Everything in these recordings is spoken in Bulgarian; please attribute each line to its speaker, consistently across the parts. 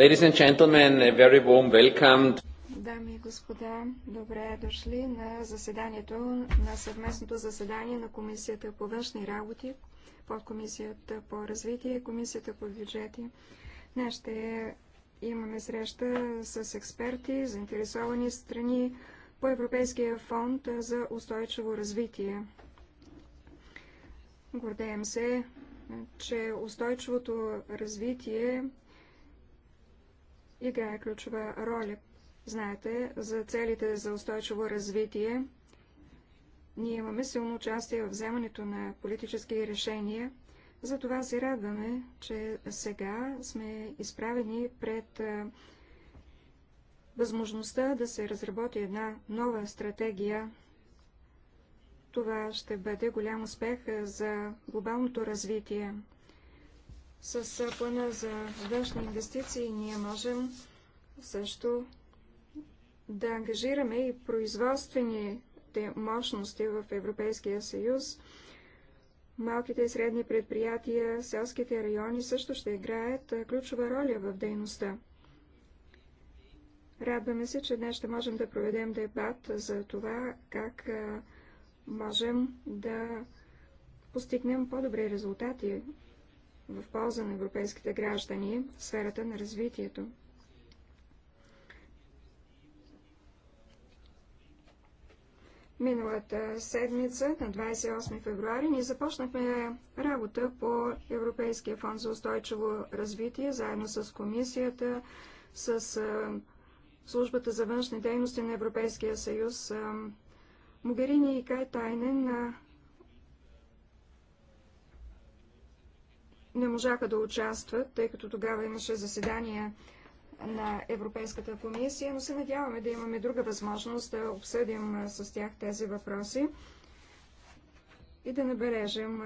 Speaker 1: Ladies and gentlemen, a very warm welcome. Дами и господа,
Speaker 2: добре дошли на заседанието, на съвместното заседание на Комисията по външни работи, под Комисията по развитие и Комисията по бюджети. Днес ще имаме среща с експерти, заинтересовани страни по Европейския фонд за устойчиво развитие. Гордеем се че устойчивото развитие играе ключова роля. Знаете, за целите за устойчиво развитие ние имаме силно участие в вземането на политически решения. Затова се радваме, че сега сме изправени пред възможността да се разработи една нова стратегия това ще бъде голям успех е, за глобалното развитие. С е, плана за външни инвестиции ние можем също да ангажираме и производствените мощности в Европейския съюз. Малките и средни предприятия, селските райони също ще играят е, ключова роля в дейността. Радваме се, че днес ще можем да проведем дебат за това как можем да постигнем по-добри резултати в полза на европейските граждани в сферата на развитието. Миналата седмица, на 28 февруари, ние започнахме работа по Европейския фонд за устойчиво развитие, заедно с комисията, с службата за външни дейности на Европейския съюз, Могерини и Кайтайнен не можаха да участват, тъй като тогава имаше заседания на Европейската комисия, но се надяваме да имаме друга възможност да обсъдим с тях тези въпроси и да набележим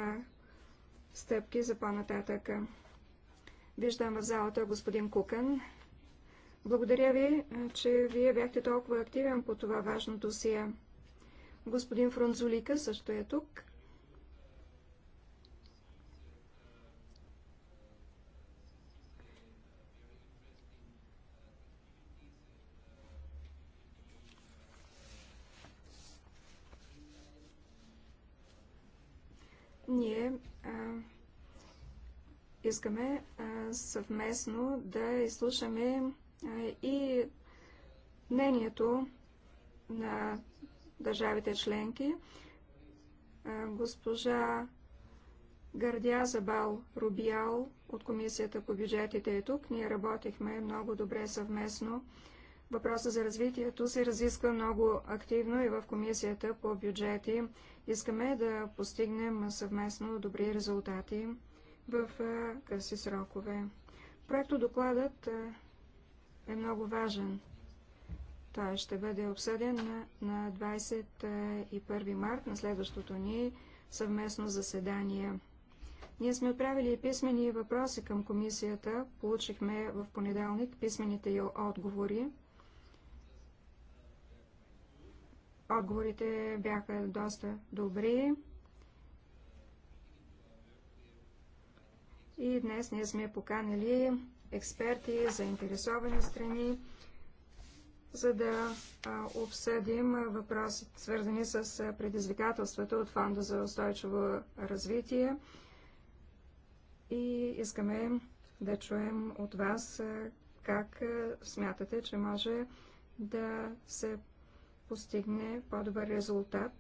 Speaker 2: стъпки за по-нататък. Виждам в залата господин Кукън. Благодаря ви, че вие бяхте толкова активен по това важно досие. Господин Фронзулика също е тук. Ние а, искаме а, съвместно да изслушаме а, и мнението на държавите членки. Госпожа Гърдя Забал Рубиал от Комисията по бюджетите е тук. Ние работихме много добре съвместно. Въпроса за развитието се разисква много активно и в Комисията по бюджети. Искаме да постигнем съвместно добри резултати в къси срокове. Проектодокладът е много важен. Той ще бъде обсъден на 21 март на следващото ни съвместно заседание. Ние сме отправили писмени въпроси към комисията. Получихме в понеделник писмените й отговори. Отговорите бяха доста добри. И днес ние сме поканали експерти, заинтересовани страни, за да обсъдим въпросите, свързани с предизвикателствата от Фонда за устойчиво развитие. И искаме да чуем от вас как смятате, че може да се постигне по-добър резултат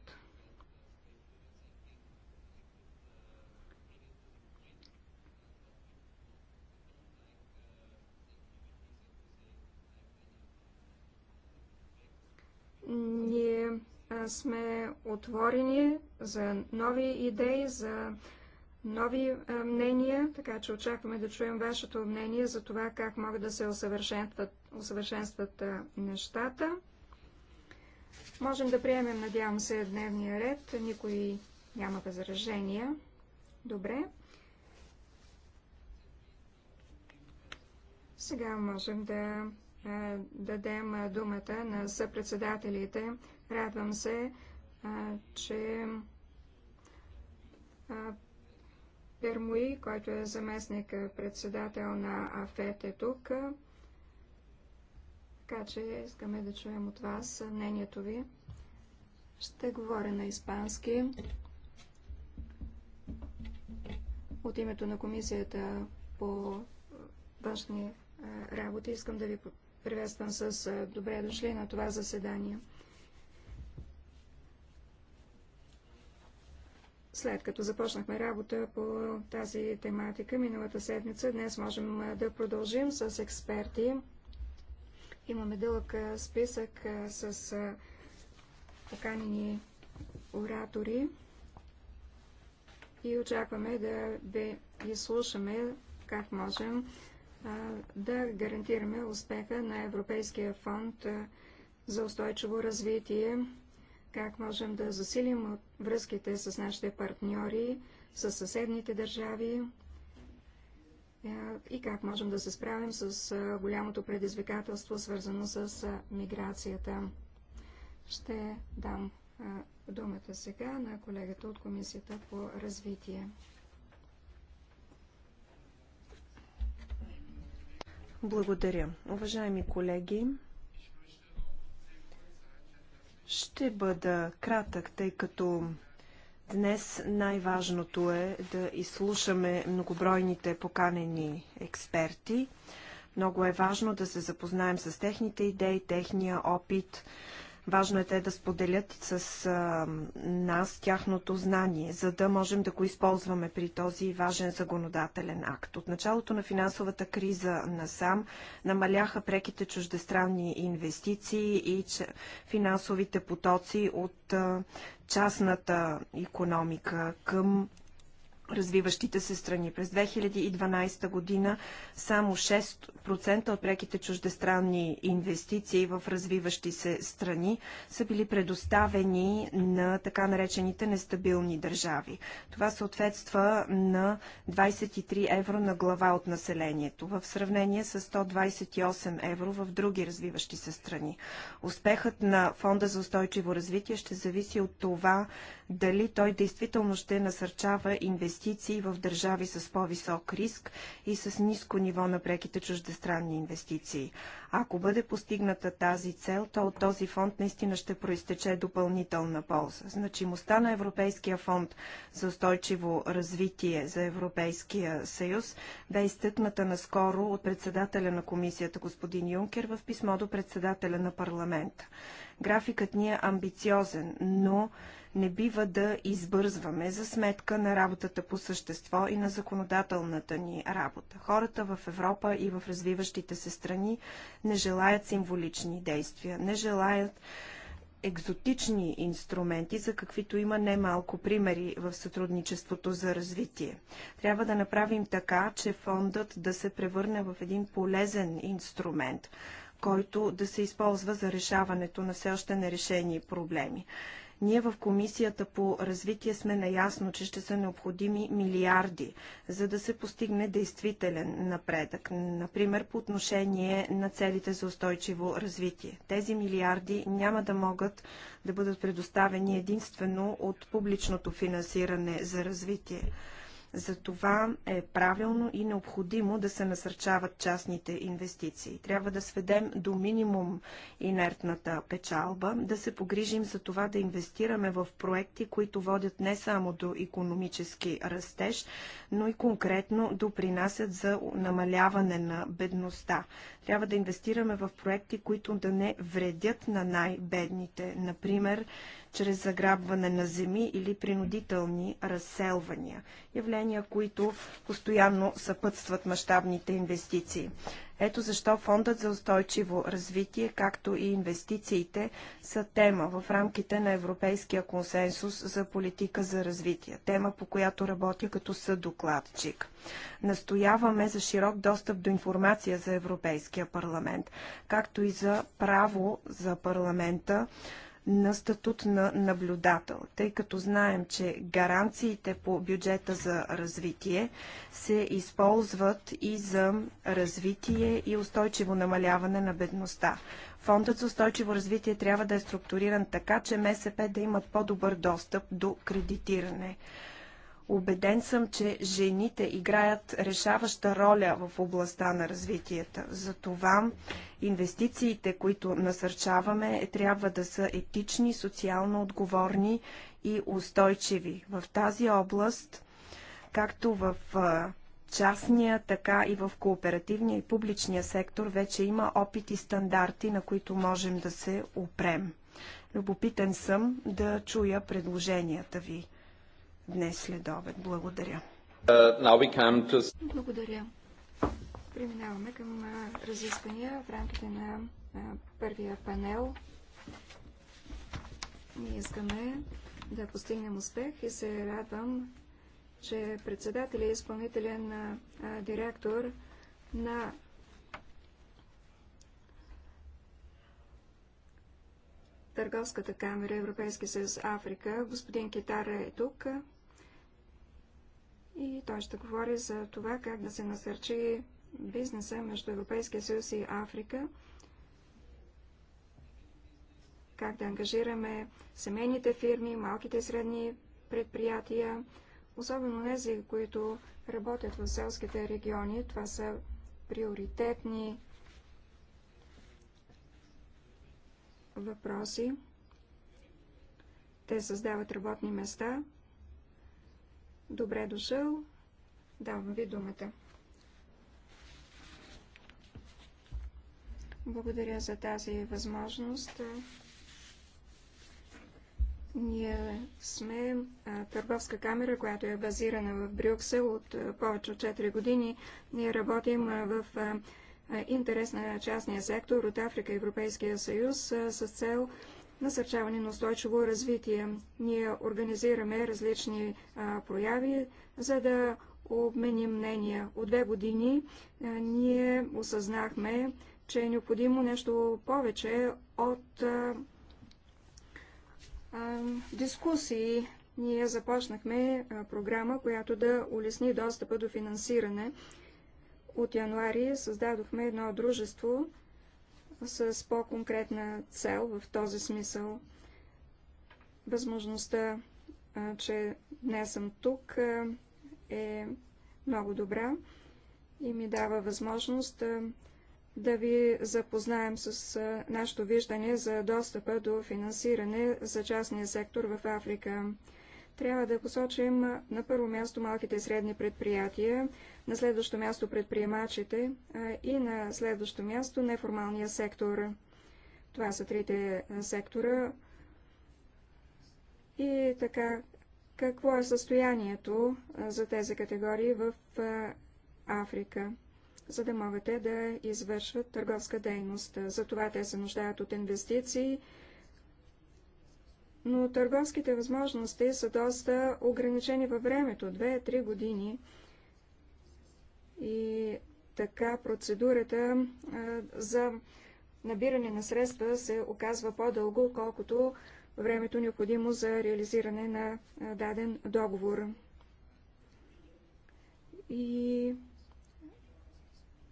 Speaker 2: Ние сме отворени за нови идеи, за нови мнения, така че очакваме да чуем вашето мнение за това как могат да се усъвършенстват, усъвършенстват нещата. Можем да приемем, надявам се, дневния ред. Никой няма възражения. Добре. Сега можем да дадем думата на съпредседателите. Радвам се, че Пермуи, който е заместник председател на АФЕТ е тук. Така че искаме да чуем от вас мнението ви. Ще говоря на испански. От името на комисията по външни работи искам да ви приветствам с добре дошли на това заседание. След като започнахме работа по тази тематика миналата седмица, днес можем да продължим с експерти. Имаме дълъг списък с поканени оратори и очакваме да ви изслушаме как можем да гарантираме успеха на Европейския фонд за устойчиво развитие, как можем да засилим връзките с нашите партньори, с съседните държави и как можем да се справим с голямото предизвикателство, свързано с миграцията. Ще дам думата сега на колегата от Комисията по развитие.
Speaker 3: Благодаря. Уважаеми колеги, ще бъда кратък, тъй като днес най-важното е да изслушаме многобройните поканени експерти. Много е важно да се запознаем с техните идеи, техния опит, Важно е те да споделят с а, нас тяхното знание, за да можем да го използваме при този важен законодателен акт. От началото на финансовата криза насам намаляха преките чуждестранни инвестиции и финансовите потоци от а, частната економика към развиващите се страни. През 2012 година само 6% от преките чуждестранни инвестиции в развиващи се страни са били предоставени на така наречените нестабилни държави. Това съответства на 23 евро на глава от населението, в сравнение с 128 евро в други развиващи се страни. Успехът на Фонда за устойчиво развитие ще зависи от това дали той действително ще насърчава инвестиции в държави с по-висок риск и с ниско ниво на преките чуждестранни инвестиции. Ако бъде постигната тази цел, то от този фонд наистина ще проистече допълнителна полза. Значимостта на Европейския фонд за устойчиво развитие за Европейския съюз бе изтъкната наскоро от председателя на комисията господин Юнкер в писмо до председателя на парламента. Графикът ни е амбициозен, но не бива да избързваме за сметка на работата по същество и на законодателната ни работа. Хората в Европа и в развиващите се страни не желаят символични действия, не желаят екзотични инструменти, за каквито има немалко примери в сътрудничеството за развитие. Трябва да направим така, че фондът да се превърне в един полезен инструмент, който да се използва за решаването на все още нерешени проблеми. Ние в Комисията по развитие сме наясно, че ще са необходими милиарди, за да се постигне действителен напредък, например по отношение на целите за устойчиво развитие. Тези милиарди няма да могат да бъдат предоставени единствено от публичното финансиране за развитие. Затова е правилно и необходимо да се насърчават частните инвестиции. Трябва да сведем до минимум инертната печалба, да се погрижим за това да инвестираме в проекти, които водят не само до економически растеж, но и конкретно допринасят за намаляване на бедността. Трябва да инвестираме в проекти, които да не вредят на най-бедните. Например, чрез заграбване на земи или принудителни разселвания. Явления, които постоянно съпътстват мащабните инвестиции. Ето защо Фондът за устойчиво развитие, както и инвестициите, са тема в рамките на Европейския консенсус за политика за развитие. Тема, по която работя като съдокладчик. Настояваме за широк достъп до информация за Европейския парламент, както и за право за парламента на статут на наблюдател, тъй като знаем, че гаранциите по бюджета за развитие се използват и за развитие и устойчиво намаляване на бедността. Фондът за устойчиво развитие трябва да е структуриран така, че МСП да имат по-добър достъп до кредитиране. Обеден съм, че жените играят решаваща роля в областта на развитието. Затова инвестициите, които насърчаваме, трябва да са етични, социално отговорни и устойчиви. В тази област, както в частния, така и в кооперативния и публичния сектор вече има опит и стандарти, на които можем да се опрем. Любопитен съм да чуя предложенията ви днес след обед. Благодаря.
Speaker 1: Uh, to...
Speaker 2: Благодаря. Преминаваме към разисквания в рамките на първия панел. Ние искаме да постигнем успех и се радвам, че председателя и изпълнителен директор на Търговската камера Европейски съюз Африка. Господин Китара е тук и той ще говори за това как да се насърчи бизнеса между Европейския съюз и Африка, как да ангажираме семейните фирми, малките и средни предприятия, особено тези, които работят в селските региони. Това са приоритетни въпроси. Те създават работни места. Добре дошъл. Давам ви думата. Благодаря за тази възможност. Ние сме търговска камера, която е базирана в Брюксел от повече от 4 години. Ние работим в е, интерес на частния сектор от Африка и Европейския съюз е, с цел насърчаване на устойчиво развитие. Ние организираме различни е, прояви, за да обменим мнения. От две години ние осъзнахме, че е необходимо нещо повече от дискусии. Ние започнахме програма, която да улесни достъпа до финансиране от януари създадохме едно дружество с по-конкретна цел в този смисъл. Възможността, че днес съм тук, е много добра и ми дава възможност да ви запознаем с нашето виждане за достъпа до финансиране за частния сектор в Африка. Трябва да посочим на първо място малките и средни предприятия, на следващо място предприемачите и на следващо място неформалния сектор. Това са трите сектора. И така, какво е състоянието за тези категории в Африка, за да могат те да извършват търговска дейност. Затова те се нуждаят от инвестиции, но търговските възможности са доста ограничени във времето, 2-3 години. И така процедурата за набиране на средства се оказва по-дълго, колкото времето необходимо за реализиране на даден договор. И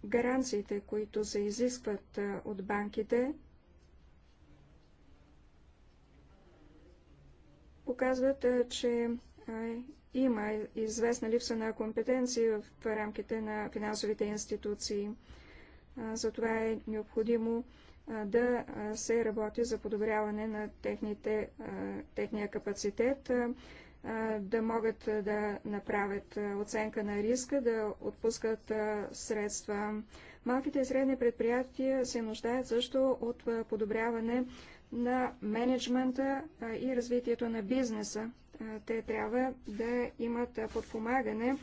Speaker 2: гаранциите, които се изискват от банките, показват, че има известна липса на компетенции в рамките на финансовите институции. Затова е необходимо да се работи за подобряване на техните, техния капацитет, да могат да направят оценка на риска, да отпускат средства. Малките и средни предприятия се нуждаят също от подобряване на менеджмента и развитието на бизнеса. Те трябва да имат подпомагане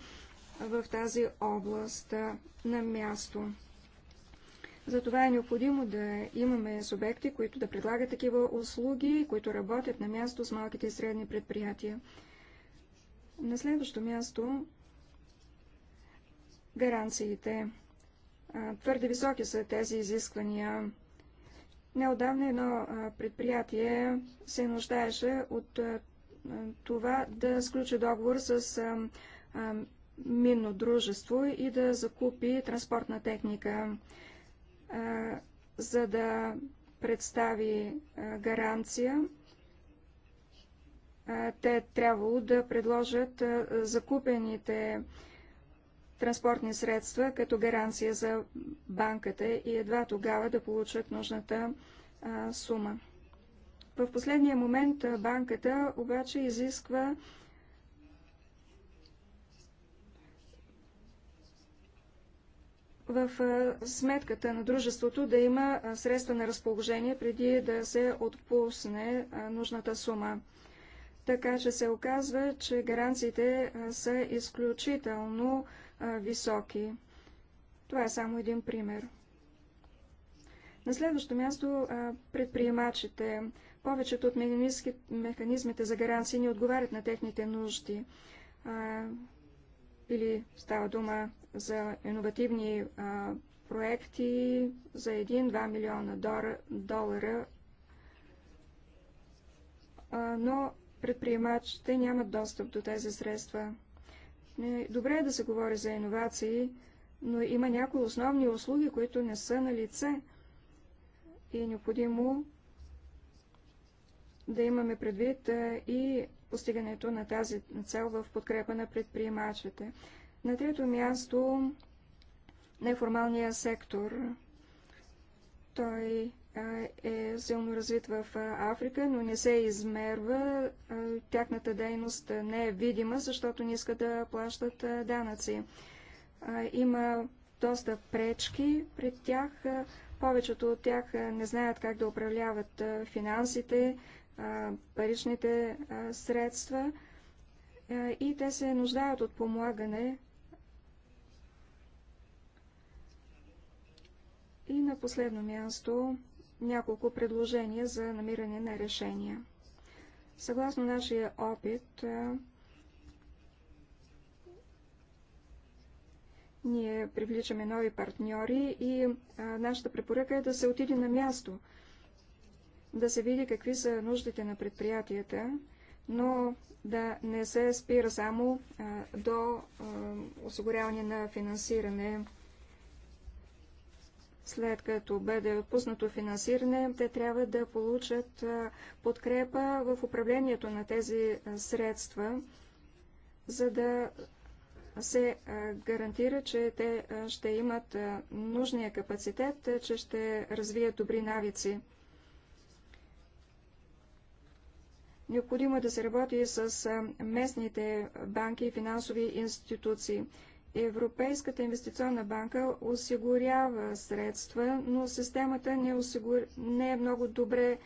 Speaker 2: в тази област на място. Затова е необходимо да имаме субекти, които да предлагат такива услуги, които работят на място с малките и средни предприятия. На следващо място гаранциите. Твърде високи са тези изисквания Неодавна едно предприятие се нуждаеше от това да сключи договор с минно дружество и да закупи транспортна техника, за да представи гаранция. Те е трябвало да предложат закупените транспортни средства като гаранция за банката и едва тогава да получат нужната а, сума. В последния момент банката обаче изисква в сметката на дружеството да има средства на разположение преди да се отпусне нужната сума. Така че се оказва, че гаранциите са изключително високи. Това е само един пример. На следващо място предприемачите. Повечето от механизмите за гаранции не отговарят на техните нужди. Или става дума за иновативни проекти за 1-2 милиона долара, но предприемачите нямат достъп до тези средства. Добре е да се говори за иновации, но има някои основни услуги, които не са на лице и е необходимо да имаме предвид и постигането на тази цел в подкрепа на предприемачите. На трето място неформалния сектор. Той е силно развит в Африка, но не се измерва. Тяхната дейност не е видима, защото не иска да плащат данъци. Има доста пречки пред тях. Повечето от тях не знаят как да управляват финансите, паричните средства и те се нуждаят от помагане. И на последно място няколко предложения за намиране на решения. Съгласно нашия опит, ние привличаме нови партньори и нашата препоръка е да се отиде на място, да се види какви са нуждите на предприятията, но да не се спира само до осигуряване на финансиране след като бъде отпуснато финансиране, те трябва да получат подкрепа в управлението на тези средства, за да се гарантира, че те ще имат нужния капацитет, че ще развият добри навици. Необходимо е да се работи с местните банки и финансови институции. Европейската инвестиционна банка осигурява средства, но системата не, осигур... не е много добре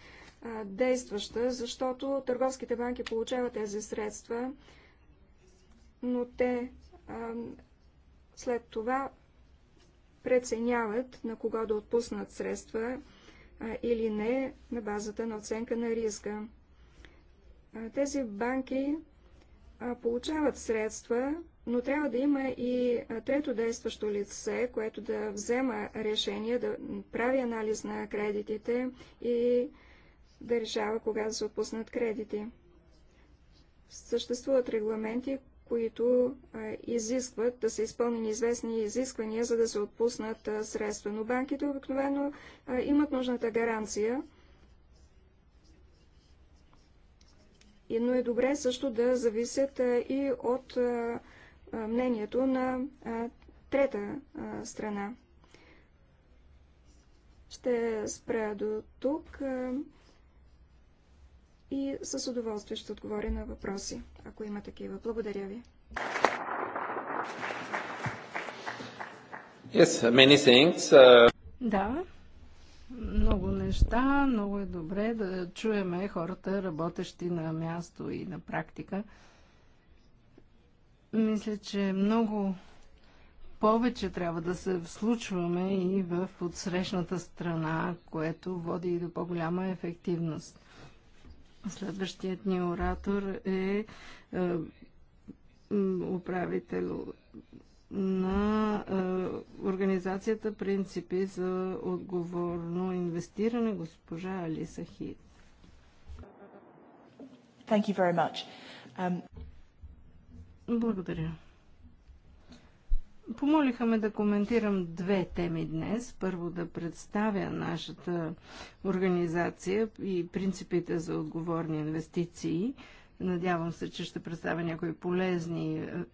Speaker 2: а, действаща, защото търговските банки получават тези средства, но те а, след това преценяват на кого да отпуснат средства а, или не на базата на оценка на риска. А, тези банки получават средства, но трябва да има и трето действащо лице, което да взема решение, да прави анализ на кредитите и да решава кога да се отпуснат кредити. Съществуват регламенти, които изискват да са изпълнени известни изисквания, за да се отпуснат средства. Но банките обикновено имат нужната гаранция но е добре също да зависят и от мнението на трета страна. Ще спра до тук и с удоволствие ще отговоря на въпроси, ако има такива. Благодаря ви.
Speaker 1: Yes, many things. Uh...
Speaker 2: Да, много неща.
Speaker 1: Много е добре да чуеме хората, работещи на място и на практика. Мисля, че много повече трябва да се вслучваме и в отсрещната страна, което води и до по-голяма ефективност. Следващият ни оратор е, е управител на е, организацията Принципи за отговорно инвестиране, госпожа Алиса Хит. Thank you very much. Um... Благодаря. Помолиха ме да коментирам две теми днес. Първо да представя нашата организация и принципите за отговорни инвестиции. Надявам се, че ще представя някои полезни е,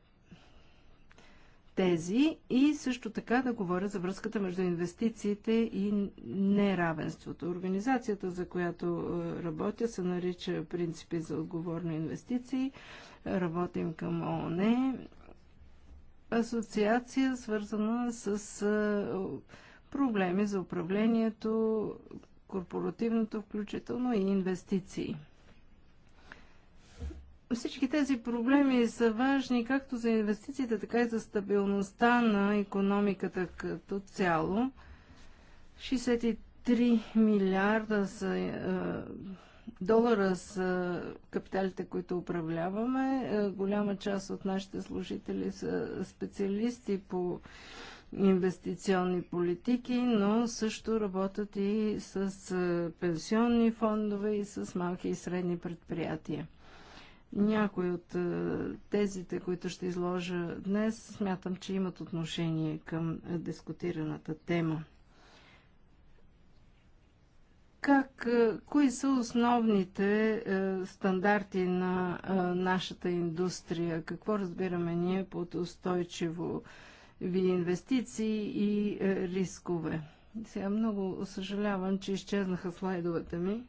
Speaker 1: тези и също така да говоря за връзката между инвестициите и неравенството. Организацията, за която е, работя, се нарича Принципи за отговорни инвестиции. Работим към ООН. Асоциация, свързана с е, проблеми за управлението, корпоративното включително и инвестиции. Всички тези проблеми са важни както за инвестициите, така и за стабилността на економиката като цяло. 63 милиарда са, е, долара са капиталите, които управляваме. Е, голяма част от нашите служители са специалисти по инвестиционни политики, но също работят и с е, пенсионни фондове и с малки и средни предприятия. Някои от е, тезите, които ще изложа днес, смятам, че имат отношение към дискутираната тема. Как, е, кои са основните е, стандарти на нашата индустрия? Какво разбираме ние под устойчиво ви инвестиции и рискове? Сега много съжалявам, че изчезнаха слайдовете ми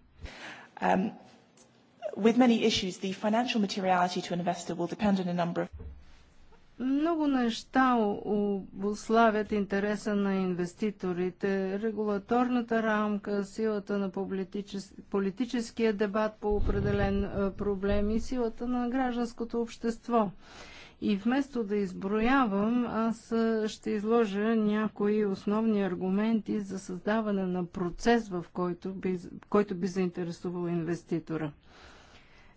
Speaker 1: with many issues, the financial materiality to an investor will depend on a number of много неща обославят интереса на инвеститорите. Регулаторната рамка, силата на политичес... политическия дебат по определен е, проблем и силата на гражданското общество. И вместо да изброявам, аз е, ще изложа някои основни аргументи за създаване на процес, в който би, който би заинтересувал инвеститора.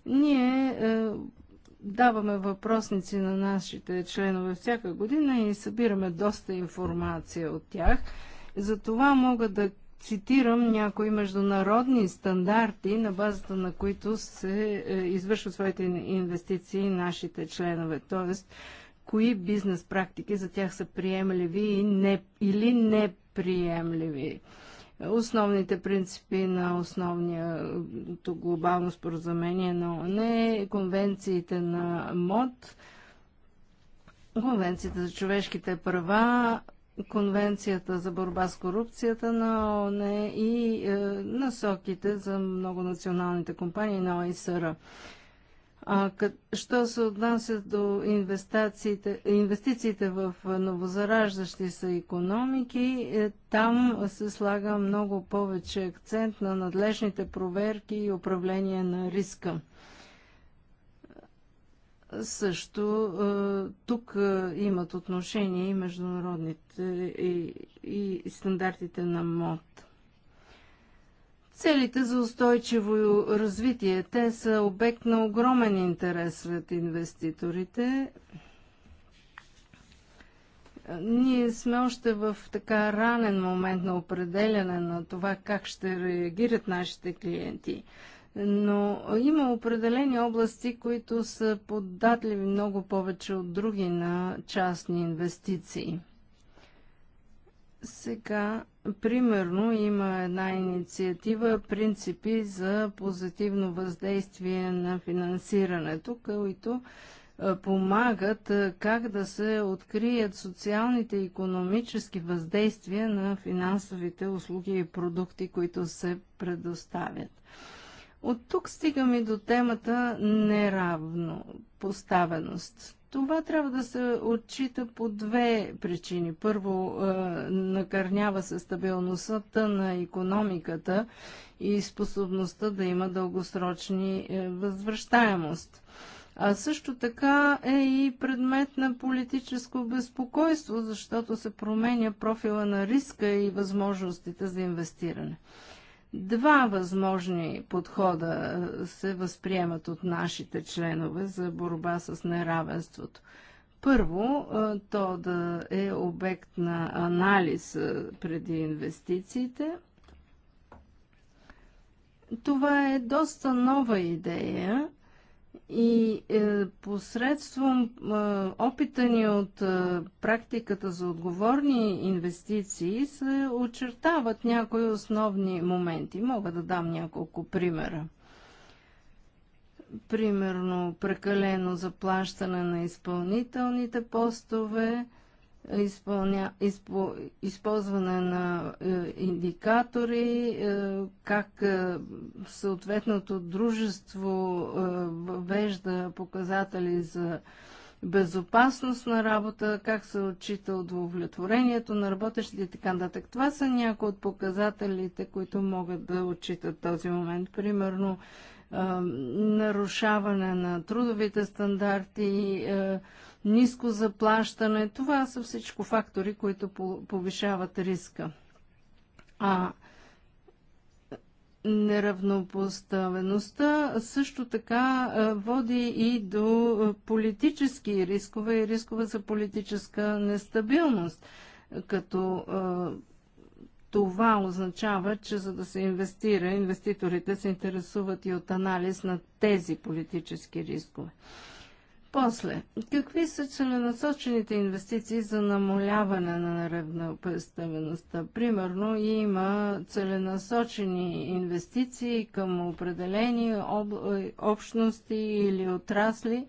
Speaker 1: Ние е, даваме въпросници на нашите членове всяка година и събираме доста информация от тях. Затова мога да цитирам някои международни стандарти, на базата на които се е, извършват своите инвестиции нашите членове. Тоест, кои бизнес практики за тях са приемливи и не, или неприемливи основните принципи на основното глобално споразумение на ОНЕ, конвенциите на МОД, конвенцията за човешките права, конвенцията за борба с корупцията на ОНЕ и е, насоките за многонационалните компании на ОИСР. А, къд, що се отнася до инвестициите, инвестициите в новозараждащи се економики, е, там се слага много повече акцент на надлежните проверки и управление на риска. Също е, тук е, имат отношение и международните и, и стандартите на МОД. Целите за устойчиво развитие, те са обект на огромен интерес сред инвеститорите. Ние сме още в така ранен момент на определяне на това как ще реагират нашите клиенти. Но има определени области, които са поддатливи много повече от други на частни инвестиции. Сега Примерно има една инициатива Принципи за позитивно въздействие на финансирането, които е, помагат е, как да се открият социалните и економически въздействия на финансовите услуги и продукти, които се предоставят. От тук стигаме до темата неравно поставеност. Това трябва да се отчита по две причини. Първо, е, накърнява се стабилността на економиката и способността да има дългосрочни е, възвръщаемост. А също така е и предмет на политическо безпокойство, защото се променя профила на риска и възможностите за инвестиране. Два възможни подхода се възприемат от нашите членове за борба с неравенството. Първо, то да е обект на анализ преди инвестициите. Това е доста нова идея и е, посредством е, опита ни от е, практиката за отговорни инвестиции се очертават някои основни моменти. Мога да дам няколко примера. Примерно прекалено заплащане на изпълнителните постове, изпълня, изпо, използване на е, индикатори, е, как е, съответното дружество е, въвежда показатели за безопасност на работа, как се отчита удовлетворението на работещите и така нататък. Това са някои от показателите, които могат да отчитат този момент. Примерно е, нарушаване на трудовите стандарти, е, ниско заплащане. Това са всичко фактори, които повишават риска. А неравнопоставеността също така води и до политически рискове и рискове за политическа нестабилност, като това означава, че за да се инвестира, инвеститорите се интересуват и от анализ на тези политически рискове. После, какви са целенасочените инвестиции за намаляване на представеността? Примерно има целенасочени инвестиции към определени об... общности или отрасли,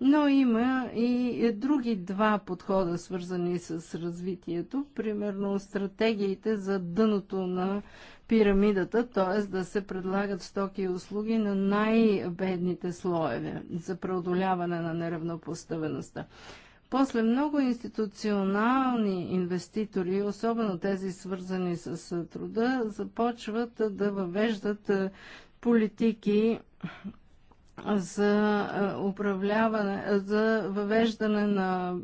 Speaker 1: но има и други два подхода, свързани с развитието, примерно стратегиите за дъното на пирамидата, т.е. да се предлагат стоки и услуги на най-бедните слоеве за преодоляване на неравнопоставеността. После много институционални инвеститори, особено тези свързани с труда, започват да въвеждат политики за управляване, за въвеждане на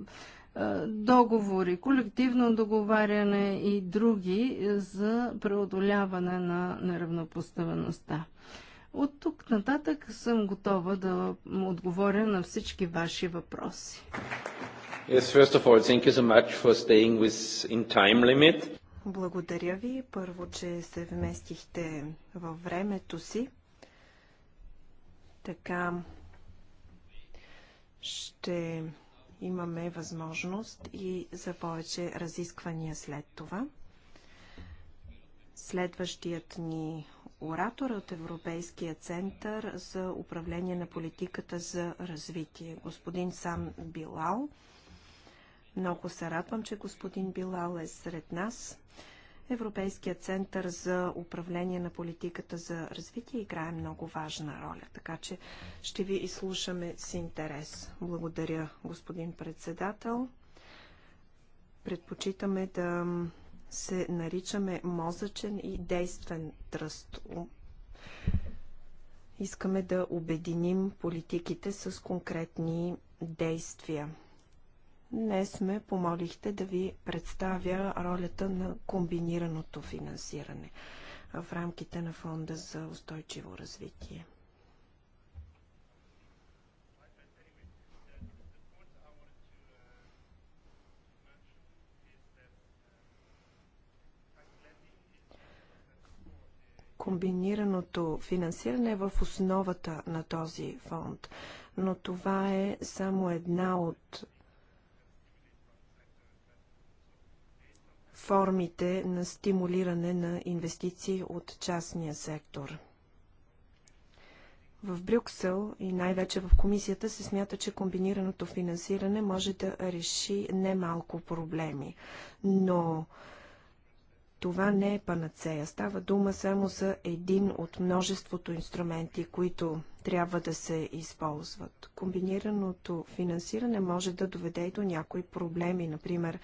Speaker 1: е, договори, колективно договаряне и други за преодоляване на неравнопоставеността. От тук нататък съм готова да отговоря на всички ваши въпроси. Yes, first of all, thank you so much for staying within time limit.
Speaker 3: Благодаря ви първо, че се вместихте във времето си. Така ще имаме възможност и за повече разисквания след това. Следващият ни оратор от Европейския център за управление на политиката за развитие, господин Сам Билал. Много се радвам, че господин Билал е сред нас. Европейският център за управление на политиката за развитие играе много важна роля, така че ще ви изслушаме с интерес. Благодаря, господин председател. Предпочитаме да се наричаме мозъчен и действен тръст. Искаме да обединим политиките с конкретни действия. Днес ме помолихте да ви представя ролята на комбинираното финансиране в рамките на Фонда за устойчиво развитие. комбинираното финансиране е в основата на този фонд. Но това е само една от формите на стимулиране на инвестиции от частния сектор. В Брюксел и най-вече в комисията се смята, че комбинираното финансиране може да реши немалко проблеми. Но това не е панацея. Става дума само за един от множеството инструменти, които трябва да се използват. Комбинираното финансиране може да доведе и до някои проблеми, например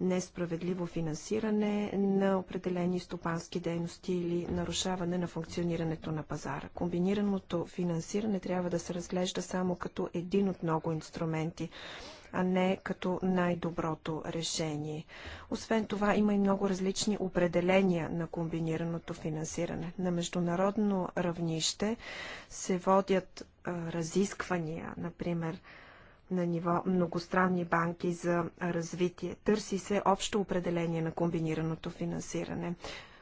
Speaker 3: несправедливо финансиране на определени стопански дейности или нарушаване на функционирането на пазара. Комбинираното финансиране трябва да се разглежда само като един от много инструменти а не като най-доброто решение. Освен това, има и много различни определения на комбинираното финансиране. На международно равнище се водят а, разисквания, например, на ниво многостранни банки за развитие. Търси се общо определение на комбинираното финансиране.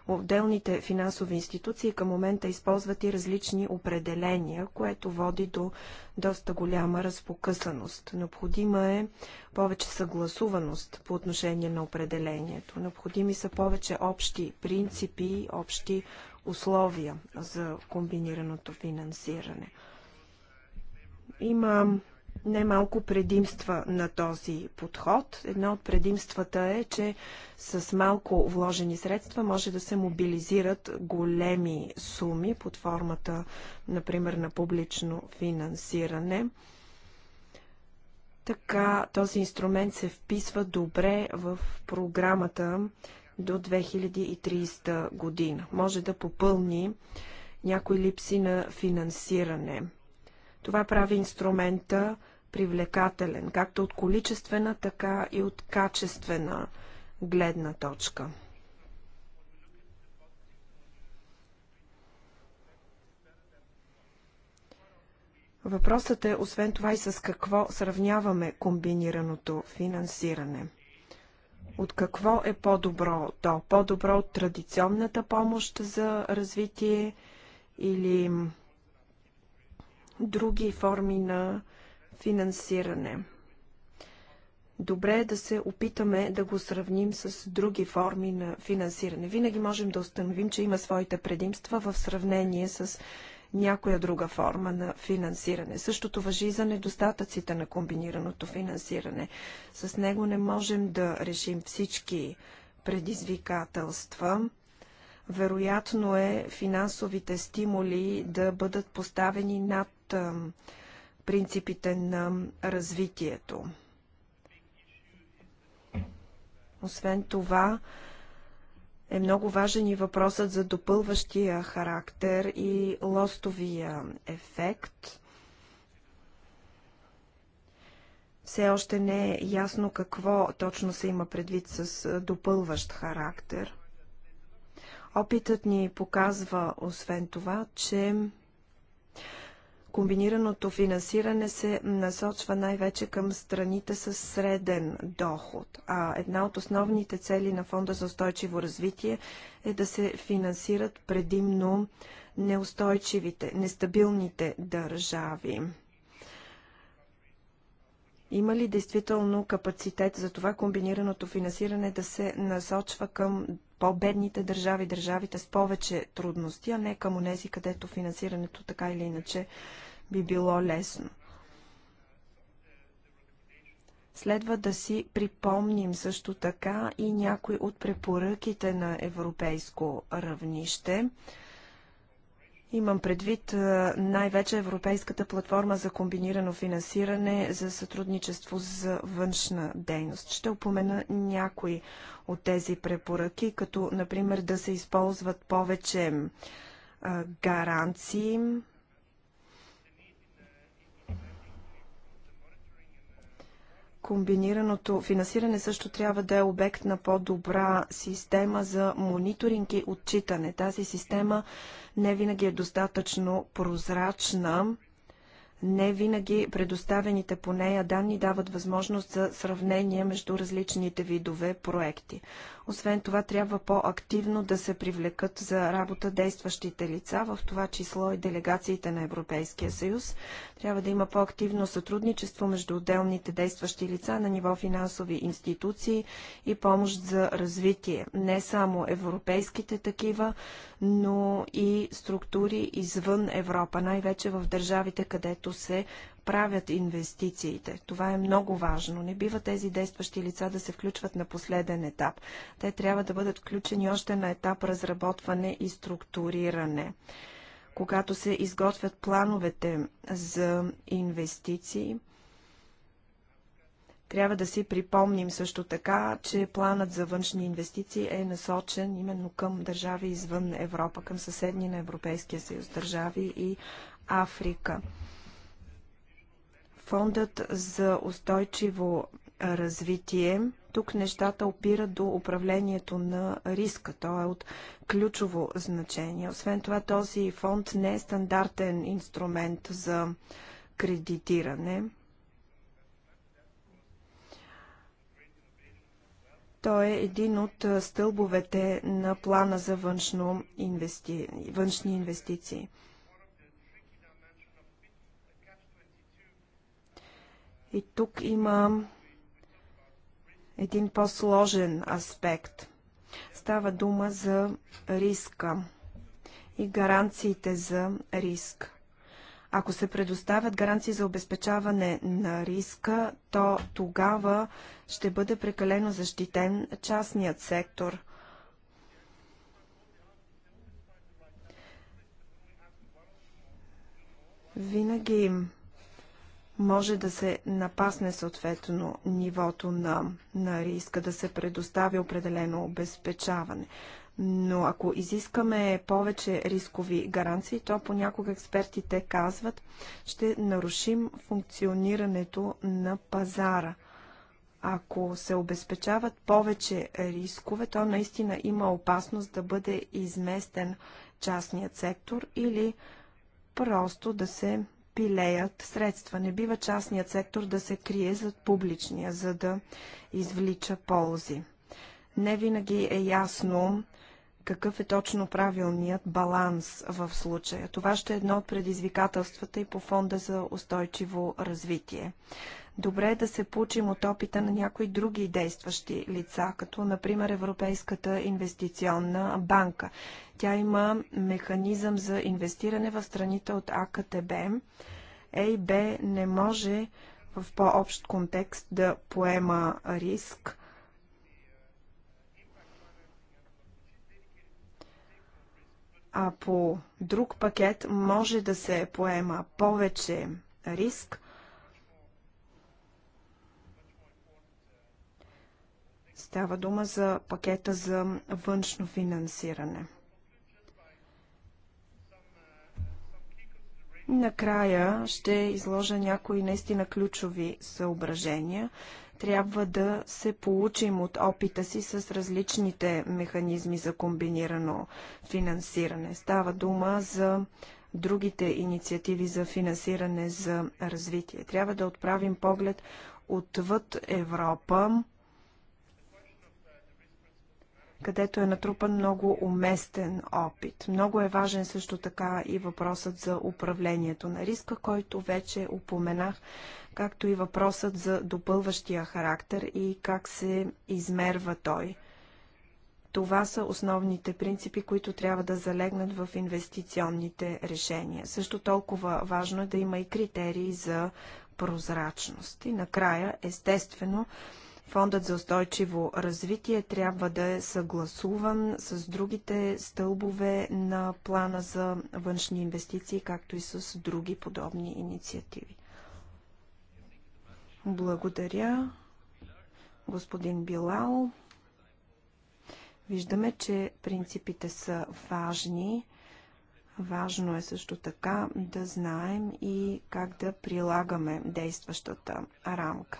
Speaker 3: Отделните финансови институции към момента използват и различни определения, което води до доста голяма разпокъсаност. Необходима е повече съгласуваност по отношение на определението. Необходими са повече общи принципи, общи условия за комбинираното финансиране. Има немалко предимства на този подход. Едно от предимствата е, че с малко вложени средства може да се мобилизират големи суми под формата, например, на публично финансиране. Така този инструмент се вписва добре в програмата до 2030 година. Може да попълни някои липси на финансиране – това прави инструмента привлекателен, както от количествена, така и от качествена гледна точка. Въпросът е, освен това и с какво сравняваме комбинираното финансиране. От какво е по-добро то? По-добро от традиционната помощ за развитие или други форми на финансиране. Добре е да се опитаме да го сравним с други форми на финансиране. Винаги можем да установим, че има своите предимства в сравнение с някоя друга форма на финансиране. Същото въжи и за недостатъците на комбинираното финансиране. С него не можем да решим всички предизвикателства. Вероятно е финансовите стимули да бъдат поставени над принципите на развитието. Освен това, е много важен и въпросът за допълващия характер и лостовия ефект. Все още не е ясно какво точно се има предвид с допълващ характер. Опитът ни показва, освен това, че Комбинираното финансиране се насочва най-вече към страните с среден доход, а една от основните цели на Фонда за устойчиво развитие е да се финансират предимно неустойчивите, нестабилните държави. Има ли действително капацитет за това комбинираното финансиране да се насочва към по-бедните държави, държавите с повече трудности, а не към онези, където финансирането така или иначе би било лесно. Следва да си припомним също така и някои от препоръките на европейско равнище. Имам предвид най-вече Европейската платформа за комбинирано финансиране за сътрудничество за външна дейност. Ще упомена някои от тези препоръки, като например да се използват повече гаранции Комбинираното финансиране също трябва да е обект на по-добра система за мониторинг и отчитане. Тази система не винаги е достатъчно прозрачна. Не винаги предоставените по нея данни дават възможност за сравнение между различните видове проекти. Освен това, трябва по-активно да се привлекат за работа действащите лица, в това число и делегациите на Европейския съюз. Трябва да има по-активно сътрудничество между отделните действащи лица на ниво финансови институции и помощ за развитие. Не само европейските такива, но и структури извън Европа, най-вече в държавите, където се правят инвестициите. Това е много важно. Не бива тези действащи лица да се включват на последен етап. Те трябва да бъдат включени още на етап разработване и структуриране. Когато се изготвят плановете за инвестиции, трябва да си припомним също така, че планът за външни инвестиции е насочен именно към държави извън Европа, към съседни на Европейския съюз държави и Африка. Фондът за устойчиво развитие. Тук нещата опират до управлението на риска. То е от ключово значение. Освен това, този фонд не е стандартен инструмент за кредитиране. Той е един от стълбовете на плана за външни инвестиции. И тук има един по-сложен аспект. Става дума за риска и гаранциите за риск. Ако се предоставят гаранции за обезпечаване на риска, то тогава ще бъде прекалено защитен частният сектор. Винаги може да се напасне съответно нивото на, на риска, да се предостави определено обезпечаване. Но ако изискаме повече рискови гаранции, то понякога експертите казват, ще нарушим функционирането на пазара. Ако се обезпечават повече рискове, то наистина има опасност да бъде изместен частният сектор или просто да се пилеят средства. Не бива частният сектор да се крие зад публичния, за да извлича ползи. Не винаги е ясно какъв е точно правилният баланс в случая. Това ще е едно от предизвикателствата и по Фонда за устойчиво развитие. Добре е да се получим от опита на някои други действащи лица, като например Европейската инвестиционна банка. Тя има механизъм за инвестиране в страните от АКТБ. ЕИБ не може в по-общ контекст да поема риск – а по друг пакет може да се поема повече риск, Става дума за пакета за външно финансиране. Накрая ще изложа някои наистина ключови съображения. Трябва да се получим от опита си с различните механизми за комбинирано финансиране. Става дума за другите инициативи за финансиране за развитие. Трябва да отправим поглед отвъд Европа където е натрупан много уместен опит. Много е важен също така и въпросът за управлението на риска, който вече упоменах, както и въпросът за допълващия характер и как се измерва той. Това са основните принципи, които трябва да залегнат в инвестиционните решения. Също толкова важно е да има и критерии за прозрачност. И накрая, естествено, Фондът за устойчиво развитие трябва да е съгласуван с другите стълбове на плана за външни инвестиции, както и с други подобни инициативи. Благодаря, господин Билал. Виждаме, че принципите са важни. Важно е също така да знаем и как да прилагаме действащата рамка.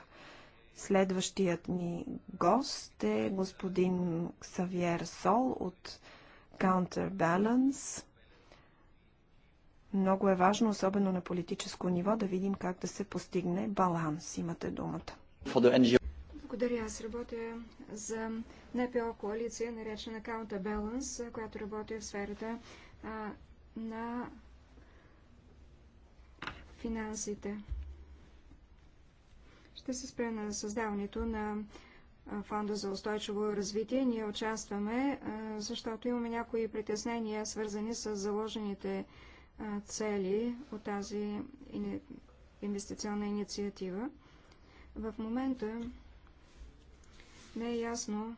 Speaker 3: Следващият ни гост е господин Ксавиер Сол от Counterbalance. Много е важно, особено на политическо ниво, да видим как да се постигне баланс. Имате думата.
Speaker 2: Благодаря. Аз работя за НПО коалиция, наречена Counterbalance, която работи в сферата а, на финансите. Ще се спре на създаването на Фонда за устойчиво развитие. Ние участваме, защото имаме някои притеснения, свързани с заложените цели от тази инвестиционна инициатива. В момента не е ясно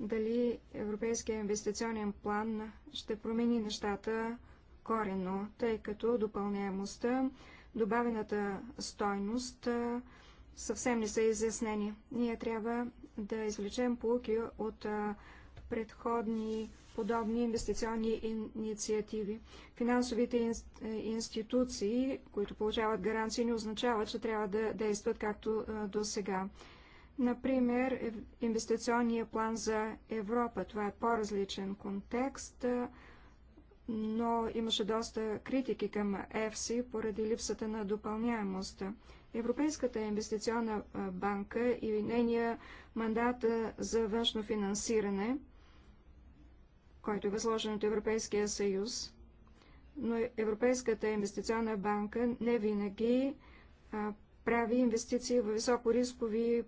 Speaker 2: дали Европейския инвестиционен план ще промени нещата коренно, тъй като допълняемостта, добавената стойност съвсем не са изяснени. Ние трябва да извлечем полки от предходни подобни инвестиционни инициативи. Финансовите е, институции, които получават гаранции, не означават, че трябва да действат както до сега. Например, е, инвестиционния план за Европа. Това е по-различен контекст, но имаше доста критики към ЕФСИ поради липсата на допълняемост. Европейската инвестиционна банка и нейния мандат за външно финансиране, който е възложен от Европейския съюз, но Европейската инвестиционна банка не винаги прави инвестиции в високорискови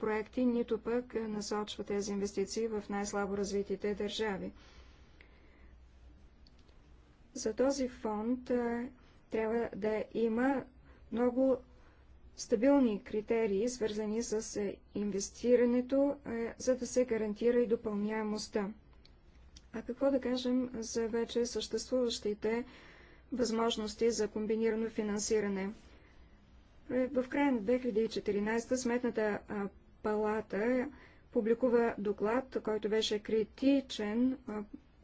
Speaker 2: проекти, нито пък насочва тези инвестиции в най-слабо развитите държави. За този фонд трябва да има много стабилни критерии, свързани с е, инвестирането, е, за да се гарантира и допълняемостта. А какво да кажем за вече съществуващите възможности за комбинирано финансиране? Е, в края на 2014 Сметната палата публикува доклад, който беше критичен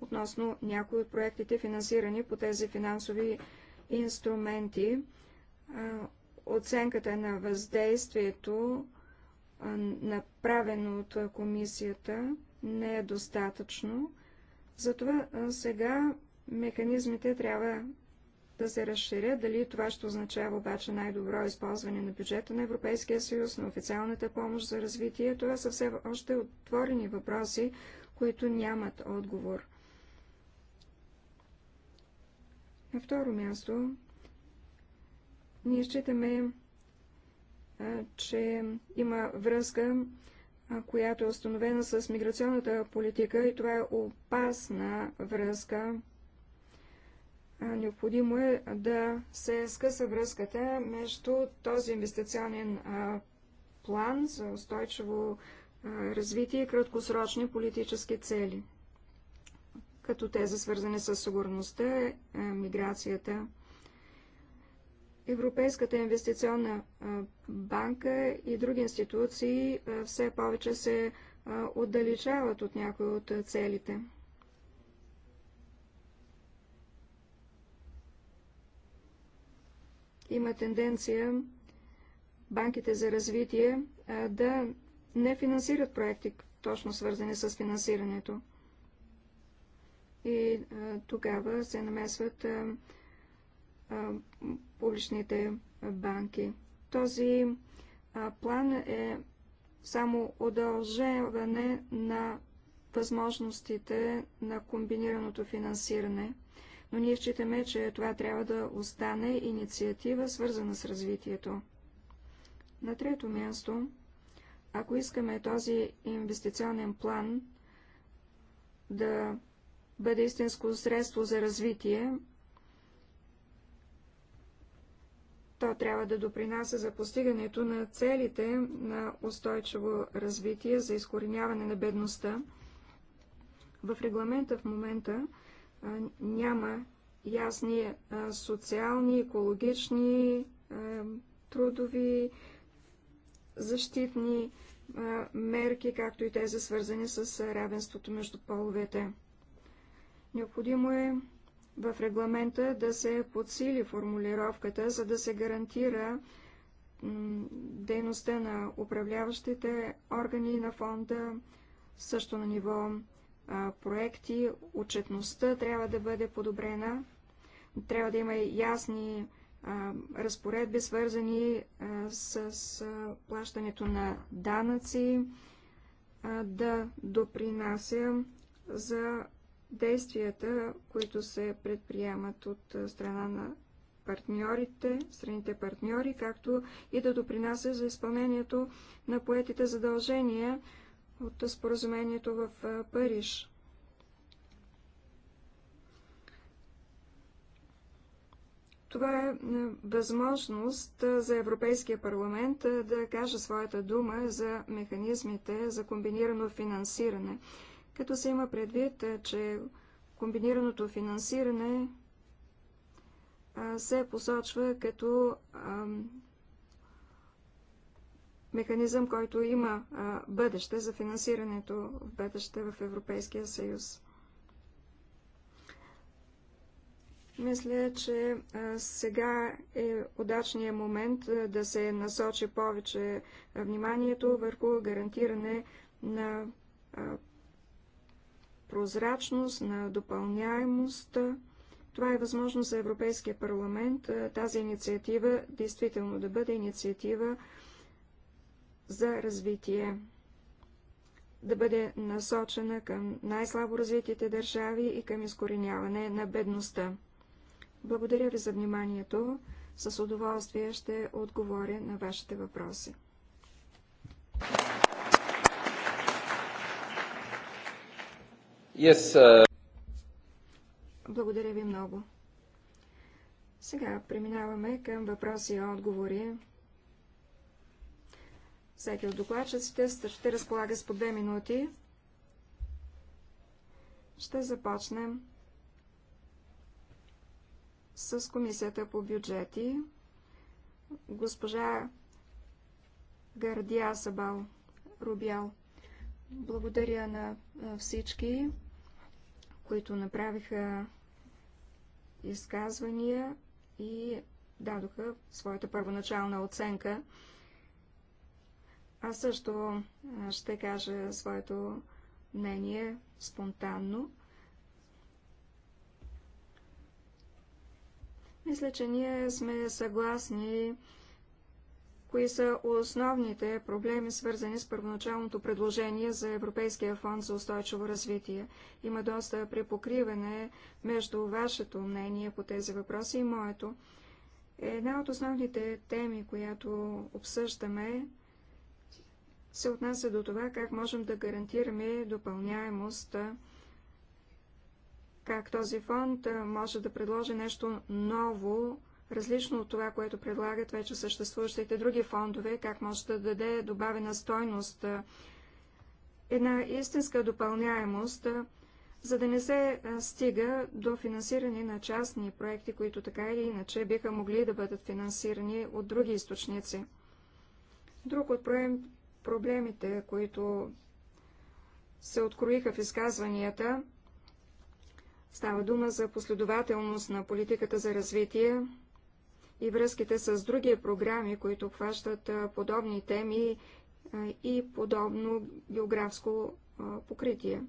Speaker 2: относно някои от проектите, финансирани по тези финансови инструменти оценката на въздействието, направено от комисията, не е достатъчно. Затова сега механизмите трябва да се разширят. Дали това ще означава обаче най-добро използване на бюджета на Европейския съюз, на официалната помощ за развитие, това са все още отворени въпроси, които нямат отговор. На второ място, ние считаме, че има връзка, която е установена с миграционната политика и това е опасна връзка. Необходимо е да се скъса връзката между този инвестиционен план за устойчиво развитие и краткосрочни политически цели, като тези свързани с сигурността, миграцията, Европейската инвестиционна банка и други институции все повече се отдалечават от някои от целите. Има тенденция банките за развитие да не финансират проекти, точно свързани с финансирането. И тогава се намесват публичните банки. Този план е само удължаване на възможностите на комбинираното финансиране. Но ние считаме, че това трябва да остане инициатива, свързана с развитието. На трето място, ако искаме този инвестиционен план да бъде истинско средство за развитие, То трябва да допринася за постигането на целите на устойчиво развитие за изкореняване на бедността. В регламента в момента а, няма ясни а, социални, екологични, а, трудови, защитни мерки, както и тези свързани с равенството между половете. Необходимо е в регламента да се подсили формулировката, за да се гарантира дейността на управляващите органи на фонда, също на ниво а, проекти, отчетността трябва да бъде подобрена, трябва да има ясни а, разпоредби, свързани а, с плащането на данъци, да допринася за действията, които се предприемат от страна на партньорите, страните партньори, както и да допринася за изпълнението на поетите задължения от споразумението в Париж. Това е възможност за Европейския парламент да каже своята дума за механизмите за комбинирано финансиране като се има предвид, е, че комбинираното финансиране се посочва като механизъм, който има бъдеще за финансирането в бъдеще в Европейския съюз. Мисля, че сега е удачният момент да се насочи повече вниманието върху гарантиране на прозрачност, на допълняемост. Това е възможно за Европейския парламент е, тази инициатива действително да бъде инициатива за развитие, да бъде насочена към най-слабо развитите държави и към изкореняване на бедността. Благодаря ви за вниманието. С удоволствие ще отговоря на вашите въпроси.
Speaker 3: Yes, uh...
Speaker 2: Благодаря ви много. Сега преминаваме към въпроси и отговори. Всеки от докладчиците ще разполага с по две минути. Ще започнем с Комисията по бюджети. Госпожа Гардия Сабал Рубял. Благодаря на всички, които направиха изказвания и дадоха своята първоначална оценка. Аз също ще кажа своето мнение спонтанно. Мисля, че ние сме съгласни кои са основните проблеми, свързани с първоначалното предложение за Европейския фонд за устойчиво развитие. Има доста препокриване между вашето мнение по тези въпроси и моето. Една от основните теми, която обсъждаме, се отнася до това как можем да гарантираме допълняемост, как този фонд може да предложи нещо ново различно от това, което предлагат вече съществуващите други фондове, как може да даде добавена стойност, една истинска допълняемост, за да не се стига до финансиране на частни проекти, които така или иначе биха могли да бъдат финансирани от други източници. Друг от проблемите, които се откроиха в изказванията, Става дума за последователност на политиката за развитие, и връзките с други програми, които хващат подобни теми и подобно географско покритие.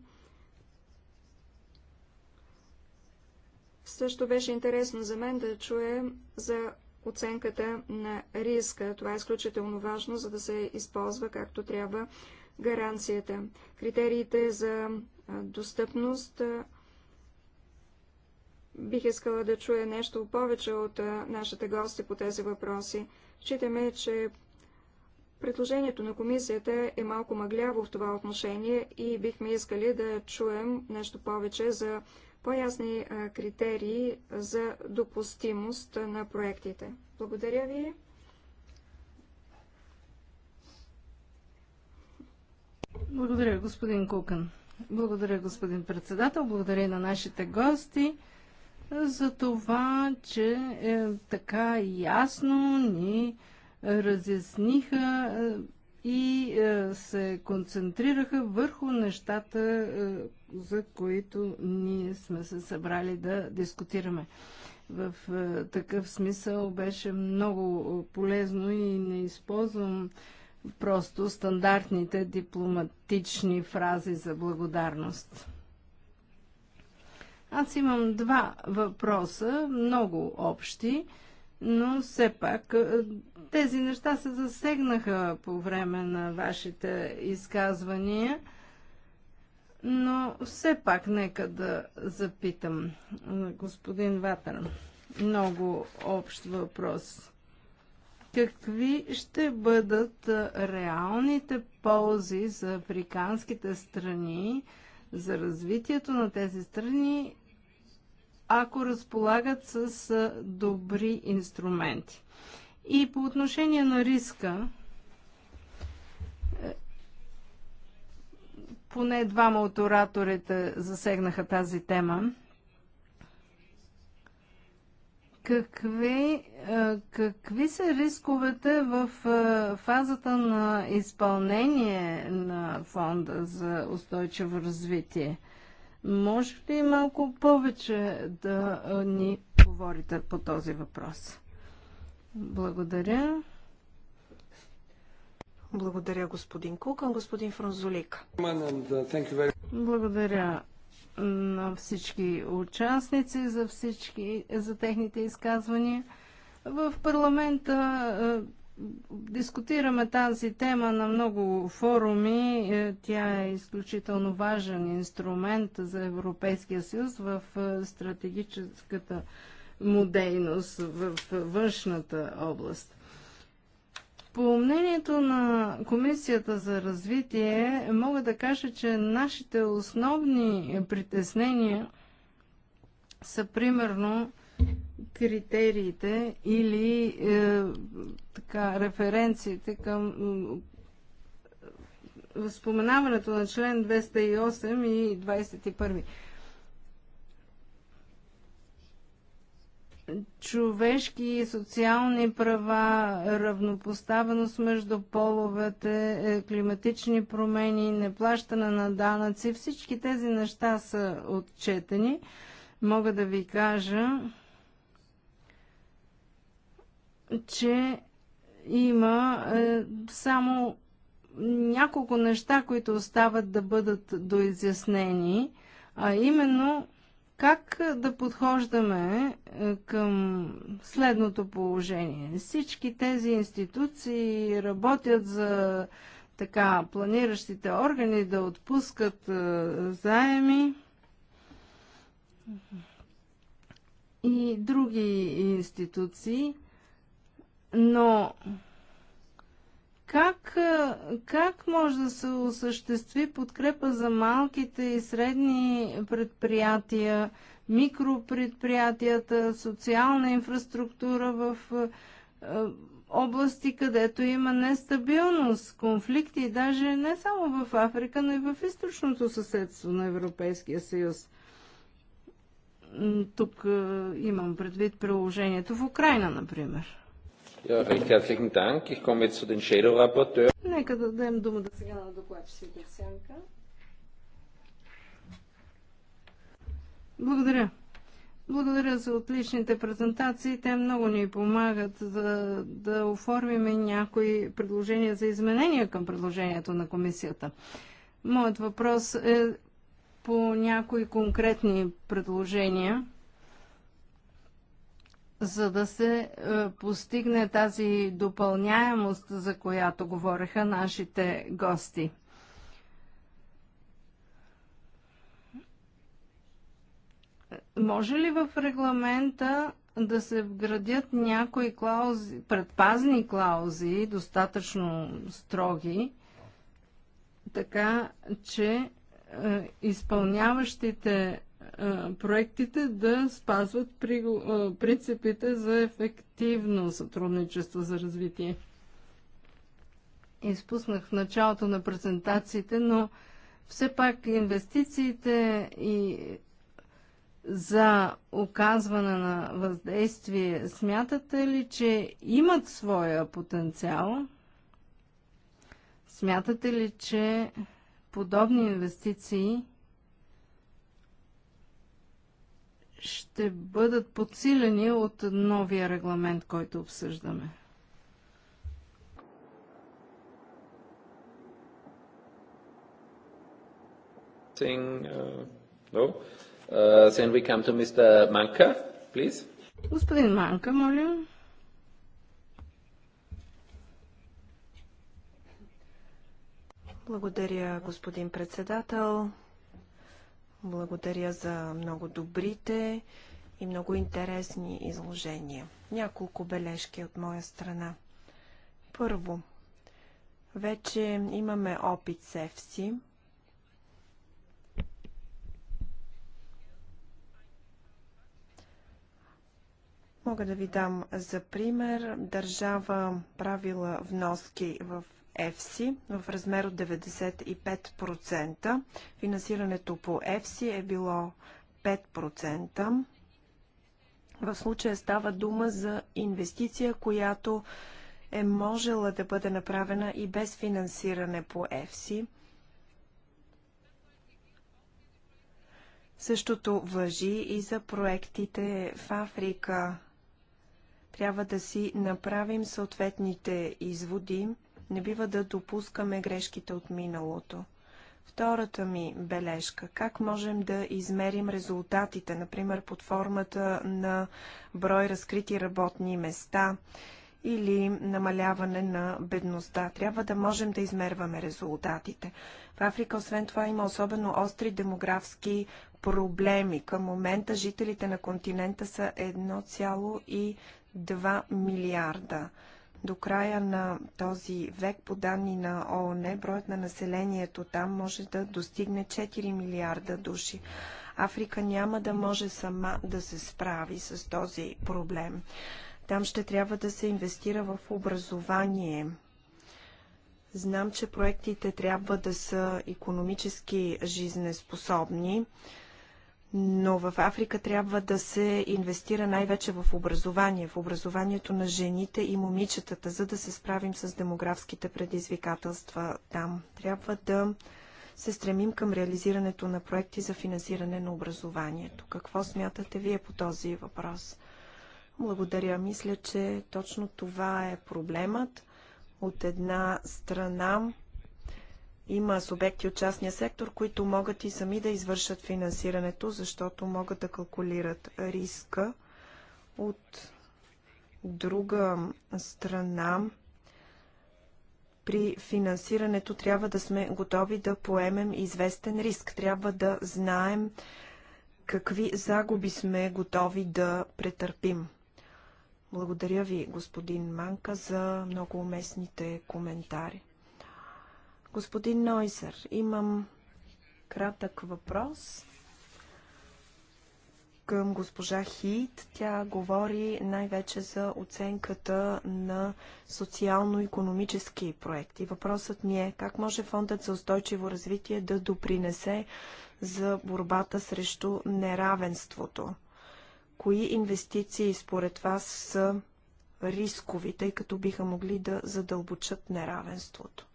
Speaker 2: Също беше интересно за мен да чуя за оценката на риска. Това е изключително важно, за да се използва както трябва гаранцията. Критериите за достъпност Бих искала да чуя нещо повече от нашите гости по тези въпроси. Считаме, че предложението на комисията е малко мъгляво в това отношение и бихме искали да чуем нещо повече за по-ясни критерии за допустимост на проектите. Благодаря ви. Благодаря,
Speaker 1: господин Кукан. Благодаря, господин председател. Благодаря на нашите гости за това, че е, така ясно ни разясниха е, и е, се концентрираха върху нещата, е, за които ние сме се събрали да дискутираме. В е, такъв смисъл беше много е, полезно и не използвам просто стандартните дипломатични фрази за благодарност. Аз имам два въпроса, много общи, но все пак е, тези неща се засегнаха по време на вашите изказвания, но все пак нека да запитам е, господин Ватър. Много общ въпрос. Какви ще бъдат е, реалните ползи за африканските страни, за развитието на тези страни ако разполагат с добри инструменти. И по отношение на риска, е, поне двама от ораторите засегнаха тази тема. Какви, е, какви са рисковете в е, фазата на изпълнение на фонда за устойчиво развитие? Може ли малко повече да ни говорите по този въпрос? Благодаря. Благодаря, господин Кукан. Господин Франзолик. Благодаря на всички участници за, всички, за техните изказвания. В парламента Дискутираме тази тема на много форуми. Е, тя е изключително важен инструмент за Европейския съюз в е, стратегическата му дейност в външната област. По мнението на Комисията за развитие, мога да кажа, че нашите основни притеснения са примерно критериите или е, така, референциите към споменаването на член 208 и 21. Човешки и социални права, равнопоставеност между половете, е, климатични промени, неплащане на данъци, всички тези неща са отчетени. Мога да ви кажа, че има е, само няколко неща, които остават да бъдат доизяснени, а именно как да подхождаме е, към следното положение. Всички тези институции работят за така планиращите органи да отпускат е, заеми и други институции но как, как може да се осъществи подкрепа за малките и средни предприятия, микропредприятията, социална инфраструктура в области, където има нестабилност, конфликти, даже не само в Африка, но и в източното съседство на Европейския съюз. Тук имам предвид приложението в Украина, например. Нека да дадем дума да
Speaker 2: сега на докладчиците сянка.
Speaker 1: Благодаря. Благодаря за отличните презентации. Те много ни помагат за да оформим някои предложения за изменения към предложението на комисията. Моят въпрос е по някои конкретни предложения за да се е, постигне тази допълняемост, за която говореха нашите гости. Може ли в регламента да се вградят някои клаузи, предпазни клаузи, достатъчно строги, така че е, изпълняващите проектите да спазват принципите за ефективно сътрудничество за развитие. Изпуснах в началото на презентациите, но все пак инвестициите и за оказване на въздействие, смятате ли, че имат своя потенциал? Смятате ли, че подобни инвестиции ще бъдат подсилени от новия регламент, който обсъждаме. Uh, uh, господин Манка, моля.
Speaker 3: Благодаря, господин председател. Благодаря за много добрите и много интересни изложения. Няколко бележки от моя страна. Първо, вече имаме опит с ЕФСИ. Мога да ви дам за пример държава правила вноски в ЕФСИ в размер от 95%. Финансирането по ЕФСИ е било 5%. В случая става дума за инвестиция, която е можела да бъде направена и без финансиране по ЕФСИ. Същото въжи и за проектите в Африка. Трябва да си направим съответните изводи не бива да допускаме грешките от миналото. Втората ми бележка. Как можем да измерим резултатите, например под формата на брой разкрити работни места или намаляване на бедността. Трябва да можем да измерваме резултатите. В Африка, освен това, има особено остри демографски проблеми. Към момента жителите на континента са 1,2 милиарда. До края на този век, по данни на ООН, броят на населението там може да достигне 4 милиарда души. Африка няма да може сама да се справи с този проблем. Там ще трябва да се инвестира в образование. Знам, че проектите трябва да са економически жизнеспособни но в Африка трябва да се инвестира най-вече в образование, в образованието на жените и момичетата, за да се справим с демографските предизвикателства там. Трябва да се стремим към реализирането на проекти за финансиране на образованието. Какво смятате вие по този въпрос? Благодаря. Мисля, че точно това е проблемът От една страна има субекти от частния сектор, които могат и сами да извършат финансирането, защото могат да калкулират риска. От друга страна, при финансирането трябва да сме готови да поемем известен риск. Трябва да знаем какви загуби сме готови да претърпим. Благодаря ви, господин Манка, за много уместните коментари. Господин Нойзер, имам кратък въпрос към госпожа Хит. Тя говори най-вече за оценката на социално-економически проекти. Въпросът ми е как може Фондът за устойчиво развитие да допринесе за борбата срещу неравенството? Кои инвестиции според вас са рискови, тъй като биха могли да задълбочат неравенството?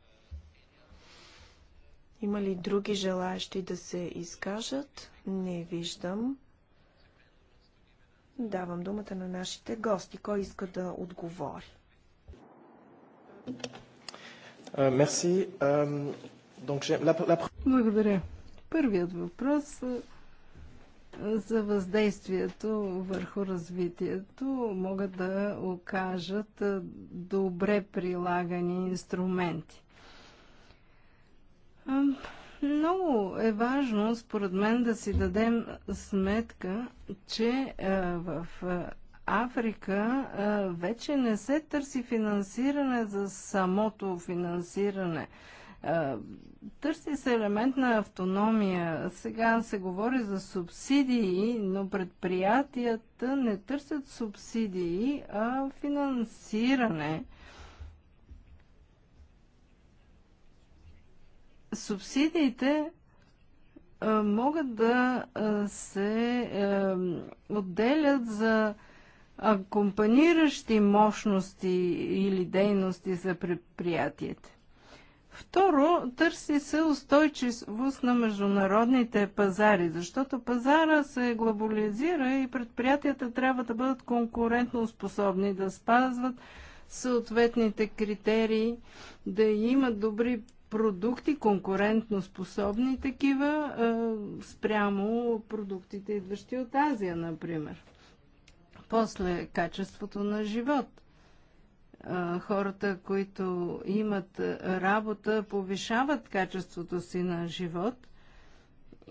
Speaker 3: Има ли други желаящи да се изкажат? Не виждам. Давам думата на нашите гости. Кой иска да отговори?
Speaker 2: Е, мерси.
Speaker 1: Благодаря. Първият въпрос е, за въздействието върху развитието могат да окажат е, добре прилагани инструменти. Много е важно, според мен, да си дадем сметка, че в Африка вече не се търси финансиране за самото финансиране. Търси се елемент на автономия. Сега се говори за субсидии, но предприятията не търсят субсидии, а финансиране – субсидиите могат да се отделят за акомпаниращи мощности или дейности за предприятията. Второ, търси се устойчивост на международните пазари, защото пазара се глобализира и предприятията трябва да бъдат конкурентно способни да спазват съответните критерии, да имат добри продукти, конкурентно способни такива, спрямо продуктите, идващи от Азия, например. После качеството на живот. Хората, които имат работа, повишават качеството си на живот –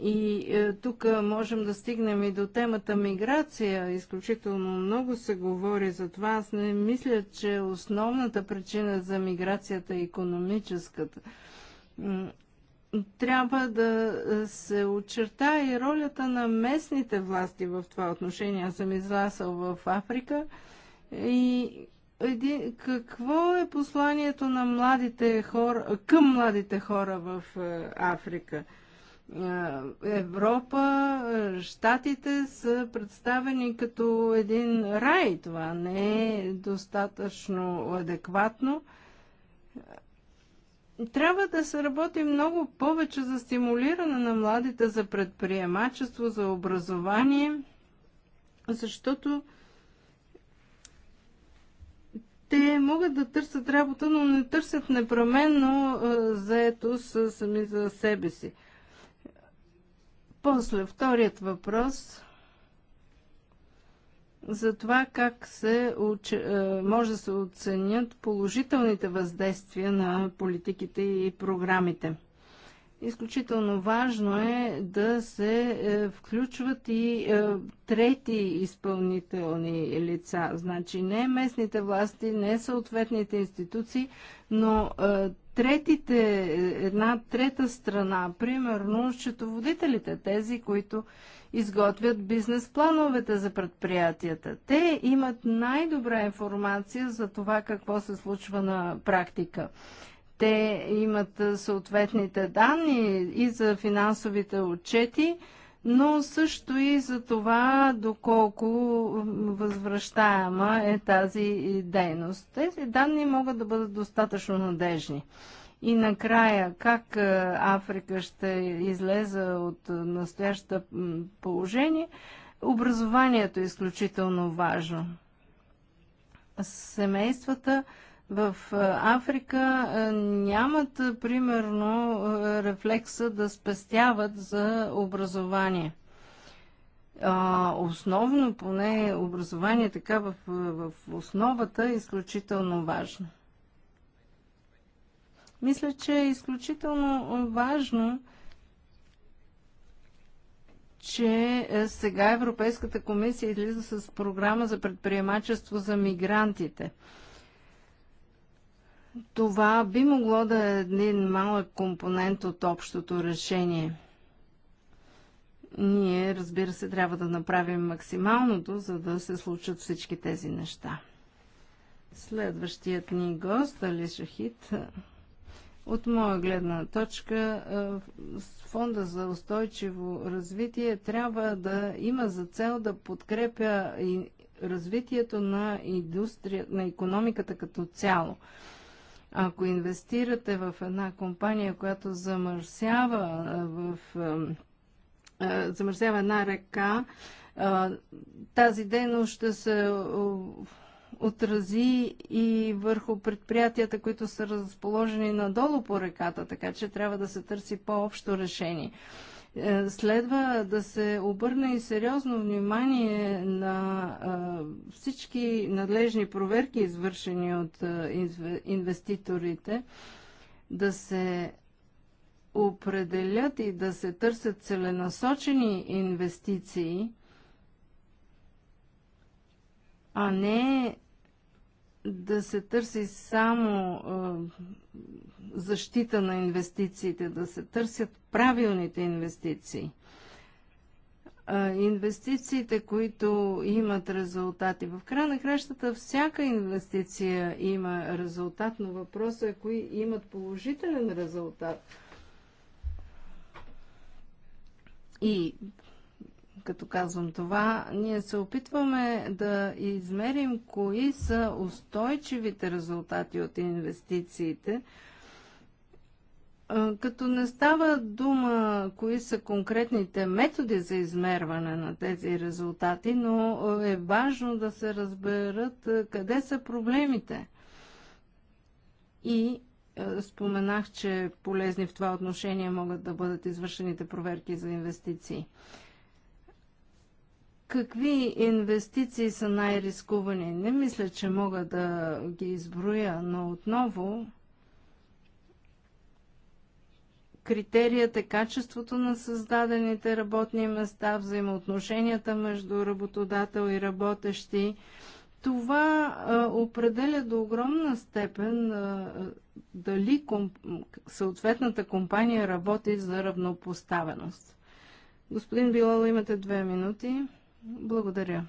Speaker 1: и е, тук можем да стигнем и до темата миграция. Изключително много се говори за това. Аз не мисля, че основната причина за миграцията е економическата. Трябва да е, се очерта и ролята на местните власти в това отношение. Аз съм изласал в Африка и един, какво е посланието на младите хора, към младите хора в е, Африка? Е, Европа, Штатите е, са представени като един рай. Това не е достатъчно адекватно. Трябва да се работи много повече за стимулиране на младите за предприемачество, за образование, защото те могат да търсят работа, но не търсят непременно е, заето сами за себе си. После вторият въпрос за това как се, е, може да се оценят положителните въздействия на политиките и програмите. Изключително важно е да се е, включват и е, трети изпълнителни лица. Значи не местните власти, не съответните институции, но третите, една трета страна, примерно счетоводителите, тези, които изготвят бизнес плановете за предприятията. Те имат най-добра информация за това какво се случва на практика. Те имат съответните данни и за финансовите отчети, но също и за това доколко възвръщаема е тази дейност. Тези данни могат да бъдат достатъчно надежни. И накрая, как е, Африка ще излезе от настоящата положение, образованието е изключително важно. Семействата в Африка нямат, примерно, рефлекса да спестяват за образование. основно, поне образование така в, в основата е изключително важно. Мисля, че е изключително важно, че е, сега Европейската комисия излиза с програма за предприемачество за мигрантите – това би могло да е един малък компонент от общото решение. Ние, разбира се, трябва да направим максималното, за да се случат всички тези неща. Следващият ни гост, Али Шахид, от моя гледна точка, е, Фонда за устойчиво развитие трябва да има за цел да подкрепя развитието на индустрия, на економиката като цяло. Ако инвестирате в една компания, която замърсява в замърсява една река, тази дейност ще се отрази и върху предприятията, които са разположени надолу по реката, така че трябва да се търси по-общо решение. Е, следва да се обърне и сериозно внимание на е, всички надлежни проверки, извършени от е, инвеститорите, да се определят и да се търсят целенасочени инвестиции, а не да се търси само е, защита на инвестициите, да се търсят правилните инвестиции. Е, инвестициите, които имат резултати. В края на кращата всяка инвестиция има резултат, но въпросът е кои имат положителен резултат. И като казвам това, ние се опитваме да измерим кои са устойчивите резултати от инвестициите, като не става дума кои са конкретните методи за измерване на тези резултати, но е важно да се разберат къде са проблемите. И споменах, че полезни в това отношение могат да бъдат извършените проверки за инвестиции. Какви инвестиции са най-рискувани? Не мисля, че мога да ги изброя, но отново критерият е качеството на създадените работни места, взаимоотношенията между работодател и работещи. Това а, определя до огромна степен а, дали комп... съответната компания работи за равнопоставеност. Господин Билал, имате две минути. Благодаря.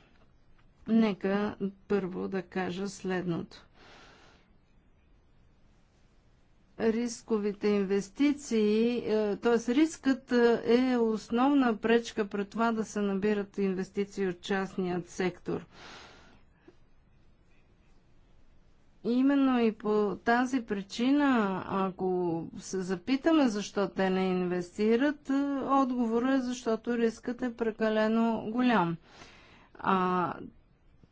Speaker 1: Нека първо да кажа следното. Рисковите инвестиции, е, т.е. рискът е, е основна пречка пред това да се набират инвестиции от частният сектор. Именно и по тази причина, ако се запитаме защо те не инвестират, е, отговорът е защото рискът е прекалено голям. А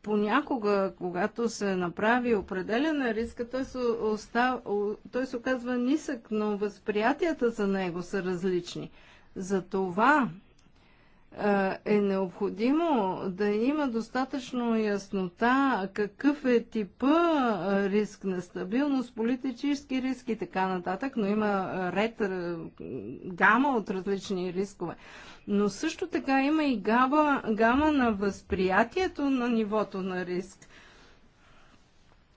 Speaker 1: понякога, когато се направи определен риск, той се, остав... той се оказва нисък, но възприятията за него са различни. Затова е необходимо да има достатъчно яснота какъв е типа риск, на стабилност, политически риски, и така нататък, но има ред, гама от различни рискове. Но също така има и гама, гама на възприятието на нивото на риск.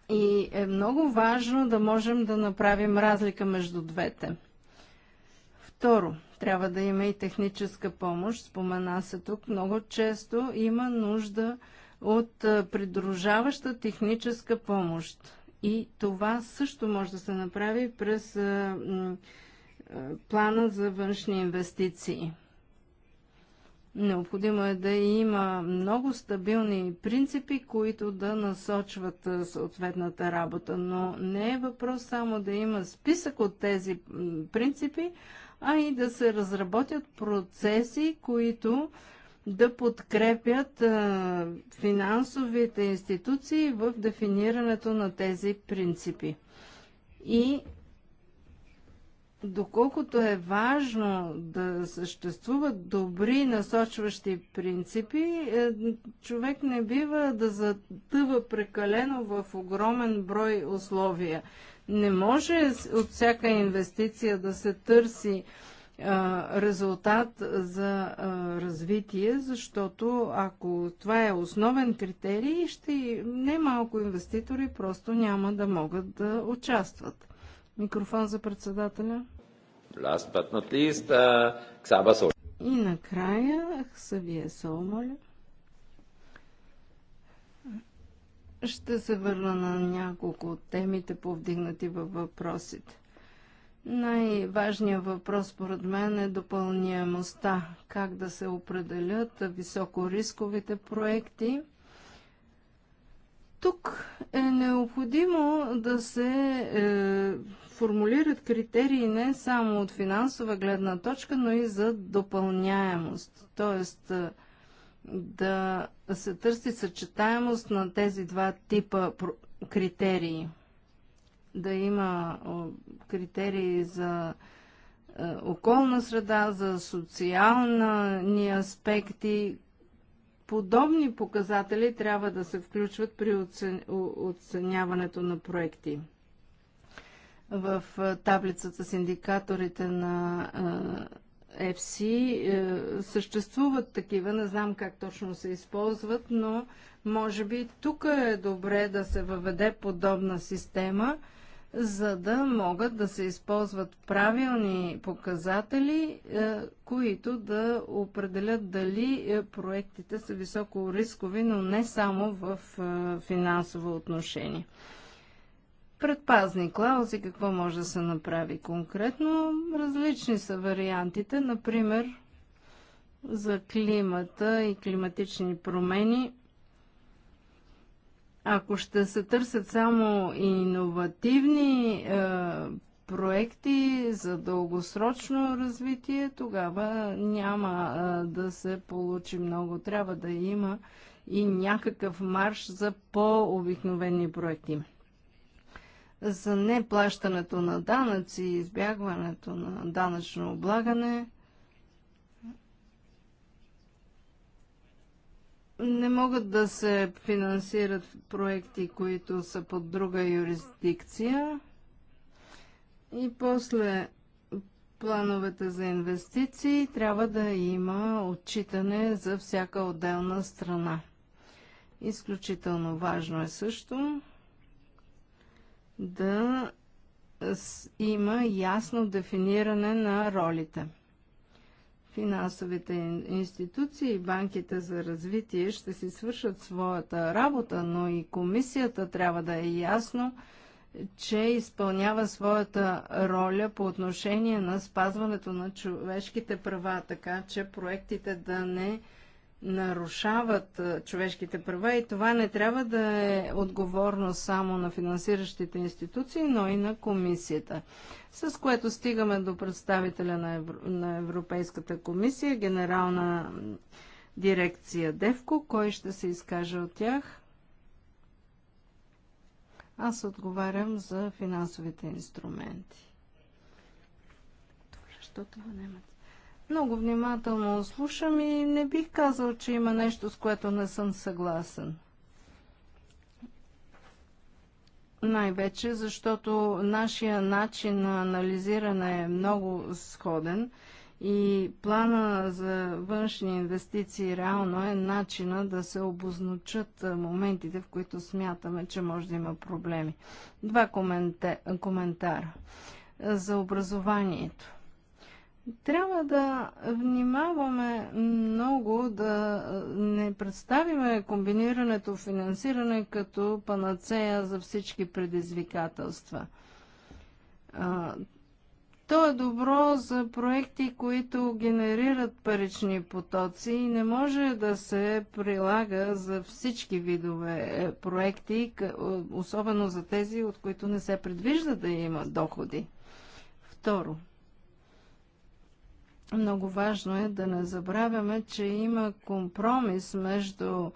Speaker 1: И е много важно да можем да направим разлика между двете. Второ, трябва да има и техническа помощ. Спомена се тук много често има нужда от придружаваща техническа помощ. И това също може да се направи през плана за външни инвестиции. Необходимо е да има много стабилни принципи, които да насочват съответната работа, но не е въпрос само да има списък от тези принципи, а и да се разработят процеси, които да подкрепят а, финансовите институции в дефинирането на тези принципи. И доколкото е важно да съществуват добри насочващи принципи, е, човек не бива да затъва прекалено в огромен брой условия. Не може от всяка инвестиция да се търси а, резултат за а, развитие, защото ако това е основен критерий, ще немалко инвеститори просто няма да могат да участват. Микрофон за председателя. Last but not least, uh, И накрая Хсавие Сол, моля. Ще се върна на няколко от темите, повдигнати във въпросите. Най-важният въпрос, според мен, е допълняемостта. Как да се определят високорисковите проекти. Тук е необходимо да се е, формулират критерии не само от финансова гледна точка, но и за допълняемост. Тоест, е, да се търси съчетаемост на тези два типа критерии. Да има критерии за е, околна среда, за социални аспекти. Подобни показатели трябва да се включват при оценяването на проекти. В е, таблицата с индикаторите на е, FC. Е, съществуват такива, не знам как точно се използват, но може би тук е добре да се въведе подобна система, за да могат да се използват правилни показатели, е, които да определят дали е, проектите са високо рискови, но не само в финансово отношение предпазни клаузи, какво може да се направи конкретно. Различни са вариантите, например за климата и климатични промени. Ако ще се търсят само иновативни е, проекти за дългосрочно развитие, тогава няма е, да се получи много. Трябва да има и някакъв марш за по-обикновени проекти за неплащането на данъци и избягването на данъчно облагане не могат да се финансират проекти, които са под друга юрисдикция. И после плановете за инвестиции трябва да има отчитане за всяка отделна страна. Изключително важно е също да има ясно дефиниране на ролите. Финансовите институции и банките за развитие ще си свършат своята работа, но и комисията трябва да е ясно, че изпълнява своята роля по отношение на спазването на човешките права, така че проектите да не нарушават човешките права и това не трябва да е отговорно само на финансиращите институции, но и на комисията. С което стигаме до представителя на, Евро... на Европейската комисия, генерална дирекция Девко. Кой ще се изкаже от тях? Аз отговарям за финансовите инструменти. Добре, защото това много внимателно слушам и не бих казал, че има нещо, с което не съм съгласен. Най-вече, защото нашия начин на анализиране е много сходен и плана за външни инвестиции реално е начина да се обозначат моментите, в които смятаме, че може да има проблеми. Два коментара за образованието. Трябва да внимаваме много да не представиме комбинирането финансиране като панацея за всички предизвикателства. То е добро за проекти, които генерират парични потоци и не може да се прилага за всички видове е, проекти, особено за тези, от които не се предвижда да има доходи. Второ – много важно е да не забравяме, че има компромис между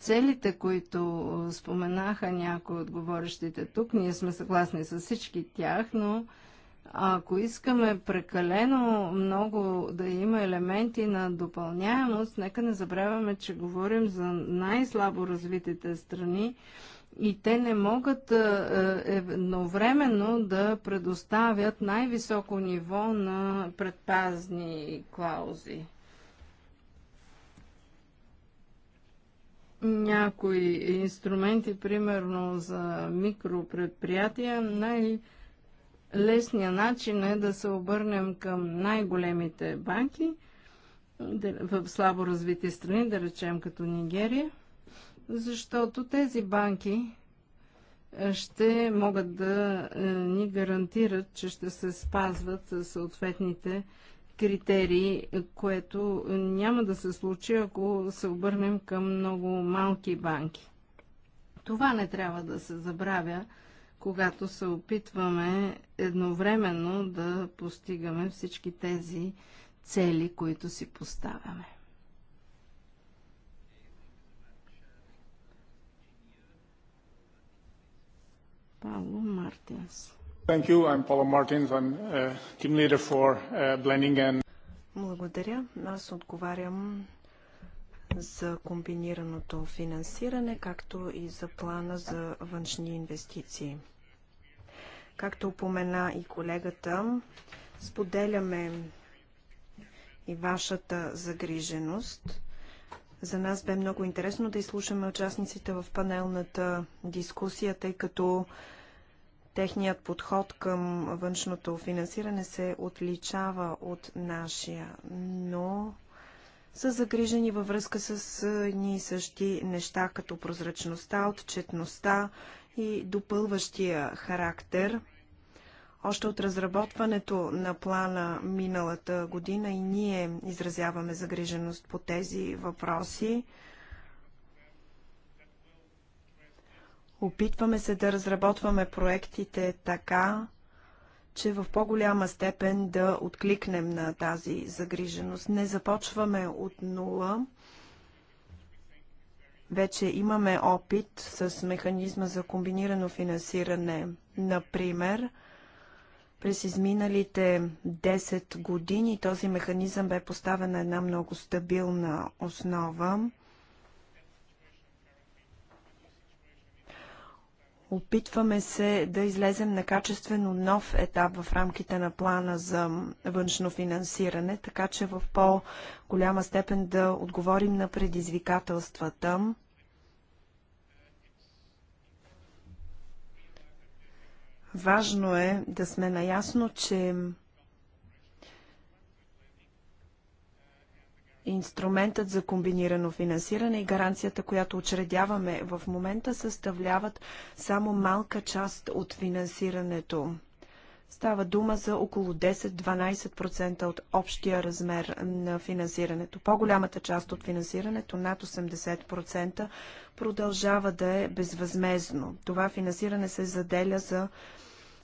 Speaker 1: целите, които споменаха някои от говорещите тук. Ние сме съгласни с всички тях, но ако искаме прекалено много да има елементи на допълняемост, нека не забравяме, че говорим за най-слабо развитите страни и те не могат е, едновременно да предоставят най-високо ниво на предпазни клаузи. Някои инструменти, примерно за микропредприятия, най-лесният начин е да се обърнем към най-големите банки в слабо развити страни, да речем като Нигерия – защото тези банки е, ще могат да е, ни гарантират, че ще се спазват съответните критерии, което няма да се случи, ако се обърнем към много малки банки. Това не трябва да се забравя, когато се опитваме едновременно да постигаме всички тези цели, които си поставяме. Пауло Мартинс. Thank you. I'm Paulo Martins. I'm uh, team leader for uh, blending and...
Speaker 3: Благодаря. Аз отговарям за комбинираното финансиране, както и за плана за външни инвестиции. Както упомена и колегата, споделяме и вашата загриженост за нас бе много интересно да изслушаме участниците в панелната дискусия, тъй като техният подход към външното финансиране се отличава от нашия, но са загрижени във връзка с едни същи неща, като прозрачността, отчетността и допълващия характер – още от разработването на плана миналата година и ние изразяваме загриженост по тези въпроси. Опитваме се да разработваме проектите така, че в по-голяма степен да откликнем на тази загриженост. Не започваме от нула. Вече имаме опит с механизма за комбинирано финансиране. Например, през изминалите 10 години този механизъм бе поставен на една много стабилна основа. Опитваме се да излезем на качествено нов етап в рамките на плана за външно финансиране, така че в по-голяма степен да отговорим на предизвикателствата. Важно е да сме наясно, че инструментът за комбинирано финансиране и гаранцията, която учредяваме в момента, съставляват само малка част от финансирането. Става дума за около 10-12% от общия размер на финансирането. По-голямата част от финансирането, над 80%, продължава да е безвъзмезно. Това финансиране се заделя за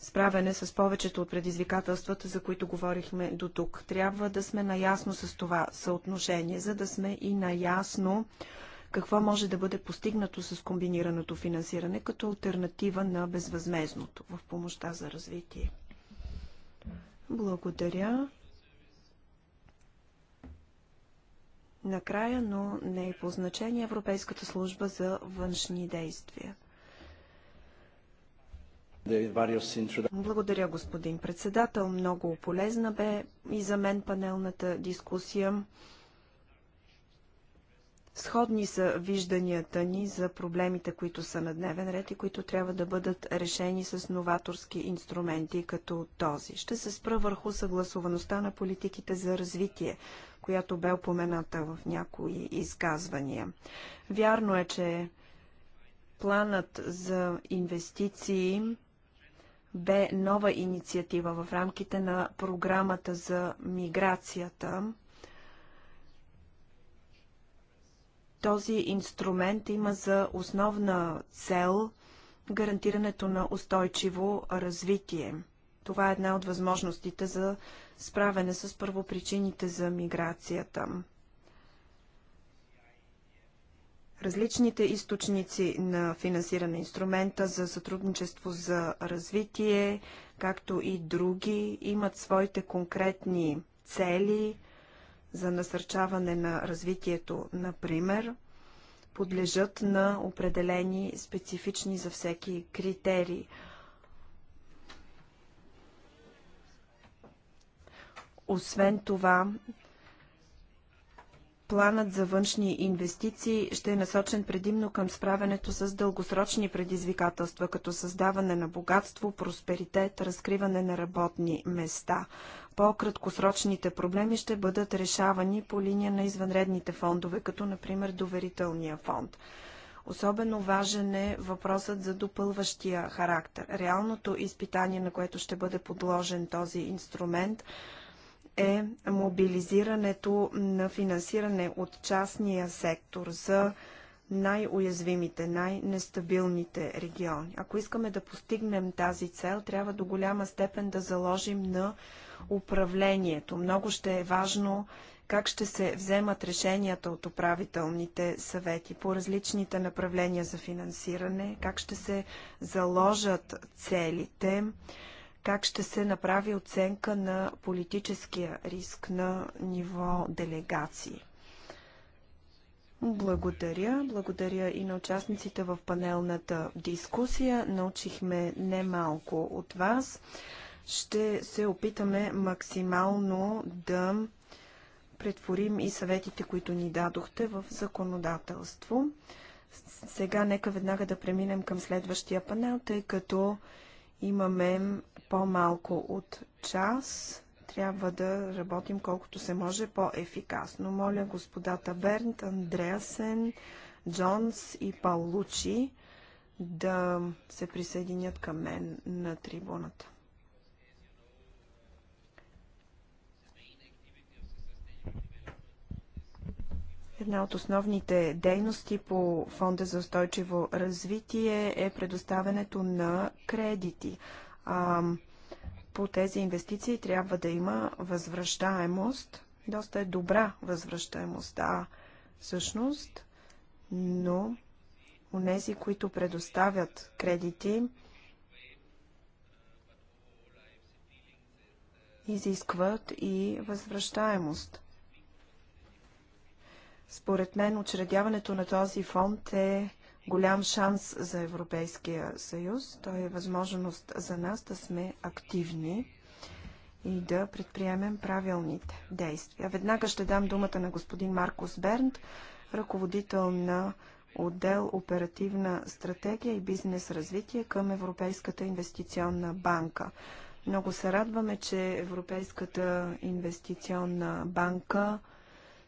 Speaker 3: справяне с повечето от предизвикателствата, за които говорихме до тук. Трябва да сме наясно с това съотношение, за да сме и наясно какво може да бъде постигнато с комбинираното финансиране като альтернатива на безвъзмезното в помощта за развитие. Благодаря. Накрая, но не е по значение Европейската служба за външни действия. Благодаря, господин председател. Много полезна бе и за мен панелната дискусия. Сходни са вижданията ни за проблемите, които са на дневен ред и които трябва да бъдат решени с новаторски инструменти като този. Ще се спра върху съгласуваността на политиките за развитие, която бе упомената в някои изказвания. Вярно е, че планът за инвестиции бе нова инициатива в рамките на програмата за миграцията. Този инструмент има за основна цел гарантирането на устойчиво развитие. Това е една от възможностите за справяне с първопричините за миграцията. Различните източници на финансиране, инструмента за сътрудничество за развитие, както и други, имат своите конкретни цели за насърчаване на развитието, например, подлежат на определени специфични за всеки критерии. Освен това, Планът за външни инвестиции ще е насочен предимно към справянето с дългосрочни предизвикателства, като създаване на богатство, просперитет, разкриване на работни места. По-краткосрочните проблеми ще бъдат решавани по линия на извънредните фондове, като например доверителния фонд. Особено важен е въпросът за допълващия характер. Реалното изпитание, на което ще бъде подложен този инструмент, е мобилизирането на финансиране от частния сектор за най-уязвимите, най-нестабилните региони. Ако искаме да постигнем тази цел, трябва до голяма степен да заложим на управлението. Много ще е важно как ще се вземат решенията от управителните съвети по различните направления за финансиране, как ще се заложат целите, как ще се направи оценка на политическия риск на ниво делегации? Благодаря. Благодаря и на участниците в панелната дискусия. Научихме немалко от вас. Ще се опитаме максимално да претворим и съветите, които ни дадохте в законодателство. Сега нека веднага да преминем към следващия панел, тъй като имаме по-малко от час. Трябва да работим колкото се може по-ефикасно. Моля господата Бернт, Андреасен, Джонс и Паулучи да се присъединят към мен на трибуната. Една от основните дейности по Фонда за устойчиво развитие е предоставянето на кредити а, по тези инвестиции трябва да има възвръщаемост. Доста е добра възвръщаемост, а всъщност, но нези, които предоставят кредити, изискват и възвръщаемост. Според мен, учредяването на този фонд е голям шанс за Европейския съюз. Той е възможност за нас да сме активни и да предприемем правилните действия. Веднага ще дам думата на господин Маркус Бернт, ръководител на отдел Оперативна стратегия и бизнес развитие към Европейската инвестиционна банка. Много се радваме, че Европейската инвестиционна банка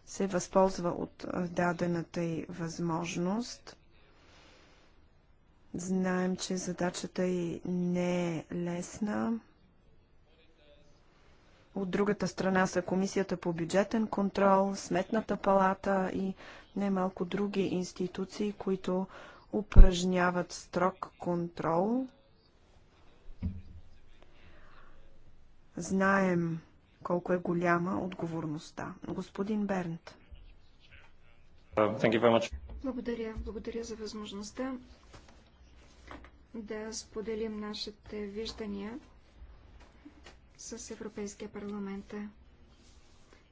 Speaker 3: се възползва от дадената й възможност. Знаем, че задачата й не е лесна. От другата страна са Комисията по бюджетен контрол, Сметната палата и немалко други институции, които упражняват строг контрол. Знаем колко е голяма отговорността. Господин Бернт. Uh,
Speaker 2: Благодаря. Благодаря за възможността да споделим нашите виждания с Европейския парламент.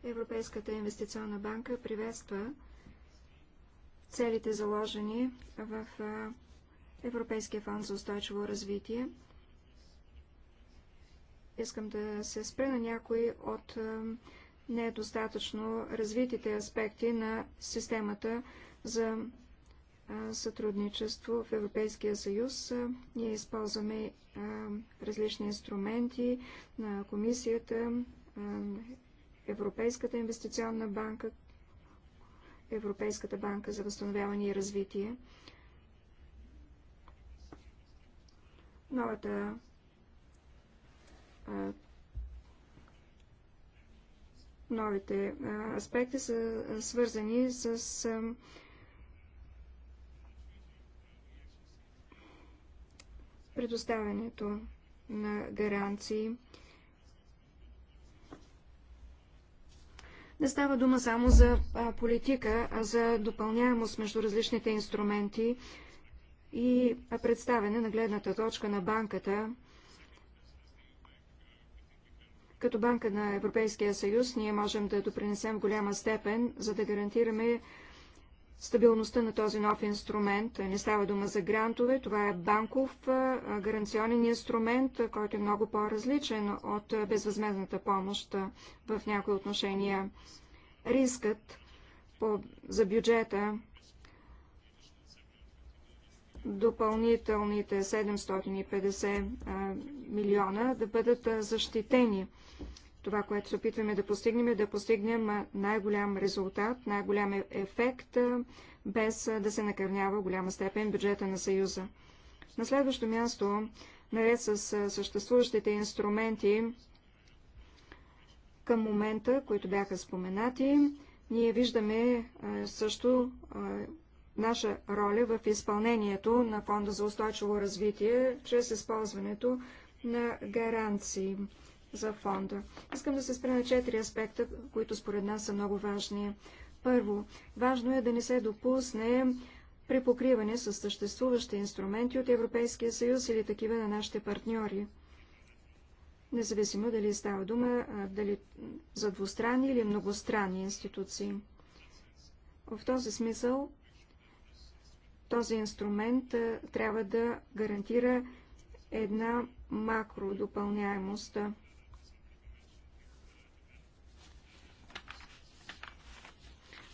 Speaker 2: Европейската инвестиционна банка приветства целите заложени в Европейския фонд за устойчиво развитие. Искам да се спре на някои от недостатъчно развитите аспекти на системата за сътрудничество в Европейския съюз. Ние използваме различни инструменти на комисията, Европейската инвестиционна банка, Европейската банка за възстановяване и развитие. Новата новите аспекти са свързани с предоставянето на гаранции. Не става дума само за политика, а за допълняемост между различните инструменти и представяне на гледната точка на банката. Като банка на Европейския съюз ние можем да допринесем в голяма степен, за да гарантираме стабилността на този нов инструмент. Не става дума за грантове, това е банков гаранционен инструмент, който е много по-различен от безвъзмезната помощ в някои отношения. Рискът по, за бюджета допълнителните 750 милиона да бъдат защитени това, което се опитваме да постигнем е да постигнем най-голям резултат, най-голям е- ефект, без да се накърнява в голяма степен бюджета на Съюза. На следващо място, наред с съществуващите инструменти към момента, които бяха споменати, ние виждаме също наша роля в изпълнението на Фонда за устойчиво развитие чрез използването на гаранции за фонда. Искам да се спра на четири аспекта, които според нас са много важни. Първо, важно е да не се допусне при покриване с съществуващи инструменти от Европейския съюз или такива на нашите партньори. Независимо дали става дума дали за двустранни или многостранни институции. В този смисъл този инструмент трябва да гарантира една макродопълняемост. допълняемост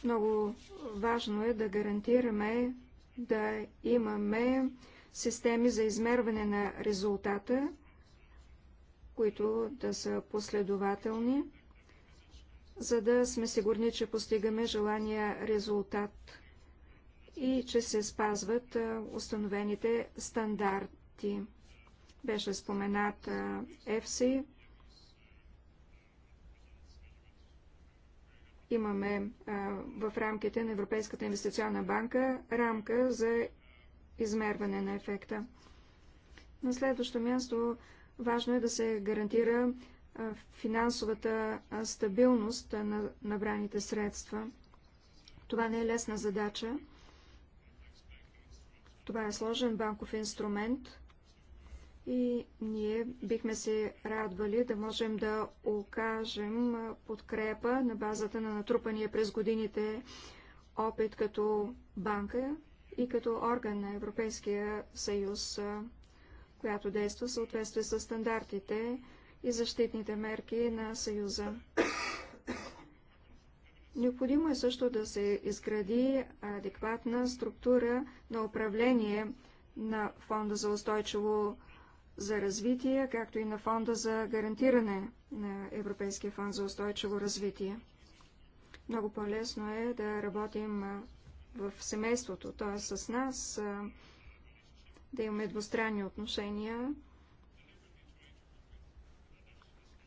Speaker 2: Много важно е да гарантираме да имаме системи за измерване на резултата, които да са последователни, за да сме сигурни, че постигаме желания резултат и че се спазват установените стандарти. Беше споменат ЕФСИ, имаме в рамките на Европейската инвестиционна банка рамка за измерване на ефекта. На следващо място важно е да се гарантира финансовата стабилност на набраните средства. Това не е лесна задача. Това е сложен банков инструмент, и ние бихме се радвали да можем да окажем подкрепа на базата на натрупания през годините опит като банка и като орган на Европейския съюз, която действа в съответствие с стандартите и защитните мерки на съюза. Необходимо е също да се изгради адекватна структура на управление на Фонда за устойчиво за развитие, както и на фонда за гарантиране на Европейския фонд за устойчиво развитие. Много по-лесно е да работим в семейството, т.е. с нас, да имаме двустранни отношения,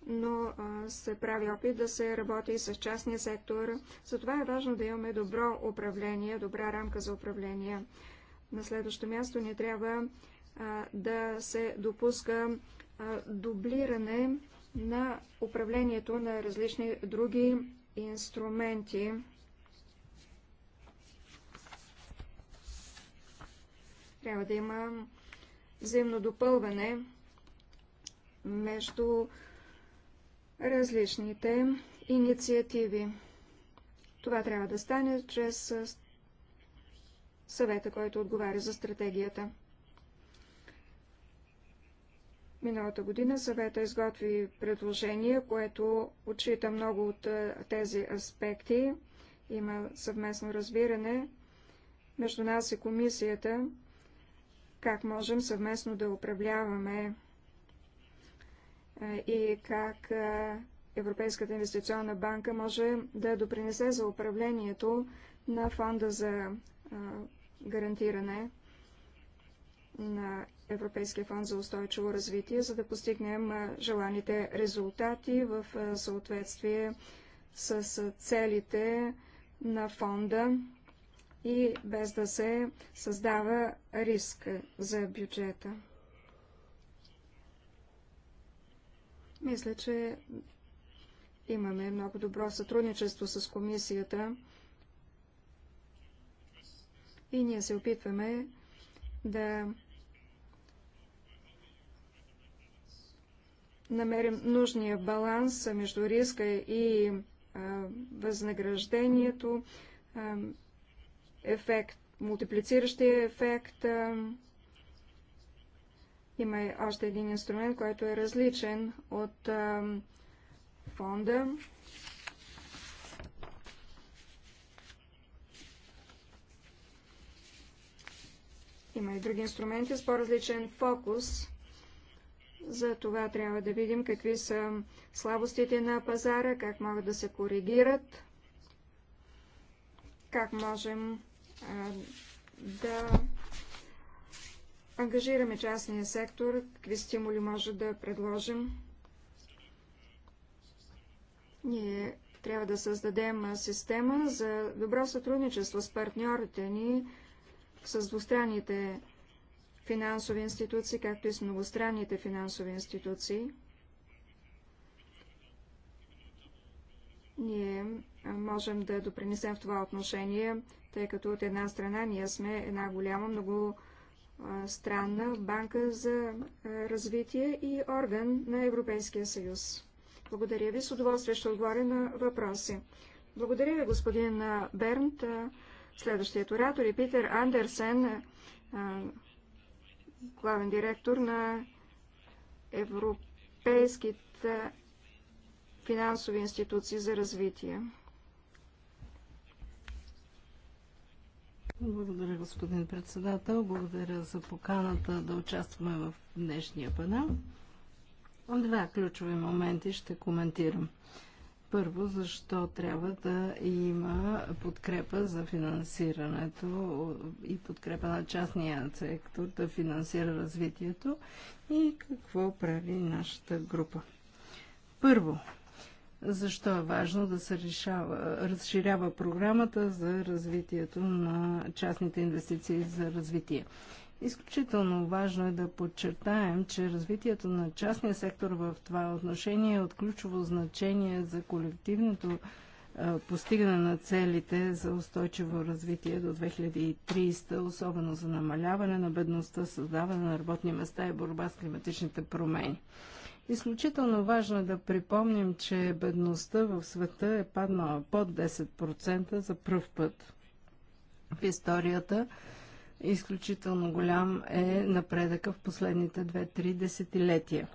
Speaker 2: но се прави опит да се работи и с частния сектор. Затова е важно да имаме добро управление, добра рамка за управление. На следващо място ни трябва да се допуска дублиране на управлението на различни други инструменти. Трябва да има взаимно допълване между различните инициативи. Това трябва да стане чрез съвета, който отговаря за стратегията. Миналата година съвета изготви предложение, което отчита много от е, тези аспекти. Има съвместно разбиране между нас и комисията, как можем съвместно да управляваме е, и как е, Европейската инвестиционна банка може да допринесе за управлението на фонда за гарантиране на Европейския фонд за устойчиво развитие, за да постигнем желаните резултати в съответствие с целите на фонда и без да се създава риск за бюджета. Мисля, че имаме много добро сътрудничество с комисията и ние се опитваме да намерим нужния баланс между риска и възнаграждението, ефект, мултиплициращия ефект. Има и още един инструмент, който е различен от фонда. Има и други инструменти с по-различен фокус. За това трябва да видим какви са слабостите на пазара, как могат да се коригират, как можем а, да ангажираме частния сектор, какви стимули може да предложим. Ние трябва да създадем система за добро сътрудничество с партньорите ни, с двустранните финансови институции, както и с многостранните финансови институции. Ние можем да допринесем в това отношение, тъй като от една страна ние сме една голяма, много странна банка за развитие и орган на Европейския съюз. Благодаря ви. С удоволствие ще отговоря на въпроси. Благодаря ви, господин Бернт. Следващият оратор е Питер Андерсен, главен директор на Европейските финансови институции за развитие.
Speaker 1: Благодаря, господин председател. Благодаря за поканата да участваме в днешния панел. Два ключови моменти ще коментирам. Първо, защо трябва да има подкрепа за финансирането и подкрепа на частния сектор да финансира развитието и какво прави нашата група. Първо, защо е важно да се решава, разширява програмата за развитието на частните инвестиции за развитие. Изключително важно е да подчертаем, че развитието на частния сектор в това отношение е от ключово значение за колективното постигане на целите за устойчиво развитие до 2030, особено за намаляване на бедността, създаване на работни места и борба с климатичните промени. Изключително важно е да припомним, че бедността в света е паднала под 10% за пръв път в историята Изключително голям е напредъка в последните 2-3 десетилетия.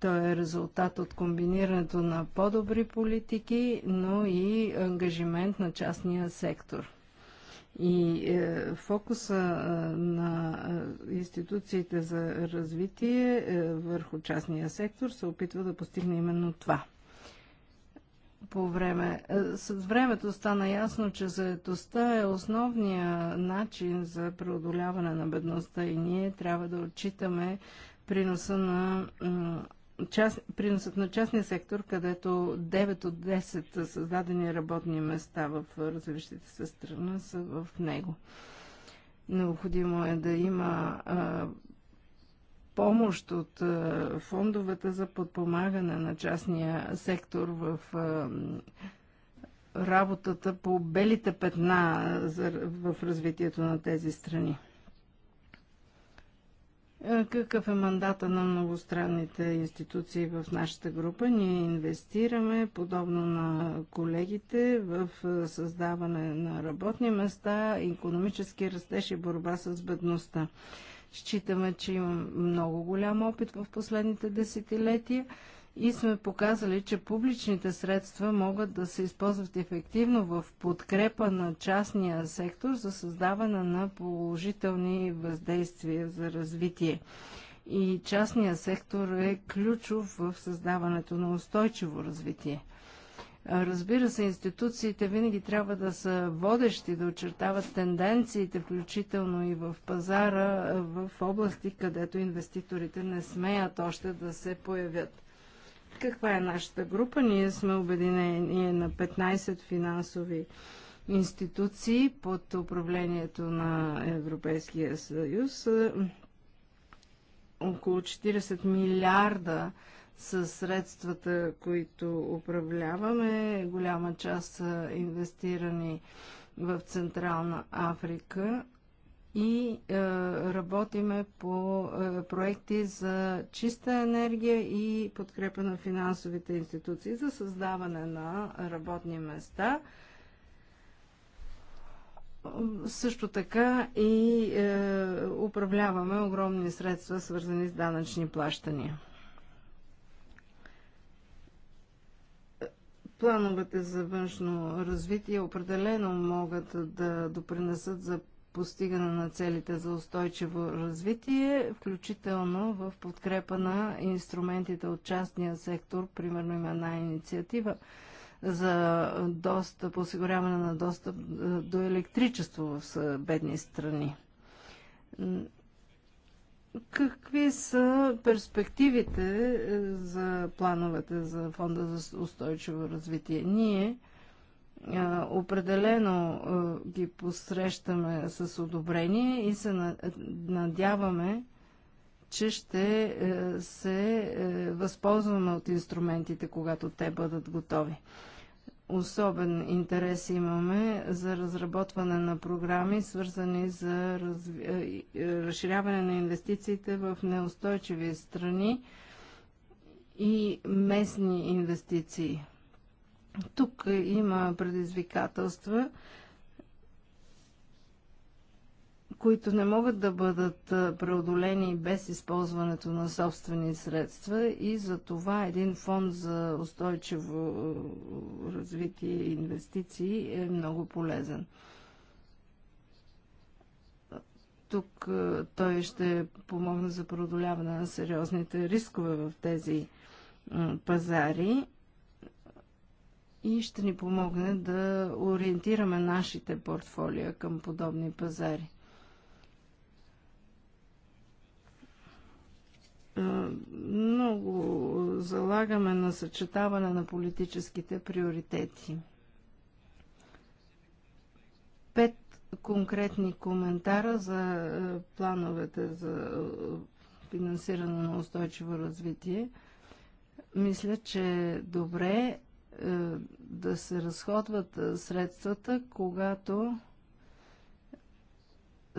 Speaker 1: Той е резултат от комбинирането на по-добри политики, но и ангажимент на частния сектор. И е, фокуса е, на е, институциите за развитие е, върху частния сектор се опитва да постигне именно това по време. Е, с времето стана ясно, че заедостта е основния начин за преодоляване на бедността и ние трябва да отчитаме приноса на част, приносът на частния сектор, където 9 от 10 създадени работни места в развиващите се страна са в него. Необходимо е да има а, помощ от е, фондовете за подпомагане на частния сектор в е, работата по белите петна в развитието на тези страни. Е, какъв е мандата на многостранните институции в нашата група? Ние инвестираме, подобно на колегите, в създаване на работни места, економически растеж и борба с бедността. Считаме, че имам много голям опит в последните десетилетия и сме показали, че публичните средства могат да се използват ефективно в подкрепа на частния сектор за създаване на положителни въздействия за развитие. И частният сектор е ключов в създаването на устойчиво развитие. Разбира се, институциите винаги трябва да са водещи, да очертават тенденциите, включително и в пазара, в области, където инвеститорите не смеят още да се появят. Каква е нашата група? Ние сме обединени на 15 финансови институции под управлението на Европейския съюз. Около 40 милиарда с средствата, които управляваме. Голяма част са инвестирани в Централна Африка и е, работиме по е, проекти за чиста енергия и подкрепа на финансовите институции за създаване на работни места. Също така и е, управляваме огромни средства, свързани с данъчни плащания. Плановете за външно развитие определено могат да допринесат за постигане на целите за устойчиво развитие, включително в подкрепа на инструментите от частния сектор. Примерно има една инициатива за достъп, осигуряване на достъп до електричество в бедни страни. Какви са перспективите е, за плановете за Фонда за устойчиво развитие? Ние а, е, определено а, е, ги посрещаме с одобрение и се надяваме, че ще се възползваме от инструментите, когато те бъдат готови особен интерес имаме за разработване на програми, свързани за разви... Е, е, разширяване на инвестициите в неустойчиви страни и местни инвестиции. Тук има предизвикателства които не могат да бъдат преодолени без използването на собствени средства и за това един фонд за устойчиво развитие и инвестиции е много полезен. Тук той ще помогне за преодоляване на сериозните рискове в тези пазари и ще ни помогне да ориентираме нашите портфолия към подобни пазари. Е, много залагаме на съчетаване на политическите приоритети. Пет конкретни коментара за е, плановете за е, финансиране на устойчиво развитие. Мисля, че е добре да се разходват средствата, когато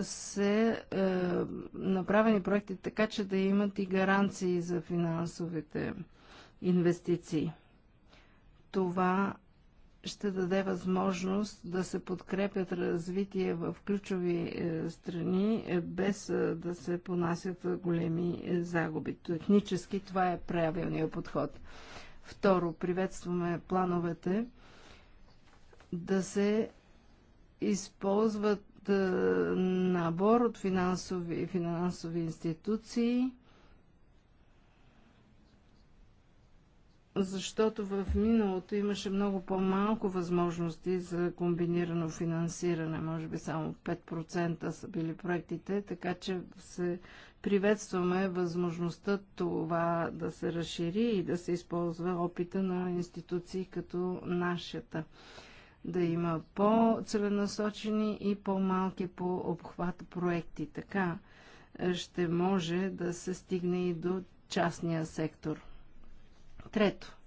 Speaker 1: се е, направени проекти така, че да имат и гаранции за финансовите инвестиции. Това ще даде възможност да се подкрепят развитие в ключови е, страни, е, без е, да се понасят големи е, загуби. Технически това е правилният подход. Второ, приветстваме плановете да се използват е, набор от финансови, финансови институции, защото в миналото имаше много по-малко възможности за комбинирано финансиране. Може би само 5% са били проектите, така че се приветстваме възможността това да се разшири и да се използва опита на институции като нашата да има по-целенасочени и по-малки по обхват проекти. Така е, ще може да се стигне и до частния сектор. Трето.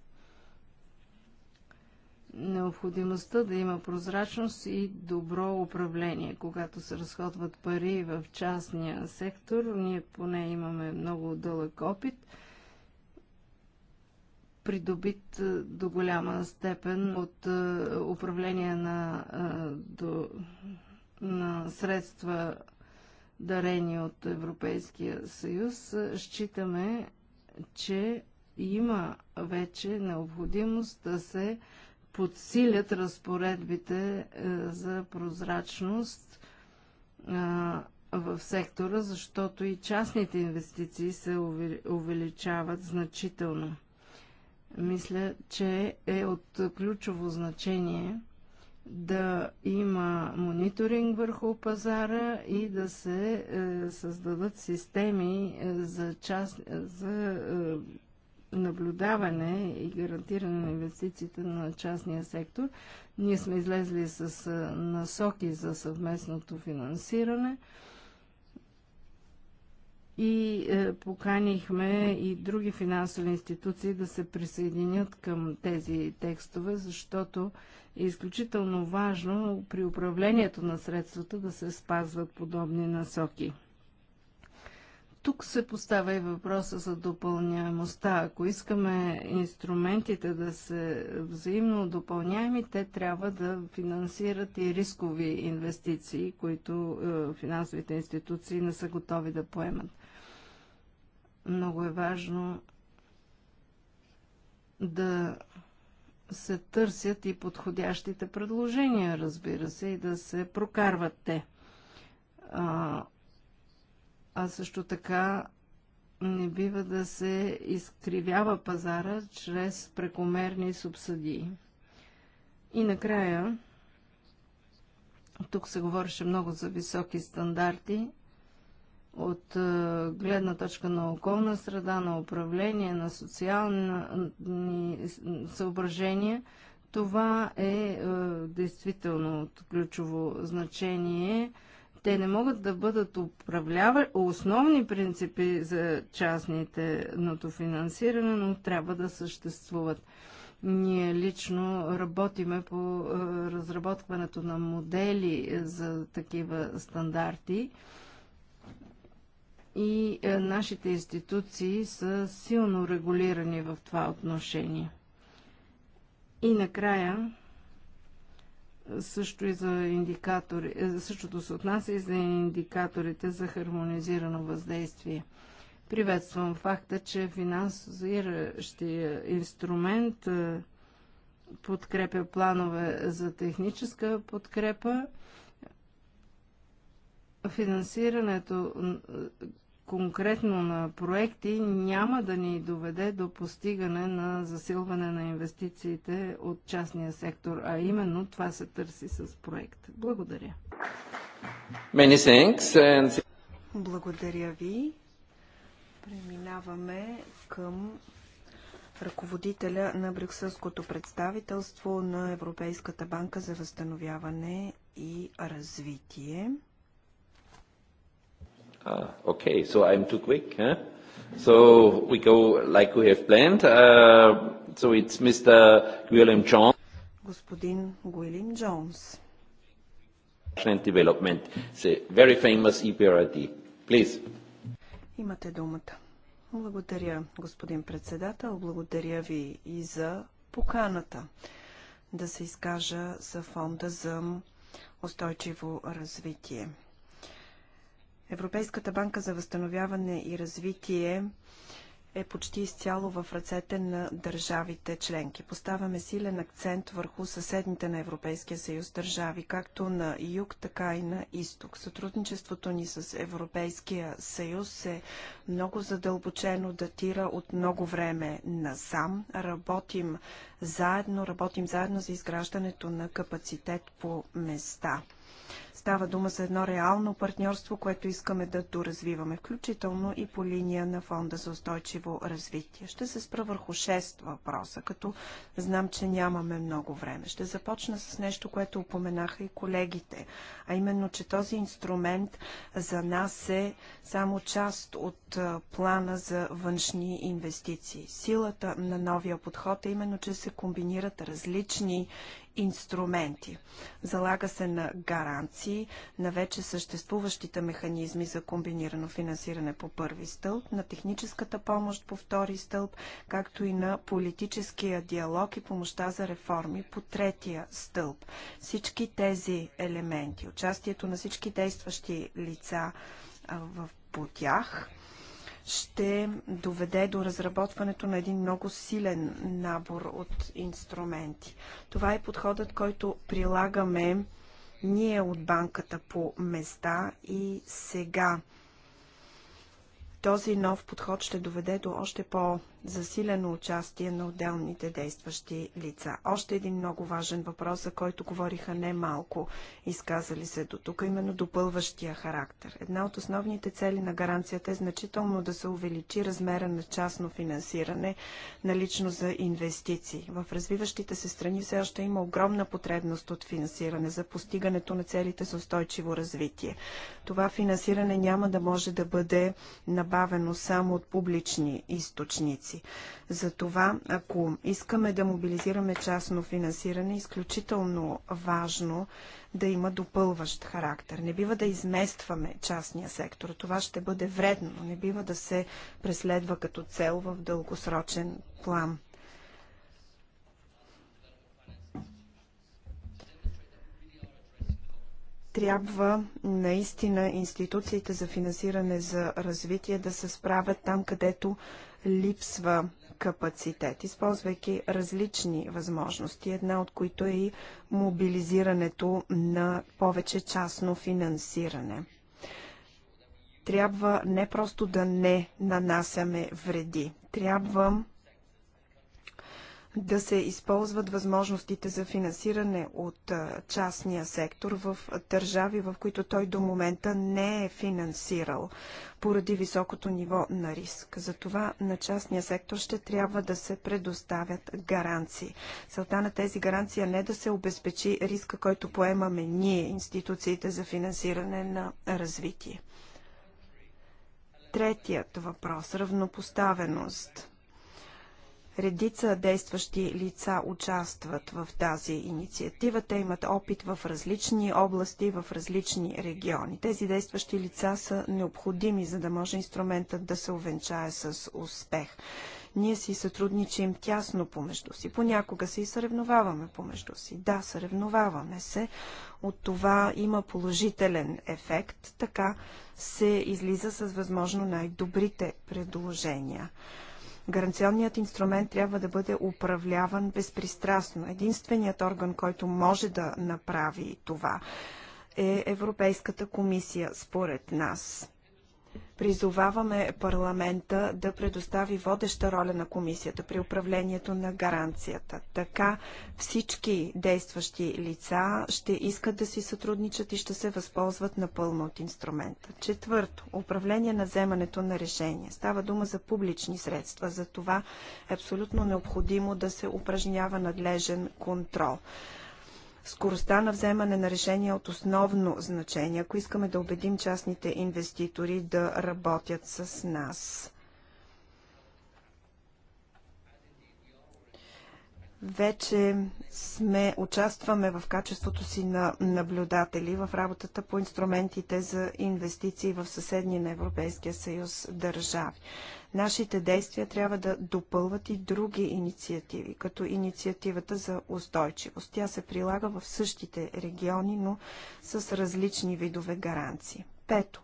Speaker 1: Необходимостта да има прозрачност и добро управление. Когато се разходват пари в частния сектор, ние поне имаме много дълъг опит – придобит е, до голяма степен от е, управление на, е, до, на средства дарени от Европейския съюз, считаме, че има вече необходимост да се подсилят разпоредбите за прозрачност в сектора, защото и частните инвестиции се увеличават значително. Мисля, че е от ключово значение да има мониторинг върху пазара и да се е, създадат системи е, за, част, е, за е, наблюдаване и гарантиране на инвестициите на частния сектор. Ние сме излезли с е, насоки за съвместното финансиране. Е, и е, поканихме и други финансови институции да се присъединят към тези текстове, защото е изключително важно при управлението на средствата да се спазват подобни насоки. Тук се поставя и въпроса за допълняемостта. Ако искаме инструментите да се взаимно допълняеми, те трябва да финансират и рискови инвестиции, които е, финансовите институции не са готови да поемат. Много е важно да се търсят и подходящите предложения, разбира се, и да се прокарват те. А, а също така не бива да се изкривява пазара чрез прекомерни субсъдии. И накрая, тук се говореше много за високи стандарти, от е, гледна точка на околна среда, на управление, на социални съображения, това е, е действително от ключово значение. Те не могат да бъдат управлява основни принципи за частните финансиране, но трябва да съществуват. Ние лично работиме по е, разработването на модели за такива стандарти и е, нашите институции са силно регулирани в това отношение. И накрая, също и за индикатори, е, същото се отнася и за индикаторите за хармонизирано въздействие. Приветствам факта, че финансиращия инструмент е, подкрепя планове за техническа подкрепа. Финансирането конкретно на проекти няма да ни доведе до постигане на засилване на инвестициите от частния сектор, а именно това се търси с проект. Благодаря. Благодаря ви.
Speaker 3: Преминаваме към ръководителя на Брюкселското представителство на Европейската банка за възстановяване и развитие.
Speaker 1: Ah, okay. So I'm too quick, huh? So we go like we have planned. Uh, so it's Mr. Gwilym Jones.
Speaker 3: Господин Гуилим Джонс.
Speaker 1: Development. It's a very famous EPRD. Please.
Speaker 3: Имате думата. Благодаря, господин председател. Благодаря ви и за поканата да се изкажа за фонда за устойчиво развитие. Европейската банка за възстановяване и развитие е почти изцяло в ръцете на държавите членки. Поставяме силен акцент върху съседните на Европейския съюз държави, както на юг, така и на изток. Сътрудничеството ни с Европейския съюз е много задълбочено, датира от много време насам. Работим заедно, работим заедно за изграждането на капацитет по места. Става дума за едно реално партньорство, което искаме да доразвиваме, включително и по линия на Фонда за устойчиво развитие. Ще се спра върху шест въпроса, като знам, че нямаме много време. Ще започна с нещо, което упоменаха и колегите, а именно, че този инструмент за нас е само част от плана за външни инвестиции. Силата на новия подход е именно, че се комбинират различни инструменти. Залага се на гаранции на вече съществуващите механизми за комбинирано финансиране по първи стълб, на техническата помощ по втори стълб, както и на политическия диалог и помощта за реформи по третия стълб. Всички тези елементи, участието на всички действащи лица в по тях, ще доведе до разработването на един много силен набор от инструменти. Това е подходът, който прилагаме ние от банката по места и сега. Този нов подход ще доведе до още по- засилено участие на отделните действащи лица. Още един много важен въпрос, за който говориха не малко изказали се до тук, именно допълващия характер. Една от основните цели на гаранцията е значително да се увеличи размера на частно финансиране налично за инвестиции. В развиващите се страни все още има огромна потребност от финансиране за постигането на целите за устойчиво развитие. Това финансиране няма да може да бъде набавено само от публични източници си. Затова, ако искаме да мобилизираме частно финансиране, е изключително важно да има допълващ характер. Не бива да изместваме частния сектор. Това ще бъде вредно. Не бива да се преследва като цел в дългосрочен план. трябва наистина институциите за финансиране за развитие да се справят там, където липсва капацитет, използвайки различни възможности, една от които е и мобилизирането на повече частно финансиране. Трябва не просто да не нанасяме вреди, трябва да се използват възможностите за финансиране от частния сектор в държави, в които той до момента не е финансирал поради високото ниво на риск. Затова на частния сектор ще трябва да се предоставят гаранции. Целта на тези гаранции е не да се обезпечи риска, който поемаме ние, институциите за финансиране на развитие. Третият въпрос – равнопоставеност – Редица действащи лица участват в тази инициатива. Те имат опит в различни области, в различни региони. Тези действащи лица са необходими, за да може инструментът да се увенчае с успех. Ние си сътрудничим тясно помежду си. Понякога се и съревноваваме помежду си. Да, съревноваваме се. От това има положителен ефект. Така се излиза с възможно най-добрите предложения. Гаранционният инструмент трябва да бъде управляван безпристрастно. Единственият орган, който може да направи това, е Европейската комисия, според нас призоваваме парламента да предостави водеща роля на комисията при управлението на гаранцията. Така всички действащи лица ще искат да си сътрудничат и ще се възползват напълно от инструмента. Четвърто, управление на вземането на решения. Става дума за публични средства. За това е абсолютно необходимо да се упражнява надлежен контрол. Скоростта на вземане на решения е от основно значение, ако искаме да убедим частните инвеститори да работят с нас. Вече сме, участваме в качеството си на наблюдатели в работата по инструментите за инвестиции в съседни на Европейския съюз държави. Нашите действия трябва да допълват и други инициативи, като инициативата за устойчивост. Тя се прилага в същите региони, но с различни видове гаранции. Пето,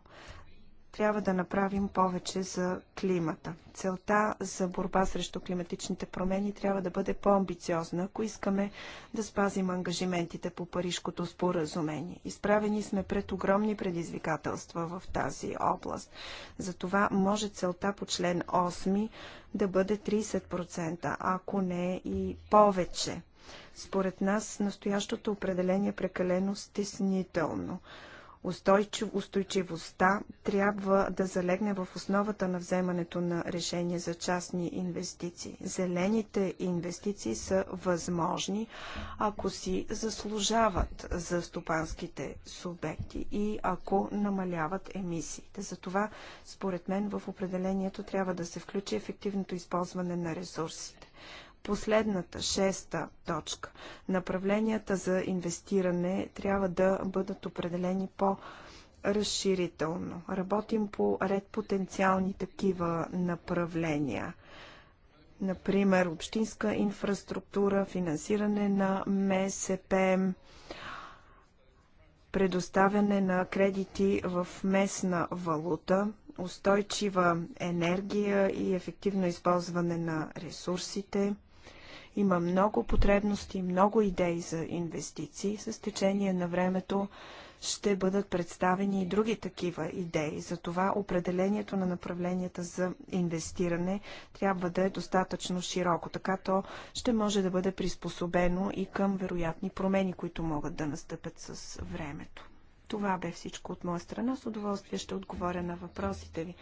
Speaker 3: трябва да направим повече за климата. Целта за борба срещу климатичните промени трябва да бъде по-амбициозна, ако искаме да спазим ангажиментите по Парижкото споразумение. Изправени сме пред огромни предизвикателства в тази област. Затова може целта по член 8 да бъде 30%, ако не и повече. Според нас настоящото определение е прекалено стеснително. Устойчив, устойчивостта трябва да залегне в основата на вземането на решение за частни инвестиции. Зелените инвестиции са възможни, ако си заслужават за стопанските субекти и ако намаляват емисиите. Затова, според мен, в определението трябва да се включи ефективното използване на ресурсите. Последната, шеста точка. Направленията за инвестиране трябва да бъдат определени по- разширително. Работим по ред потенциални такива направления. Например, общинска инфраструктура, финансиране на МСП, предоставяне на кредити в местна валута, устойчива енергия и ефективно използване на ресурсите – има много потребности, много идеи за инвестиции. С течение на времето ще бъдат представени и други такива идеи. Затова определението на направленията за инвестиране трябва да е достатъчно широко. Така то ще може да бъде приспособено и към вероятни промени, които могат да настъпят с времето. Това бе всичко от моя страна. С удоволствие ще отговоря на въпросите ви.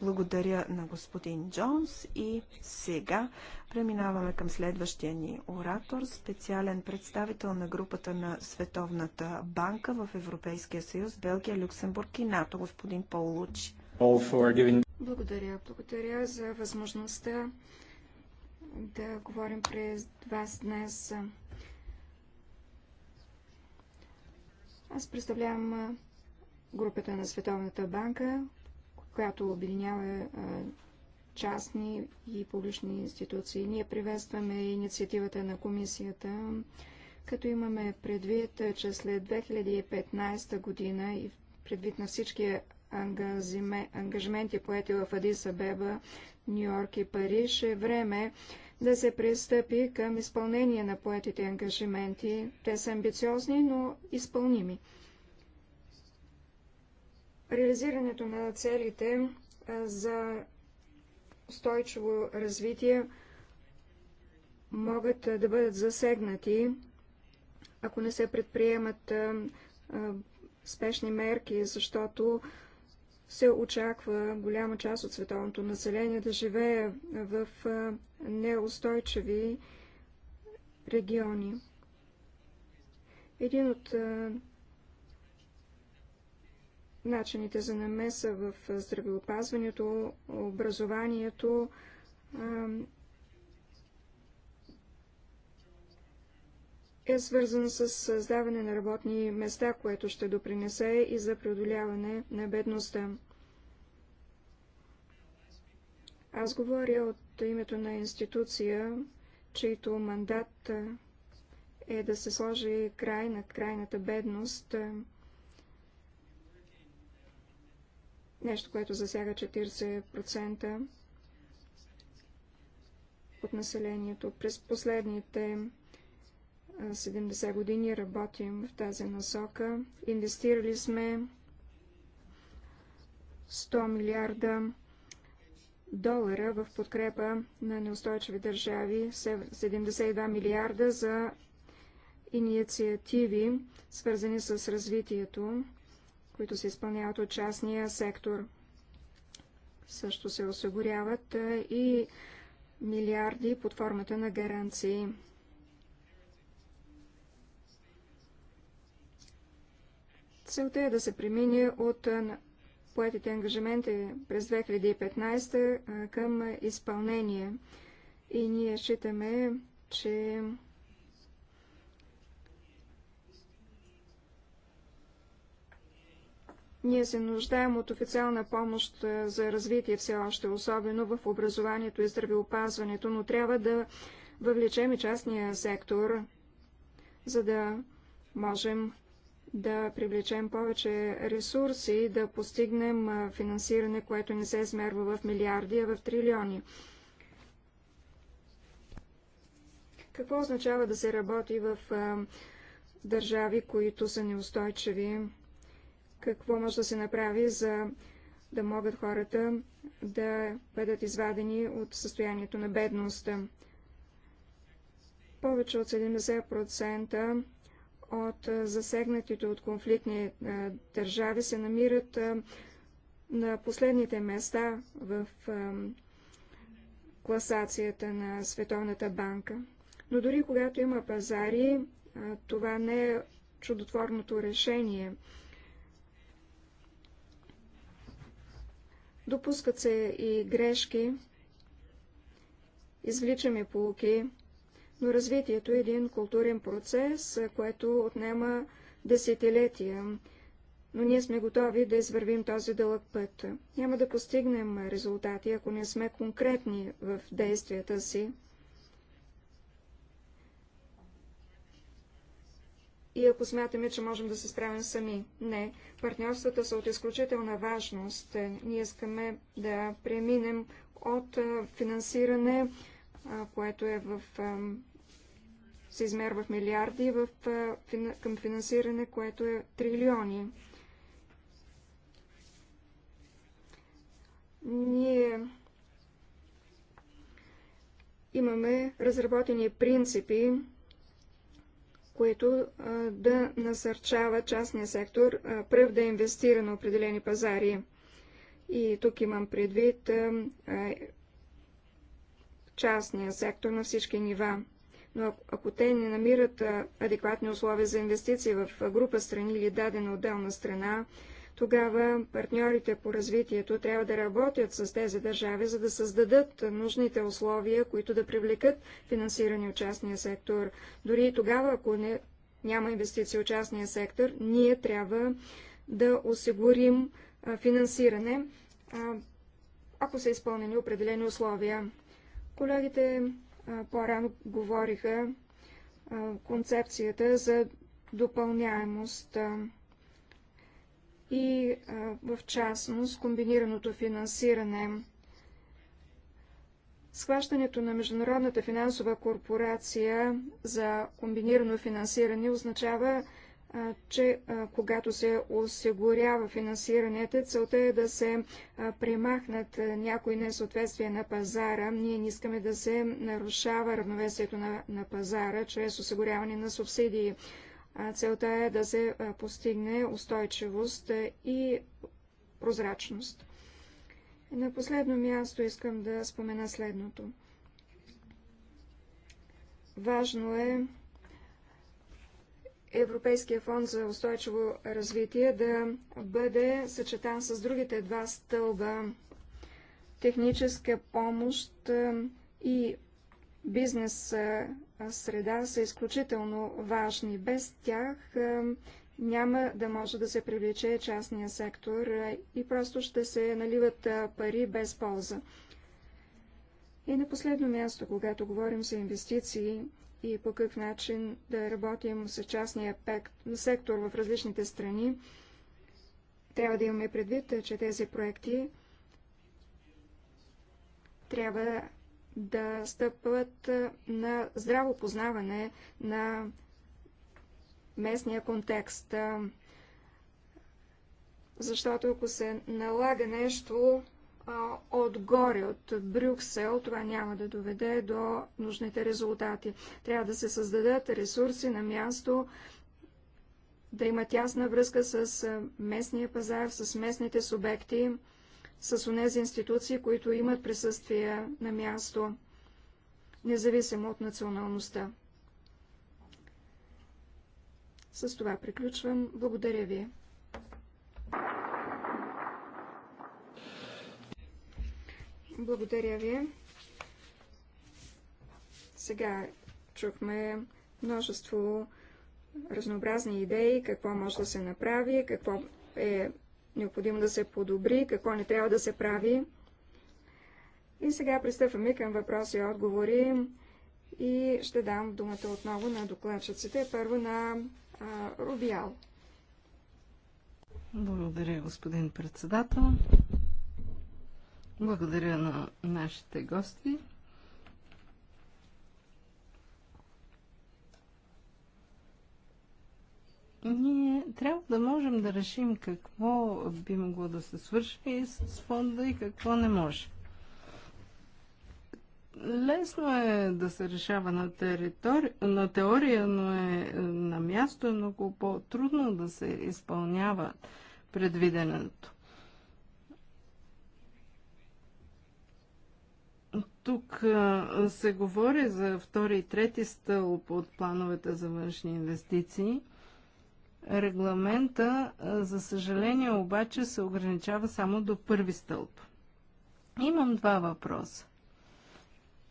Speaker 3: Благодаря на господин Джонс и сега преминаваме към следващия ни оратор, специален представител на групата на Световната банка в Европейския съюз, Белгия,
Speaker 2: Люксембург и НАТО, господин Пол Благодаря, благодаря за възможността да говорим през вас днес. Аз представлявам групата на Световната банка, която обединява е, частни и публични институции. Ние приветстваме инициативата на комисията, като имаме предвид, че след 2015 година и предвид на всички ангажименти, поети в Адис Абеба, Нью Йорк и Париж, е време да се пристъпи към изпълнение на поетите ангажименти. Те са амбициозни, но изпълними. Реализирането на целите за устойчиво развитие могат да бъдат засегнати, ако не се предприемат спешни мерки, защото се очаква голяма част от световното население да живее в неустойчиви региони. Един от начините за намеса в здравеопазването, образованието, е свързан с създаване на работни места, което ще допринесе и за преодоляване на бедността. Аз говоря от името на институция, чийто мандат е да се сложи край на крайната бедност, нещо, което засяга 40% от населението. През последните 70 години работим в тази насока. Инвестирали сме 100 милиарда долара в подкрепа на неустойчиви държави, 72 милиарда за инициативи, свързани с развитието които се изпълняват от частния сектор. Също се осигуряват и милиарди под формата на гаранции. Целта е да се премине от поетите ангажименти през 2015 към изпълнение. И ние считаме, че Ние се нуждаем от официална помощ е, за развитие все още, особено в образованието и здравеопазването, но трябва да въвлечем и частния сектор, за да можем да привлечем повече ресурси, да постигнем е, финансиране, което не се измерва в милиарди, а в трилиони. Какво означава да се работи в е, държави, които са неустойчиви? какво може да се направи, за да могат хората да бъдат извадени от състоянието на бедността. Повече от 70% от засегнатите от конфликтни е, държави се намират е, на последните места в е, класацията на Световната банка. Но дори когато има пазари, това не е чудотворното решение. Допускат се и грешки, извличаме полуки, но развитието е един културен процес, което отнема десетилетия, но ние сме готови да извървим този дълъг път. Няма да постигнем резултати, ако не сме конкретни в действията си. и ако смятаме, че можем да се справим сами. Не, партньорствата са от изключителна важност. Е, ние искаме да преминем от е, финансиране, е, което е в се измерва в милиарди, в, към финансиране, което е трилиони. Ние имаме разработени принципи което да насърчава частния сектор пръв да инвестира на определени пазари. И тук имам предвид частния сектор на всички нива. Но ако те не намират адекватни условия за инвестиции в група страни или дадена отделна страна, тогава партньорите по развитието трябва да работят с тези държави, за да създадат нужните условия, които да привлекат финансиране от частния сектор. Дори и тогава, ако не, няма инвестиции от частния сектор, ние трябва да осигурим а, финансиране, а, ако са изпълнени определени условия. Колегите по-рано говориха а, концепцията за допълняемост и в частност комбинираното финансиране. Схващането на Международната финансова корпорация за комбинирано финансиране означава, че когато се осигурява финансирането, целта е да се примахнат някои несъответствия на пазара. Ние не искаме да се нарушава равновесието на, на пазара чрез осигуряване на субсидии. Целта е да се постигне устойчивост е, и прозрачност. На последно място искам да спомена следното. Важно е Европейския фонд за устойчиво развитие да бъде съчетан с другите два стълба техническа помощ и бизнес среда са изключително важни. Без тях е, няма да може да се привлече частния сектор е, и просто ще се наливат е, пари без полза. И на последно място, когато говорим за инвестиции и по какъв начин да работим с частния сектор в различните страни, трябва да имаме предвид, че тези проекти трябва да стъпват на здраво познаване на местния контекст. Защото ако се налага нещо отгоре, от Брюксел, това няма да доведе до нужните резултати. Трябва да се създадат ресурси на място, да има тясна връзка с местния пазар, с местните субекти с онези институции, които имат присъствие на място, независимо от националността. С това приключвам. Благодаря ви. Благодаря ви. Сега чухме множество разнообразни идеи, какво може да се направи, какво е необходимо да се подобри, какво не трябва да се прави. И сега пристъпваме към въпроси и отговори и ще дам думата отново на докладчиците. Първо на а, Рубиал.
Speaker 1: Благодаря, господин председател. Благодаря на нашите гости. ние трябва да можем да решим какво би могло да се свърши с фонда и какво не може. Лесно е да се решава на, територи... на теория, но е, е на място е много по-трудно да се изпълнява предвиденето. Тук е, се говори за втори и трети стълб от плановете за външни инвестиции. Регламента, за съжаление, обаче се ограничава само до първи стълб. Имам два въпроса.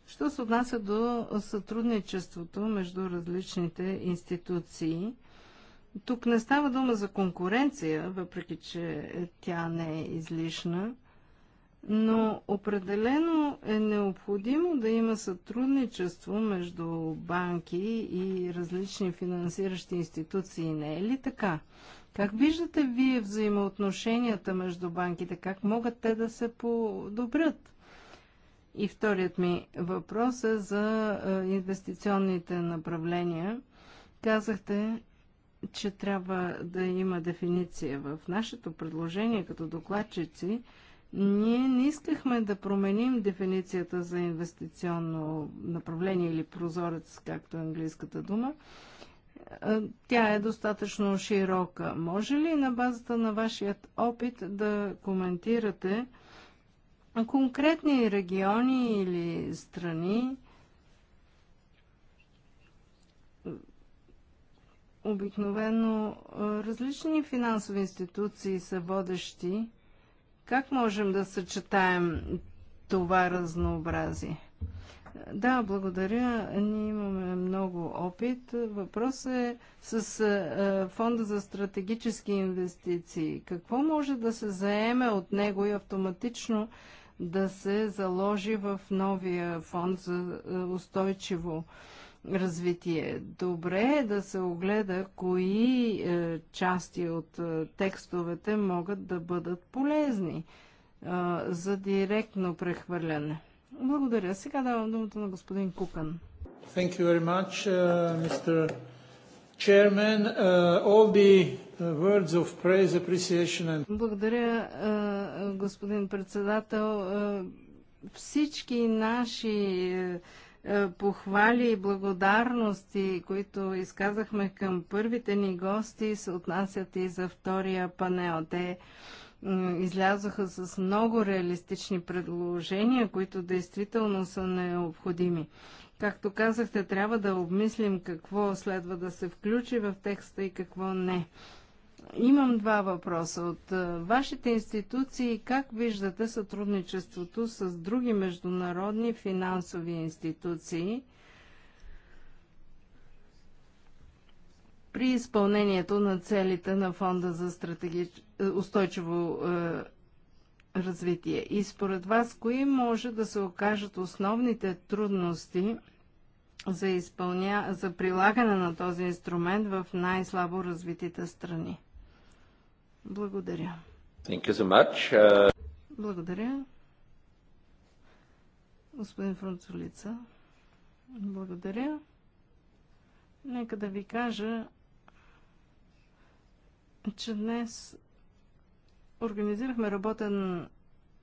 Speaker 1: Що се отнася до сътрудничеството между различните институции, тук не става дума за конкуренция, въпреки че тя не е излишна – но определено е необходимо да има сътрудничество между банки и различни финансиращи институции. Не е ли така? Как виждате вие взаимоотношенията между банките? Как могат те да се подобрят? И вторият ми въпрос е за инвестиционните направления. Казахте, че трябва да има дефиниция в нашето предложение като докладчици ние не искахме да променим дефиницията за инвестиционно направление или прозорец, както е английската дума. Е, тя е достатъчно широка. Може ли на базата на вашият опит да коментирате конкретни региони или страни, обикновено е, различни финансови институции са водещи как можем да съчетаем това разнообразие? Да, благодаря. Ние имаме много опит. Въпрос е с Фонда за стратегически инвестиции. Какво може да се заеме от него и автоматично да се заложи в новия фонд за устойчиво развитие. Добре е да се огледа кои е, части от е, текстовете могат да бъдат полезни е, за директно прехвърляне. Благодаря. Сега давам думата на господин Кукан. Thank you very much, uh, е, Mr. Chairman. Uh, all the е, words of praise, appreciation and... Благодаря, uh, господин председател. Uh, всички наши uh, е, похвали и благодарности, които изказахме към първите ни гости, се отнасят и за втория панел. Те излязоха с много реалистични предложения, които действително са необходими. Както казахте, трябва да обмислим какво следва да се включи в текста и какво не. Имам два въпроса. От е, вашите институции как виждате сътрудничеството с други международни финансови институции при изпълнението на целите на Фонда за стратегич... Е, устойчиво е, развитие? И според вас, кои може да се окажат основните трудности за, изпълня... за прилагане на този инструмент в най-слабо развитите страни? Благодаря. Thank you so much. Uh... Благодаря. Господин Францулица, благодаря. Нека да ви кажа, че днес организирахме работен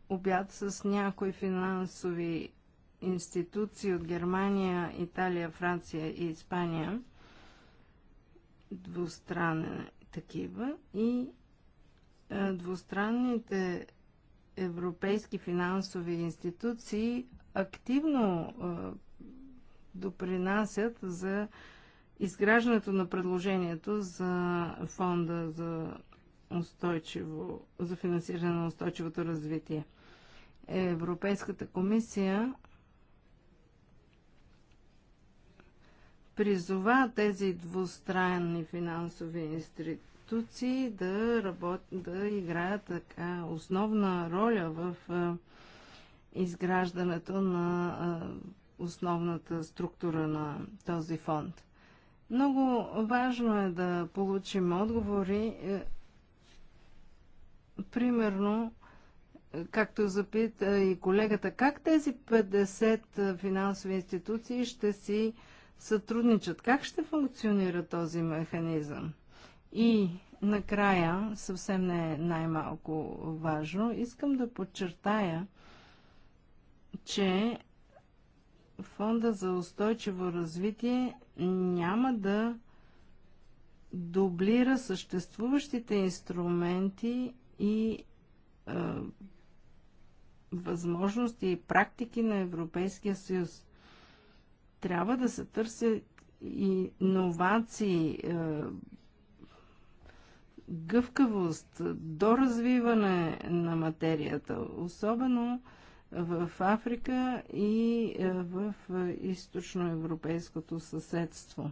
Speaker 1: обяд с някои финансови институции от Германия, Италия, Франция и Испания. Двустранни такива. И е, двустранните европейски финансови институции активно е, допринасят за изграждането на предложението за фонда за устойчиво, за финансиране на устойчивото развитие. Европейската комисия призова тези двустранни финансови институции институции да, работ... да играят така основна роля в изграждането на основната структура на този фонд. Много важно е да получим отговори. Е, примерно, както запита и колегата, как тези 50 финансови институции ще си сътрудничат? Как ще функционира този механизъм? И накрая, съвсем не е най-малко важно, искам да подчертая, че Фонда за устойчиво развитие няма да дублира съществуващите инструменти и е, възможности и практики на Европейския съюз. Трябва да се търсят иновации, е, гъвкавост, доразвиване на материята, особено в Африка и е, в източноевропейското съседство.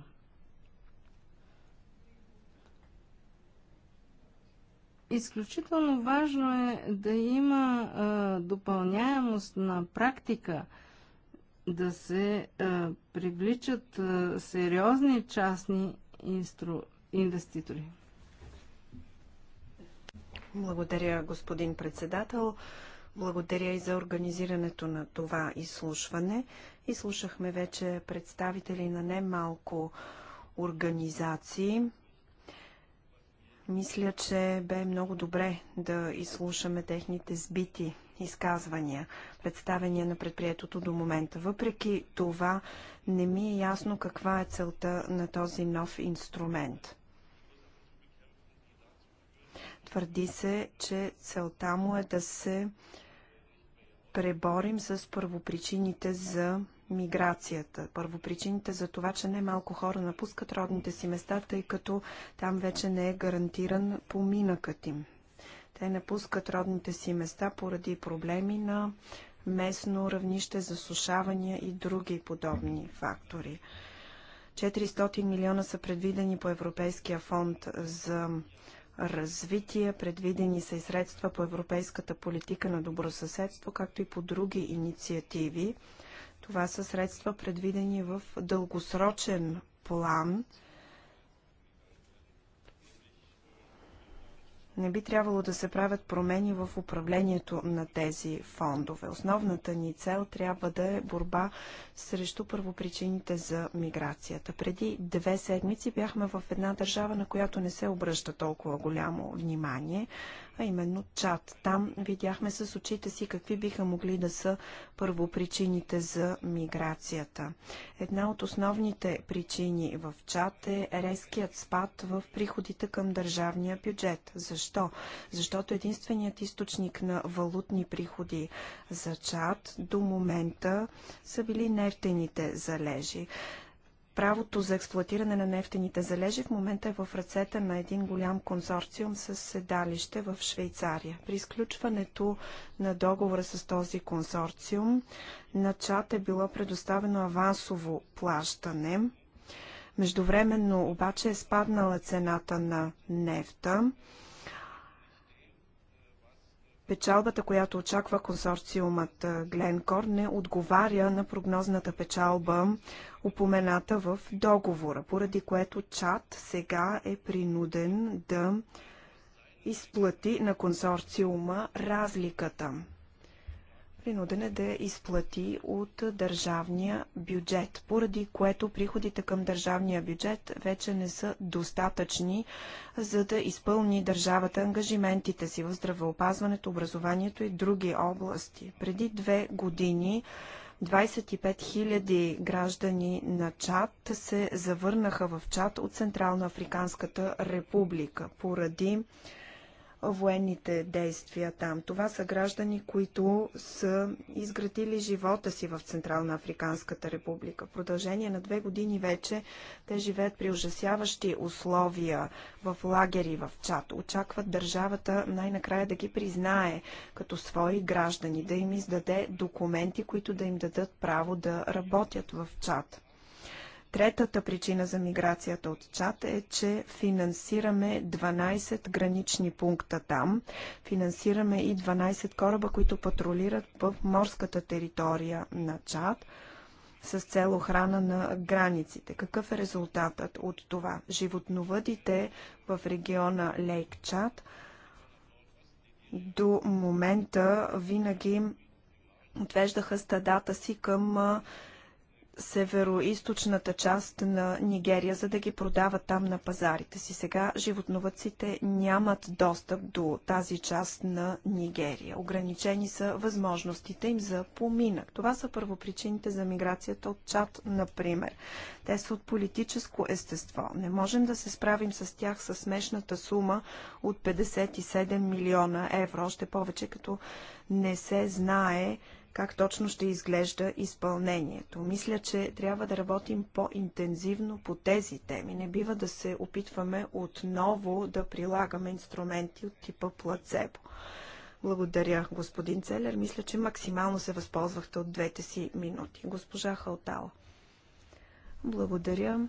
Speaker 1: Изключително важно е да има а, е, допълняемост на практика, да се а, е, привличат а, сериозни частни инстру... инвеститори.
Speaker 3: Благодаря, господин председател. Благодаря и за организирането на това изслушване. Изслушахме вече представители на немалко организации. Мисля, че бе много добре да изслушаме техните сбити изказвания, представения на предприетото до момента. Въпреки това, не ми е ясно каква е целта на този нов инструмент. Твърди се, че целта му е да се преборим с първопричините за миграцията. Първопричините за това, че най-малко хора напускат родните си места, тъй като там вече не е гарантиран поминъкът им. Те напускат родните си места поради проблеми на местно равнище, засушавания и други подобни фактори. 400 милиона са предвидени по Европейския фонд за развитие. Предвидени са и средства по европейската политика на добросъседство, както и по други инициативи. Това са средства предвидени в дългосрочен план – не би трябвало да се правят промени в управлението на тези фондове. Основната ни цел трябва да е борба срещу първопричините за миграцията. Преди две седмици бяхме в една държава, на която не се обръща толкова голямо внимание а именно чат. Там видяхме с очите си какви биха могли да са първопричините за миграцията. Една от основните причини в чат е резкият спад в приходите към държавния бюджет. Защо? Защото единственият източник на валутни приходи за чат до момента са били нефтените залежи правото за експлуатиране на нефтените залежи в момента е в ръцете на един голям консорциум с седалище в Швейцария. При изключването на договора с този консорциум на ЧАТ е било предоставено авансово плащане. Междувременно обаче е спаднала цената на нефта. Печалбата, която очаква консорциумът Гленкор, не отговаря на прогнозната печалба, упомената в договора, поради което ЧАД сега е принуден да изплати на консорциума разликата принуден е да изплати от държавния бюджет, поради което приходите към държавния бюджет вече не са достатъчни, за да изпълни държавата ангажиментите си в здравеопазването, образованието и други области. Преди две години 25 000 граждани на Чад се завърнаха в Чад от Централно Африканската република поради военните действия там. Това са граждани, които са изградили живота си в Централна Африканската република. В продължение на две години вече те живеят при ужасяващи условия в лагери в чат. Очакват държавата най-накрая да ги признае като свои граждани, да им издаде документи, които да им дадат право да работят в чат. Третата причина за миграцията от Чад е, че финансираме 12 гранични пункта там. Финансираме и 12 кораба, които патрулират в морската територия на Чад с цел охрана на границите. Какъв е резултатът от това? Животновъдите в региона Лейк Чад до момента винаги отвеждаха стадата си към северо-источната част на Нигерия, за да ги продават там на пазарите си. Сега животновъците нямат достъп до тази част на Нигерия. Ограничени са възможностите им за поминък. Това са първопричините за миграцията от Чад, например. Те са от политическо естество. Не можем да се справим с тях с смешната сума от 57 милиона евро, още повече като не се знае как точно ще изглежда изпълнението. Мисля, че трябва да работим по-интензивно по тези теми. Не бива да се опитваме отново да прилагаме инструменти от типа плацебо. Благодаря, господин Целер. Мисля, че максимално се възползвахте от двете си минути. Госпожа Халтала. Благодаря.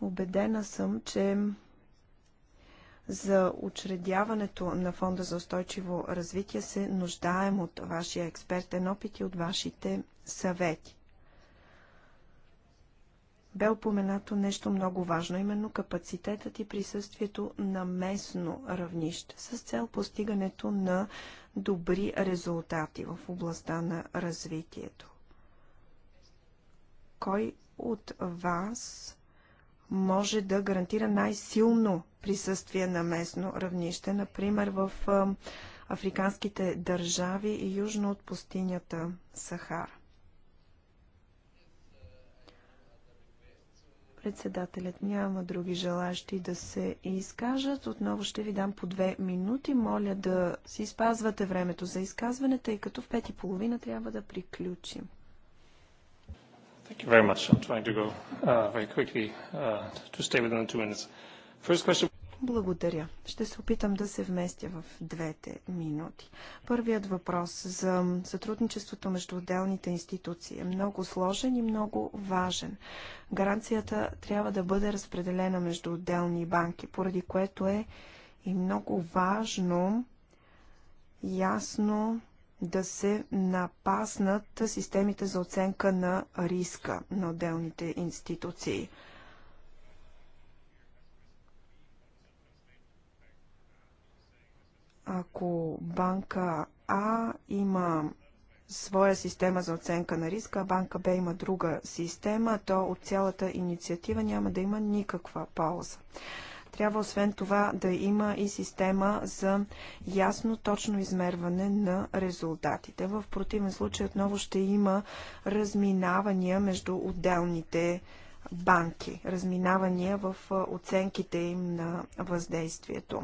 Speaker 3: Обедена съм, че за учредяването на Фонда за устойчиво развитие се нуждаем от вашия експертен опит и от вашите съвети. Бе упоменато нещо много важно, именно капацитетът и присъствието на местно равнище с цел постигането на добри резултати в областта на развитието. Кой от вас може да гарантира най-силно присъствие на местно равнище, например в африканските държави и южно от пустинята Сахара. Председателят няма други желащи да се изкажат. Отново ще ви дам по две минути. Моля да си спазвате времето за изказване, тъй като в пет и половина трябва да приключим.
Speaker 1: Thank you very much. I'm trying to go
Speaker 2: uh, very quickly uh, to stay within the two minutes. First question.
Speaker 3: Благодаря. Ще се опитам да се вместя в двете минути. Първият въпрос за сътрудничеството между отделните институции е много сложен и много важен. Гаранцията трябва да бъде разпределена между отделни банки, поради което е и много важно ясно да се напаснат системите за оценка на риска на отделните институции. Ако банка А има своя система за оценка на риска, а банка Б има друга система, то от цялата инициатива няма да има никаква полза. Трябва освен това да има и система за ясно, точно измерване на резултатите. В противен случай отново ще има разминавания между отделните банки, разминавания в оценките им на въздействието.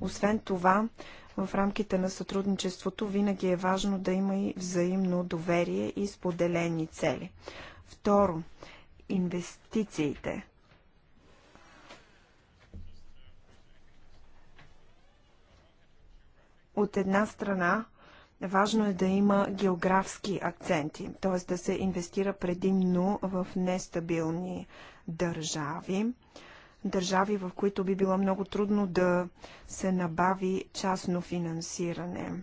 Speaker 3: Освен това, в рамките на сътрудничеството винаги е важно да има и взаимно доверие и споделени цели. Второ, инвестициите. От една страна, важно е да има географски акценти, т.е. да се инвестира предимно в нестабилни държави държави, в които би било много трудно да се набави частно финансиране.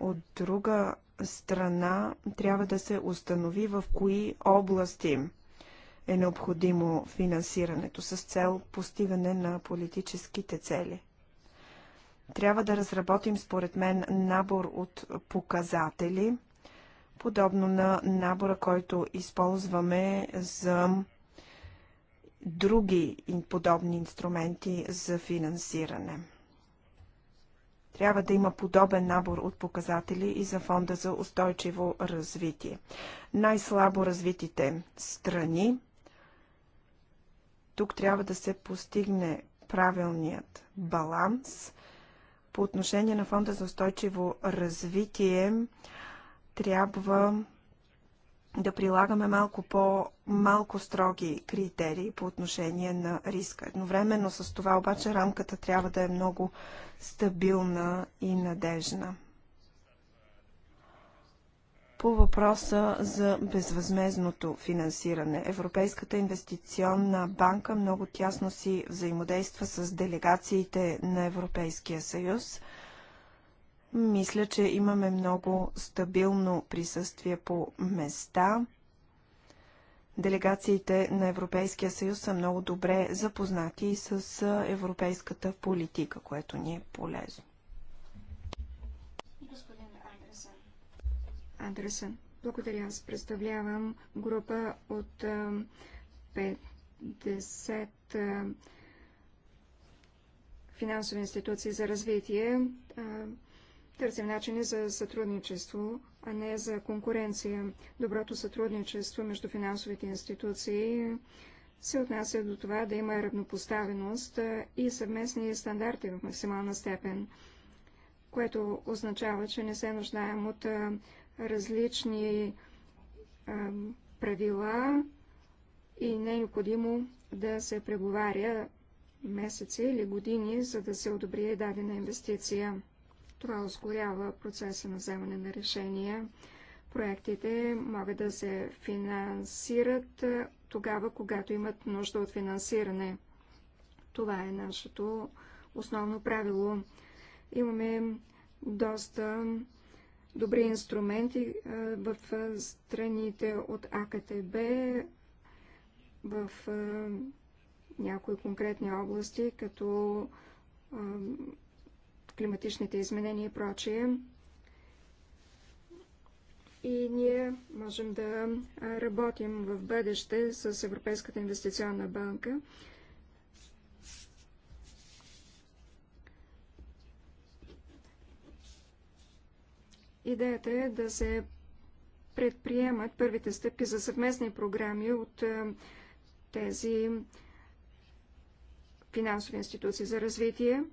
Speaker 3: От друга страна, трябва да се установи в кои области е необходимо финансирането с цел постигане на политическите цели. Трябва да разработим, според мен, набор от показатели, подобно на набора, който използваме за други подобни инструменти за финансиране. Трябва да има подобен набор от показатели и за Фонда за устойчиво развитие. Най-слабо развитите страни тук трябва да се постигне правилният баланс. По отношение на Фонда за устойчиво развитие трябва да прилагаме малко по-малко строги критерии по отношение на риска. Едновременно с това обаче рамката трябва да е много стабилна и надежна. По въпроса за безвъзмезното финансиране. Европейската инвестиционна банка много тясно си взаимодейства с делегациите на Европейския съюз. Мисля, че имаме много стабилно присъствие по места. Делегациите на Европейския съюз са много добре запознати и с европейската политика, което ни е полезно.
Speaker 2: адреса. Благодаря. Аз представлявам група от 50 финансови институции за развитие. Търсим начини за сътрудничество, а не за конкуренция. Доброто сътрудничество между финансовите институции се отнася до това да има равнопоставеност и съвместни стандарти в максимална степен, което означава, че не се нуждаем от различни а, правила и не е необходимо да се преговаря месеци или години, за да се одобри дадена инвестиция. Това ускорява процеса на вземане на решения. Проектите могат да се финансират тогава, когато имат нужда от финансиране. Това е нашето основно правило. Имаме доста добри инструменти в страните от АКТБ, в някои конкретни области, като климатичните изменения и прочие. И ние можем да работим в бъдеще с Европейската инвестиционна банка Идеята е да се предприемат първите стъпки за съвместни програми от е, тези финансови институции за развитие.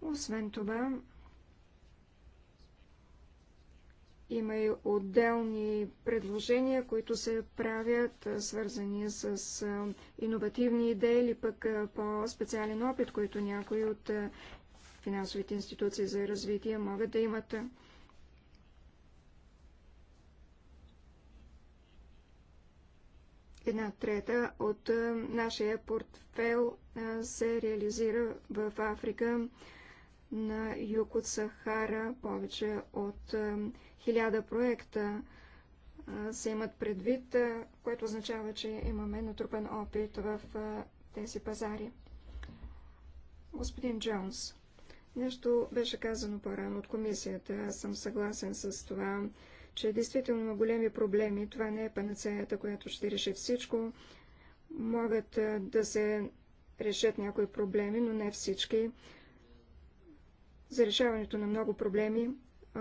Speaker 2: Освен това, има и отделни предложения, които се правят, е, свързани с е, иновативни идеи или пък по-специален опит, които някои от финансовите институции за развитие могат да имат. Една трета от нашия портфел се реализира в Африка на юг от Сахара. Повече от хиляда проекта се имат предвид, което означава, че имаме натрупан опит в тези пазари. Господин Джонс. Нещо беше казано по-рано от комисията. Аз съм съгласен с това, че действително има големи проблеми. Това не е панацеята, която ще реши всичко. Могат да се решат някои проблеми, но не всички. За решаването на много проблеми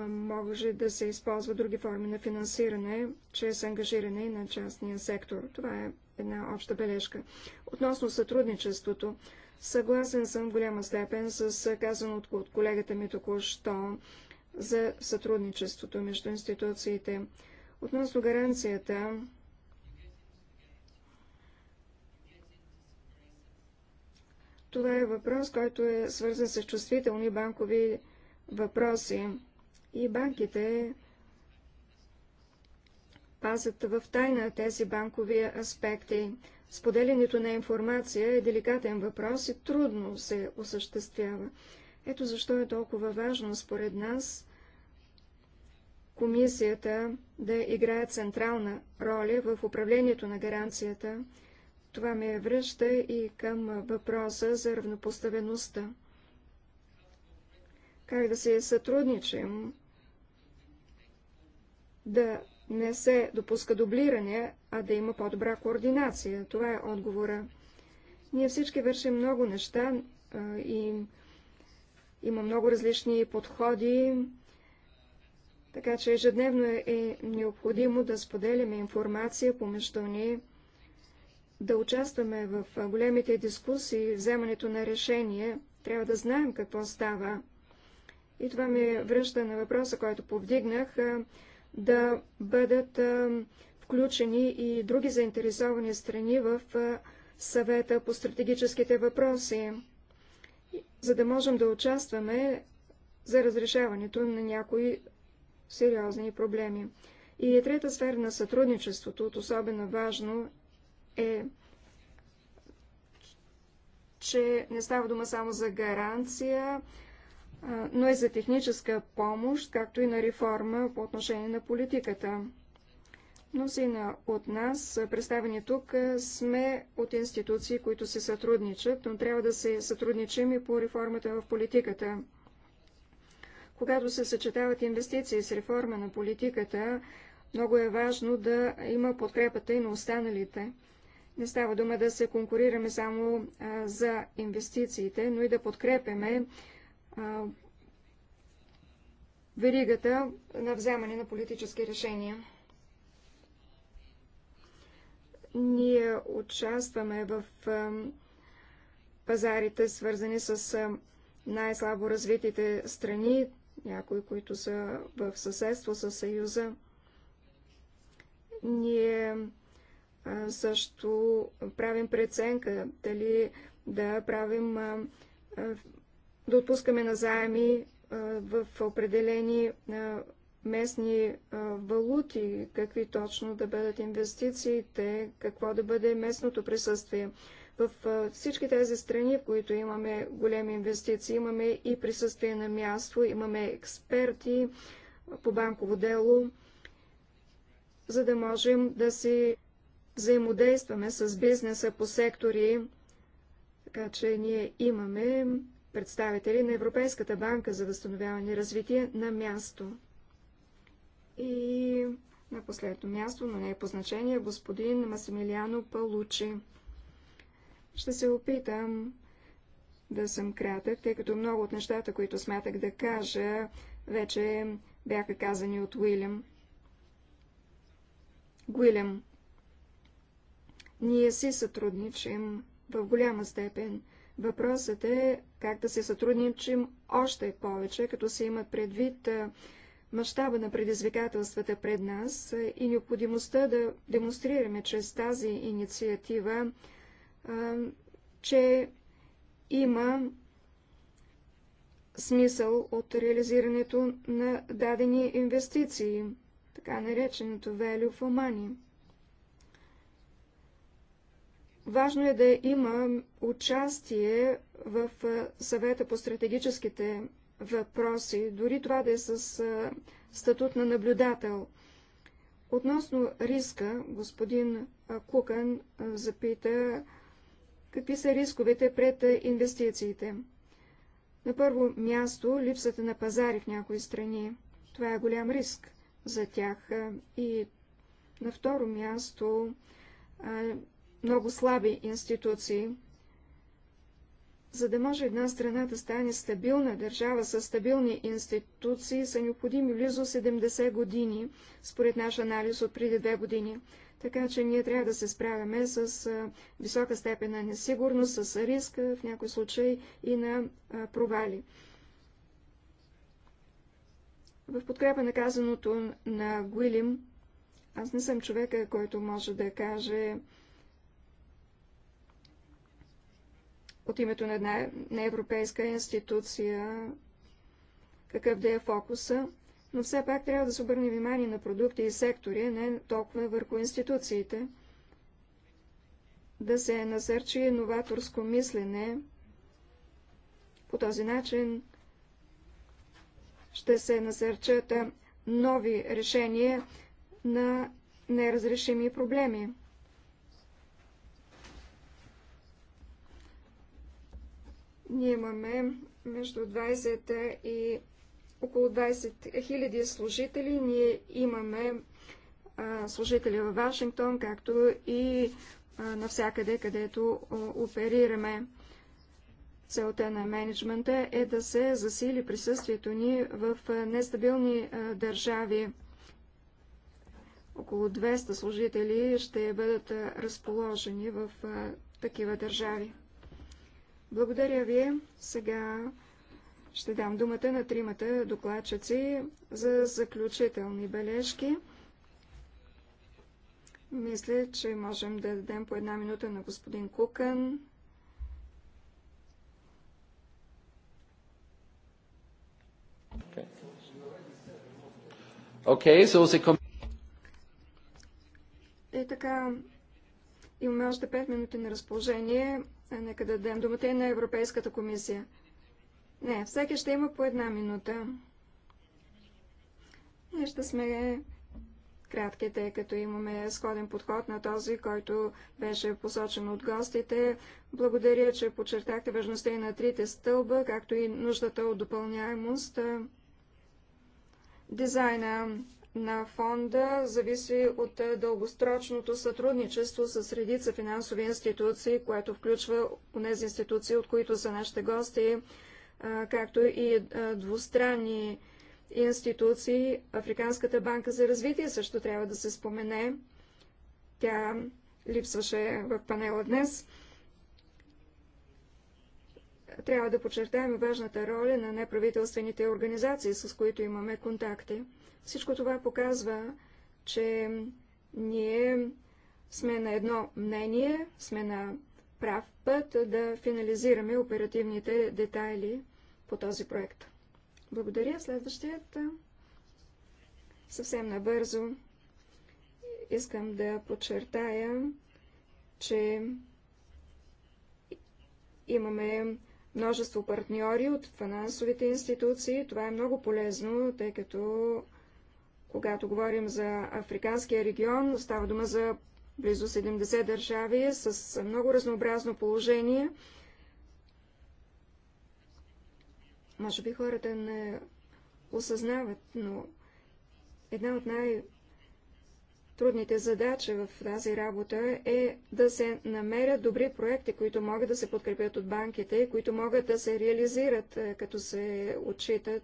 Speaker 2: може да се използва други форми на финансиране, чрез ангажиране и на частния сектор. Това е една обща бележка. Относно сътрудничеството, Съгласен съм в голяма степен с казаното от колегата ми току-що за сътрудничеството между институциите. Относно гаранцията, това е въпрос, който е свързан с чувствителни банкови въпроси. И банките пазят в тайна тези банкови аспекти. Споделянето на информация е деликатен въпрос и трудно се осъществява. Ето защо е толкова важно, според нас, комисията да играе централна роля в управлението на гаранцията. Това ме връща и към въпроса за равнопоставеността. Как да се сътрудничим, да не се допуска дублиране, а да има по-добра координация. Това е отговора. Ние всички вършим много неща а, и има много различни подходи, така че ежедневно е, е необходимо да споделяме информация помежду ни, да участваме в големите дискусии, вземането на решение. Трябва да знаем какво става. И това ме връща на въпроса, който повдигнах да бъдат включени и други заинтересовани страни в съвета по стратегическите въпроси, за да можем да участваме за разрешаването на някои сериозни проблеми. И трета сфера на сътрудничеството, от особено важно е, че не става дума само за гаранция, но и за техническа помощ, както и на реформа по отношение на политиката. Мнозина от нас, представени тук, сме от институции, които се сътрудничат, но трябва да се сътрудничим и по реформата в политиката. Когато се съчетават инвестиции с реформа на политиката, много е важно да има подкрепата и на останалите. Не става дума да се конкурираме само а, за инвестициите, но и да подкрепяме веригата на вземане на политически решения. Ние участваме в пазарите, свързани с най-слабо развитите страни, някои, които са в съседство с Съюза. Ние също правим преценка дали да правим да отпускаме назаеми в определени местни валути, какви точно да бъдат инвестициите, какво да бъде местното присъствие. В всички тези страни, в които имаме големи инвестиции, имаме и присъствие на място, имаме експерти по банково дело, за да можем да си взаимодействаме с бизнеса по сектори, така че ние имаме представители на Европейската банка за възстановяване и развитие на място. И на последното място, но не е по значение, господин Масимилиано Палучи. Ще се опитам да съм кратък, тъй като много от нещата, които смятах да кажа, вече бяха казани от Уилям. Уилям, ние си сътрудничим в голяма степен – Въпросът е как да се сътрудничим още повече, като се има предвид мащаба на предизвикателствата пред нас и необходимостта да демонстрираме чрез тази инициатива, че има смисъл от реализирането на дадени инвестиции, така нареченото value for money. Важно е да има участие в съвета по стратегическите въпроси, дори това да е с статут на наблюдател. Относно риска, господин Кукан запита какви са рисковете пред инвестициите. На първо място липсата на пазари в някои страни. Това е голям риск за тях. И на второ място много слаби институции. За да може една страна да стане стабилна държава с стабилни институции, са необходими близо 70 години, според наш анализ от преди две години. Така че ние трябва да се справяме с висока степен на несигурност, с риск, в някой случай и на провали. В подкрепа на казаното на Гуилим, аз не съм човека, който може да каже, от името на една неевропейска институция, какъв да е фокуса, но все пак трябва да се обърне внимание на продукти и сектори, не толкова върху институциите. Да се насърчи новаторско мислене. По този начин ще се насърчат нови решения на неразрешими проблеми. Ние имаме между 20 и около 20 хиляди служители. Ние имаме служители във Вашингтон, както и навсякъде, където оперираме. Целта на менеджмента е да се засили присъствието ни в нестабилни държави. Около 200 служители ще бъдат разположени в такива държави. Благодаря ви. Сега ще дам думата на тримата докладчици за заключителни бележки. Мисля, че можем да дадем по една минута на господин Кукън.
Speaker 1: Okay, so
Speaker 2: И е, така, имаме още 5 минути на разположение е, нека да дадем думата и на Европейската комисия. Не, всеки ще има по една минута. Ние ще сме кратки, тъй като имаме сходен подход на този, който беше посочен от гостите. Благодаря, че подчертахте важността и на трите стълба, както и нуждата от допълняемост. Дизайна на фонда зависи от е, дългосрочното сътрудничество с редица финансови институции, което включва тези институции, от които са нашите гости, е, както и е, двустранни институции. Африканската банка за развитие също трябва да се спомене. Тя липсваше в панела днес. Трябва да подчертаем важната роля на неправителствените организации, с които имаме контакти. Всичко това показва, че ние сме на едно мнение, сме на прав път да финализираме оперативните детайли по този проект. Благодаря. Следващият съвсем набързо искам да подчертая, че имаме множество партньори от финансовите институции. Това е много полезно, тъй като когато говорим за Африканския регион, става дума за близо 70 държави с много разнообразно положение. Може би хората не осъзнават, но една от най- трудните задачи в тази работа е да се намерят добри проекти, които могат да се подкрепят от банките, които могат да се реализират, е, като се отчитат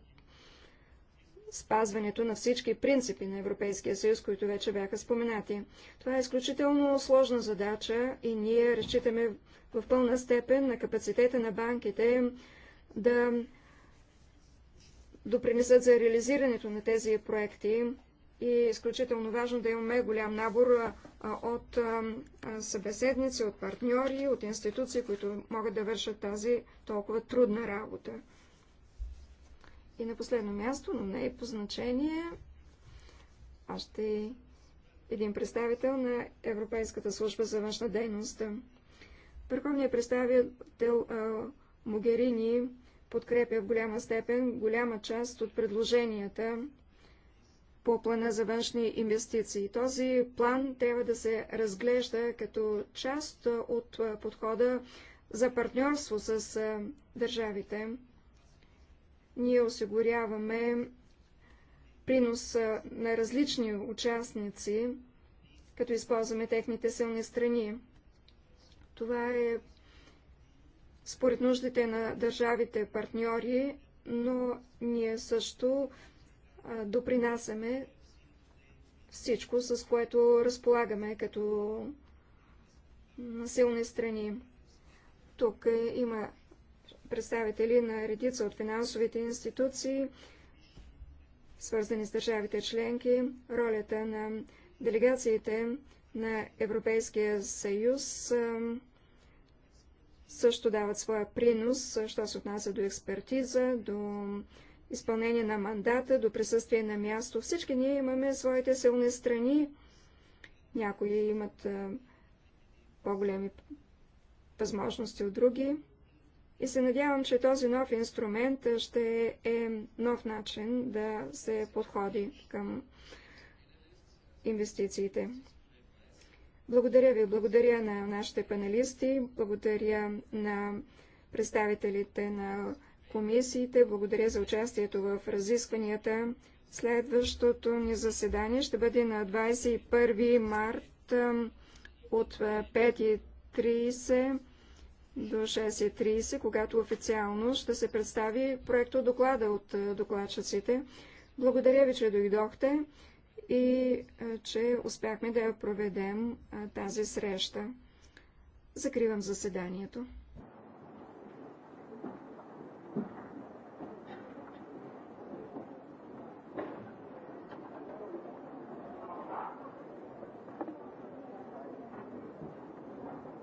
Speaker 2: спазването на всички принципи на Европейския съюз, които вече бяха споменати. Това е изключително сложна задача и ние разчитаме в пълна степен на капацитета на банките да допринесат за реализирането на тези проекти и е изключително важно да имаме голям набор от събеседници, от партньори, от институции, които могат да вършат тази толкова трудна работа. И на последно място, но не е по значение, още един представител на Европейската служба за външна дейност. Върховният представител а, Могерини подкрепя в голяма степен голяма част от предложенията по плана за външни инвестиции. Този план трябва да се разглежда като част от подхода за партньорство с държавите ние осигуряваме приноса на различни участници, като използваме техните силни страни. Това е според нуждите на държавите партньори, но ние също допринасяме всичко, с което разполагаме като силни страни. Тук е, има представители на редица от финансовите институции, свързани с държавите членки, ролята на делегациите на Европейския съюз също дават своя принос, що се отнася до експертиза, до изпълнение на мандата, до присъствие на място. Всички ние имаме своите силни страни. Някои имат по-големи възможности от други. И се надявам, че този нов инструмент ще е нов начин да се подходи към инвестициите. Благодаря ви, благодаря на нашите панелисти, благодаря на представителите на комисиите, благодаря за участието в разискванията. Следващото ни заседание ще бъде на 21 март от 5.30 до 6.30, когато официално ще се представи проекто доклада от е, докладчиците. Благодаря ви, че дойдохте и е, че успяхме да я проведем е, тази среща. Закривам заседанието.